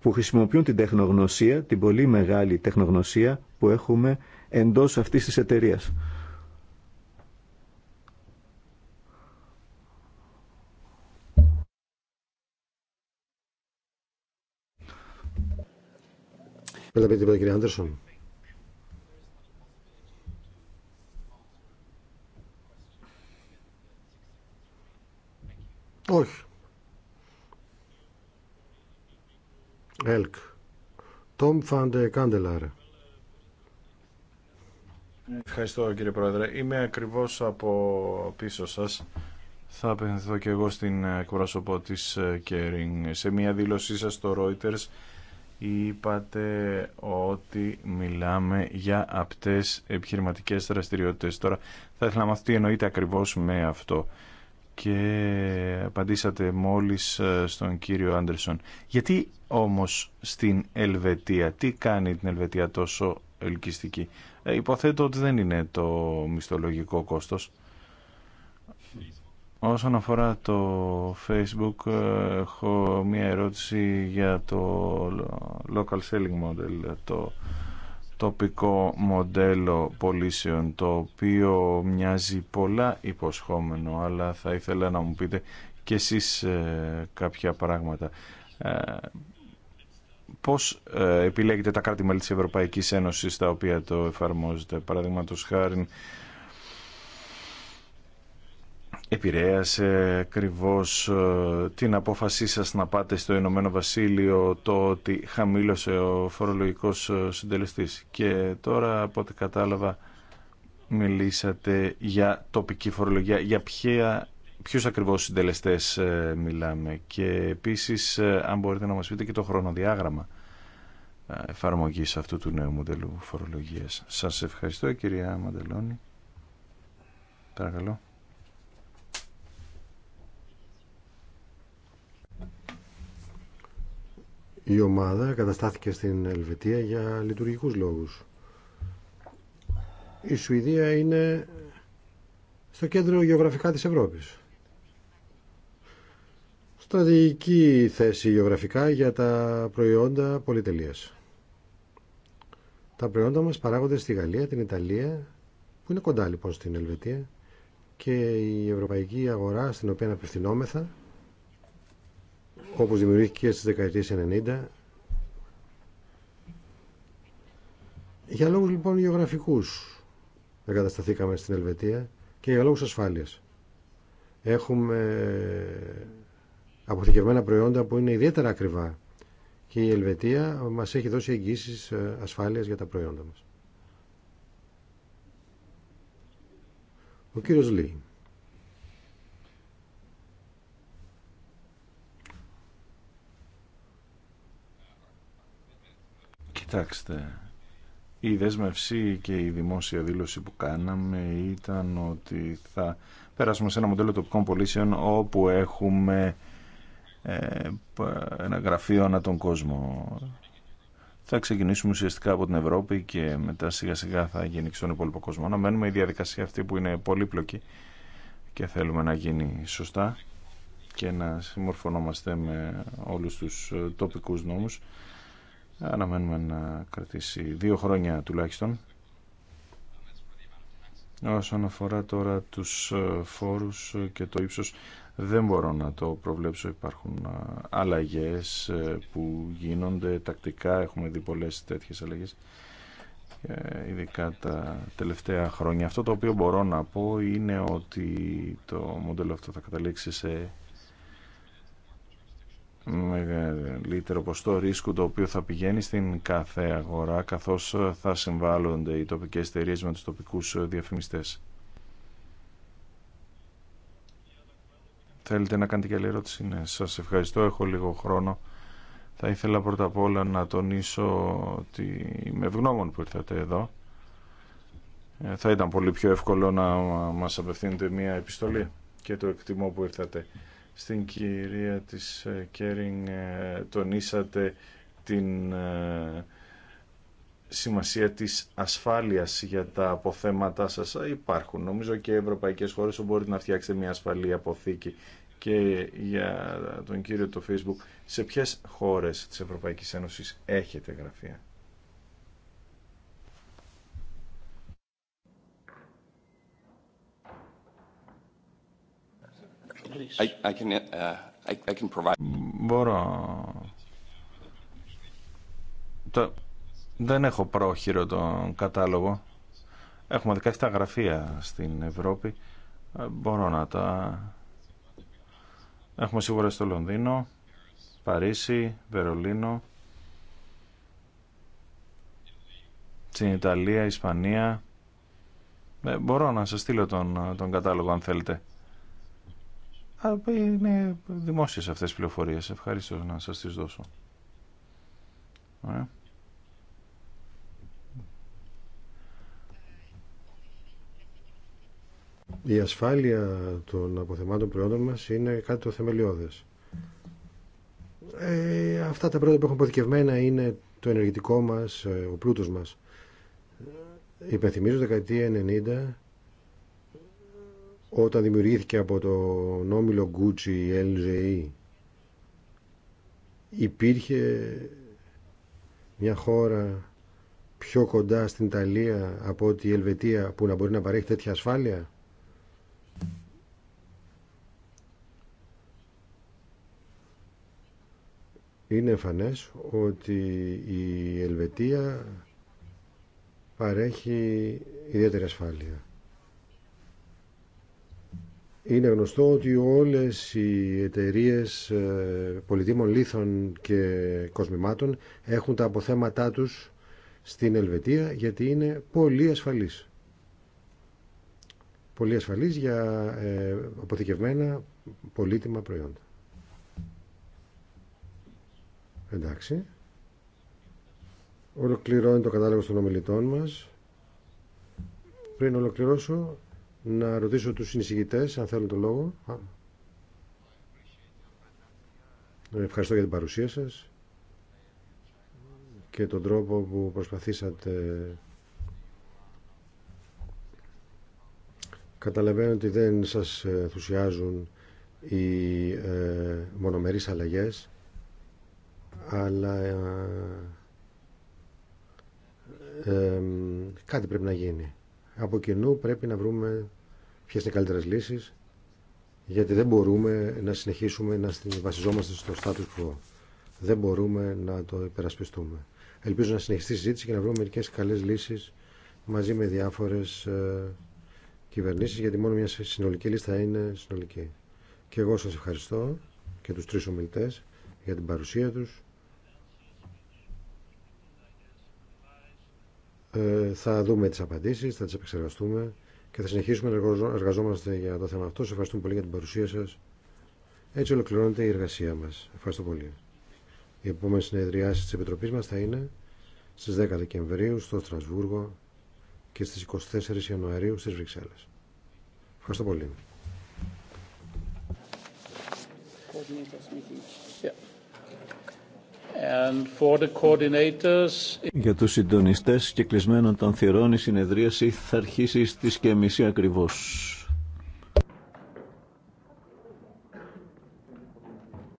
που χρησιμοποιούν την τεχνογνωσία, την πολύ μεγάλη τεχνογνωσία που έχουμε εντός αυτής της εταιρεία. τίποτα κύριε Άντερσον. Όχι. ΕΛΚ. Τόμ Φαντε Ευχαριστώ κύριε Πρόεδρε. Είμαι ακριβώς από πίσω σας. Θα απευθυνθώ και εγώ στην εκπρόσωπο της Κέρινγκ. Ε, Σε μια δήλωσή σας στο Reuters είπατε ότι μιλάμε για απτές επιχειρηματικές δραστηριότητες. Τώρα θα ήθελα να μάθω τι εννοείται ακριβώς με αυτό και απαντήσατε μόλις ε, στον κύριο Άντερσον. Γιατί όμως στην Ελβετία, τι κάνει την Ελβετία τόσο ελκυστική. Ε, υποθέτω ότι δεν είναι το μισθολογικό κόστος. Όσον αφορά το Facebook, ε, έχω μία ερώτηση για το local selling model, το τοπικό μοντέλο πολίσεων, το οποίο μοιάζει πολλά υποσχόμενο αλλά θα ήθελα να μου πείτε και εσείς ε, κάποια πράγματα ε, πώς ε, επιλέγετε τα κράτη-μέλη της Ευρωπαϊκής Ένωσης τα οποία το εφαρμόζετε. Παραδείγματος χάρη επηρέασε ακριβώ ε, την απόφασή σας να πάτε στο Ηνωμένο Βασίλειο το ότι χαμήλωσε ο φορολογικός ε, συντελεστής. Και τώρα από ό,τι κατάλαβα μιλήσατε για τοπική φορολογία. Για ποιου ποιους ακριβώς συντελεστές ε, μιλάμε και επίσης αν μπορείτε να μας πείτε και το χρονοδιάγραμμα εφαρμογής αυτού του νέου μοντέλου φορολογίας. Σας ευχαριστώ κυρία Μαντελόνη. Παρακαλώ. Η ομάδα καταστάθηκε στην Ελβετία για λειτουργικούς λόγους. Η Σουηδία είναι στο κέντρο γεωγραφικά της Ευρώπης. Στρατηγική θέση γεωγραφικά για τα προϊόντα πολυτελείας. Τα προϊόντα μας παράγονται στη Γαλλία, την Ιταλία, που είναι κοντά λοιπόν στην Ελβετία, και η ευρωπαϊκή αγορά στην οποία απευθυνόμεθα όπως δημιουργήθηκε στις δεκαετίες 90 για λόγους λοιπόν γεωγραφικούς εγκατασταθήκαμε στην Ελβετία και για λόγους ασφάλειας έχουμε αποθηκευμένα προϊόντα που είναι ιδιαίτερα ακριβά και η Ελβετία μας έχει δώσει εγγύσεις ε, ασφάλειας για τα προϊόντα μας. Ο κύριος Λί. Κοιτάξτε, η δέσμευση και η δημόσια δήλωση που κάναμε ήταν ότι θα περάσουμε σε ένα μοντέλο τοπικών πωλήσεων όπου έχουμε ε, ένα γραφείο ανά τον κόσμο. Θα ξεκινήσουμε ουσιαστικά από την Ευρώπη και μετά σιγά σιγά θα γίνει και στον υπόλοιπο κόσμο. Να μένουμε η διαδικασία αυτή που είναι πολύπλοκη και θέλουμε να γίνει σωστά και να συμμορφωνόμαστε με όλους τους τοπικούς νόμους αναμένουμε να κρατήσει δύο χρόνια τουλάχιστον. Όσον αφορά τώρα τους ε, φόρους και το ύψος, δεν μπορώ να το προβλέψω. Υπάρχουν ε, αλλαγές ε, που γίνονται τακτικά. Έχουμε δει πολλές τέτοιες αλλαγές, ειδικά τα τελευταία χρόνια. Αυτό το οποίο μπορώ να πω είναι ότι το μοντέλο αυτό θα καταλήξει σε μεγαλύτερο ποστό ρίσκου το οποίο θα πηγαίνει στην κάθε αγορά καθώς θα συμβάλλονται οι τοπικές εταιρείε με τους τοπικούς διαφημιστές. Θέλετε να κάνετε και άλλη ερώτηση. Ναι, σας ευχαριστώ. Έχω λίγο χρόνο. Θα ήθελα πρώτα απ' όλα να τονίσω ότι είμαι ευγνώμων που ήρθατε εδώ. Ε, θα ήταν πολύ πιο εύκολο να μας απευθύνετε μια επιστολή και το εκτιμώ που ήρθατε στην κυρία της ε, Κέρινγκ ε, τονίσατε την ε, σημασία της ασφάλειας για τα αποθέματά σας υπάρχουν. Νομίζω και ευρωπαϊκές χώρες όπου μπορείτε να φτιάξετε μια ασφαλή αποθήκη και για τον κύριο το Facebook σε ποιες χώρες της Ευρωπαϊκής Ένωσης έχετε γραφεία. Uh, μπορώ. Δεν έχω πρόχειρο τον κατάλογο. Έχουμε 17 γραφεία στην Ευρώπη. Ε, μπορώ να τα... Έχουμε σίγουρα στο Λονδίνο, Παρίσι, Βερολίνο, στην Ιταλία, Ισπανία. Ε, μπορώ να σας στείλω τον, τον κατάλογο αν θέλετε είναι δημόσιες αυτές οι πληροφορίες. Ευχαριστώ να σας τις δώσω. Η ασφάλεια των αποθεμάτων προϊόντων μας είναι κάτι το θεμελιώδες. Ε, αυτά τα προϊόντα που έχουν αποθηκευμένα είναι το ενεργητικό μας, ε, ο πλούτος μας. Ε, υπενθυμίζω δεκαετία 90 όταν δημιουργήθηκε από το νόμιλο Gucci η υπήρχε μια χώρα πιο κοντά στην Ιταλία από ότι η Ελβετία που να μπορεί να παρέχει τέτοια ασφάλεια είναι εμφανές ότι η Ελβετία παρέχει ιδιαίτερη ασφάλεια είναι γνωστό ότι όλες οι εταιρείες ε, πολιτήμων λίθων και κοσμημάτων έχουν τα αποθέματά τους στην Ελβετία γιατί είναι πολύ ασφαλής. Πολύ ασφαλής για ε, αποθηκευμένα πολύτιμα προϊόντα. Εντάξει. Ολοκληρώνει το κατάλογο των ομιλητών μας. Πριν ολοκληρώσω, να ρωτήσω τους συνεισηγητές αν θέλουν το λόγο. Ευχαριστώ για την παρουσία σας και τον τρόπο που προσπαθήσατε. Καταλαβαίνω ότι δεν σας ενθουσιάζουν οι ε, μονομερείς αλλαγές, αλλά ε, ε, κάτι πρέπει να γίνει από κοινού πρέπει να βρούμε ποιε είναι οι καλύτερε λύσει, γιατί δεν μπορούμε να συνεχίσουμε να βασιζόμαστε στο status quo. Δεν μπορούμε να το υπερασπιστούμε. Ελπίζω να συνεχιστεί η συζήτηση και να βρούμε μερικέ καλέ λύσει μαζί με διάφορε κυβερνήσει, γιατί μόνο μια συνολική λίστα είναι συνολική. Και εγώ σα ευχαριστώ και του τρει ομιλητέ για την παρουσία τους Ε, θα δούμε τις απαντήσεις, θα τις επεξεργαστούμε και θα συνεχίσουμε να εργαζόμαστε για το θέμα αυτό. Σε ευχαριστούμε πολύ για την παρουσία σας. Έτσι ολοκληρώνεται η εργασία μας. Ευχαριστώ πολύ. Οι επόμενη συνεδριάσεις της Επιτροπής μας θα είναι στις 10 Δεκεμβρίου στο Στρασβούργο και στις 24 Ιανουαρίου στις Βρυξέλλες. Ευχαριστώ πολύ. Για τους συντονιστές και κλεισμένων των θυρών η συνεδρίαση θα αρχίσει στις και μισή ακριβώς.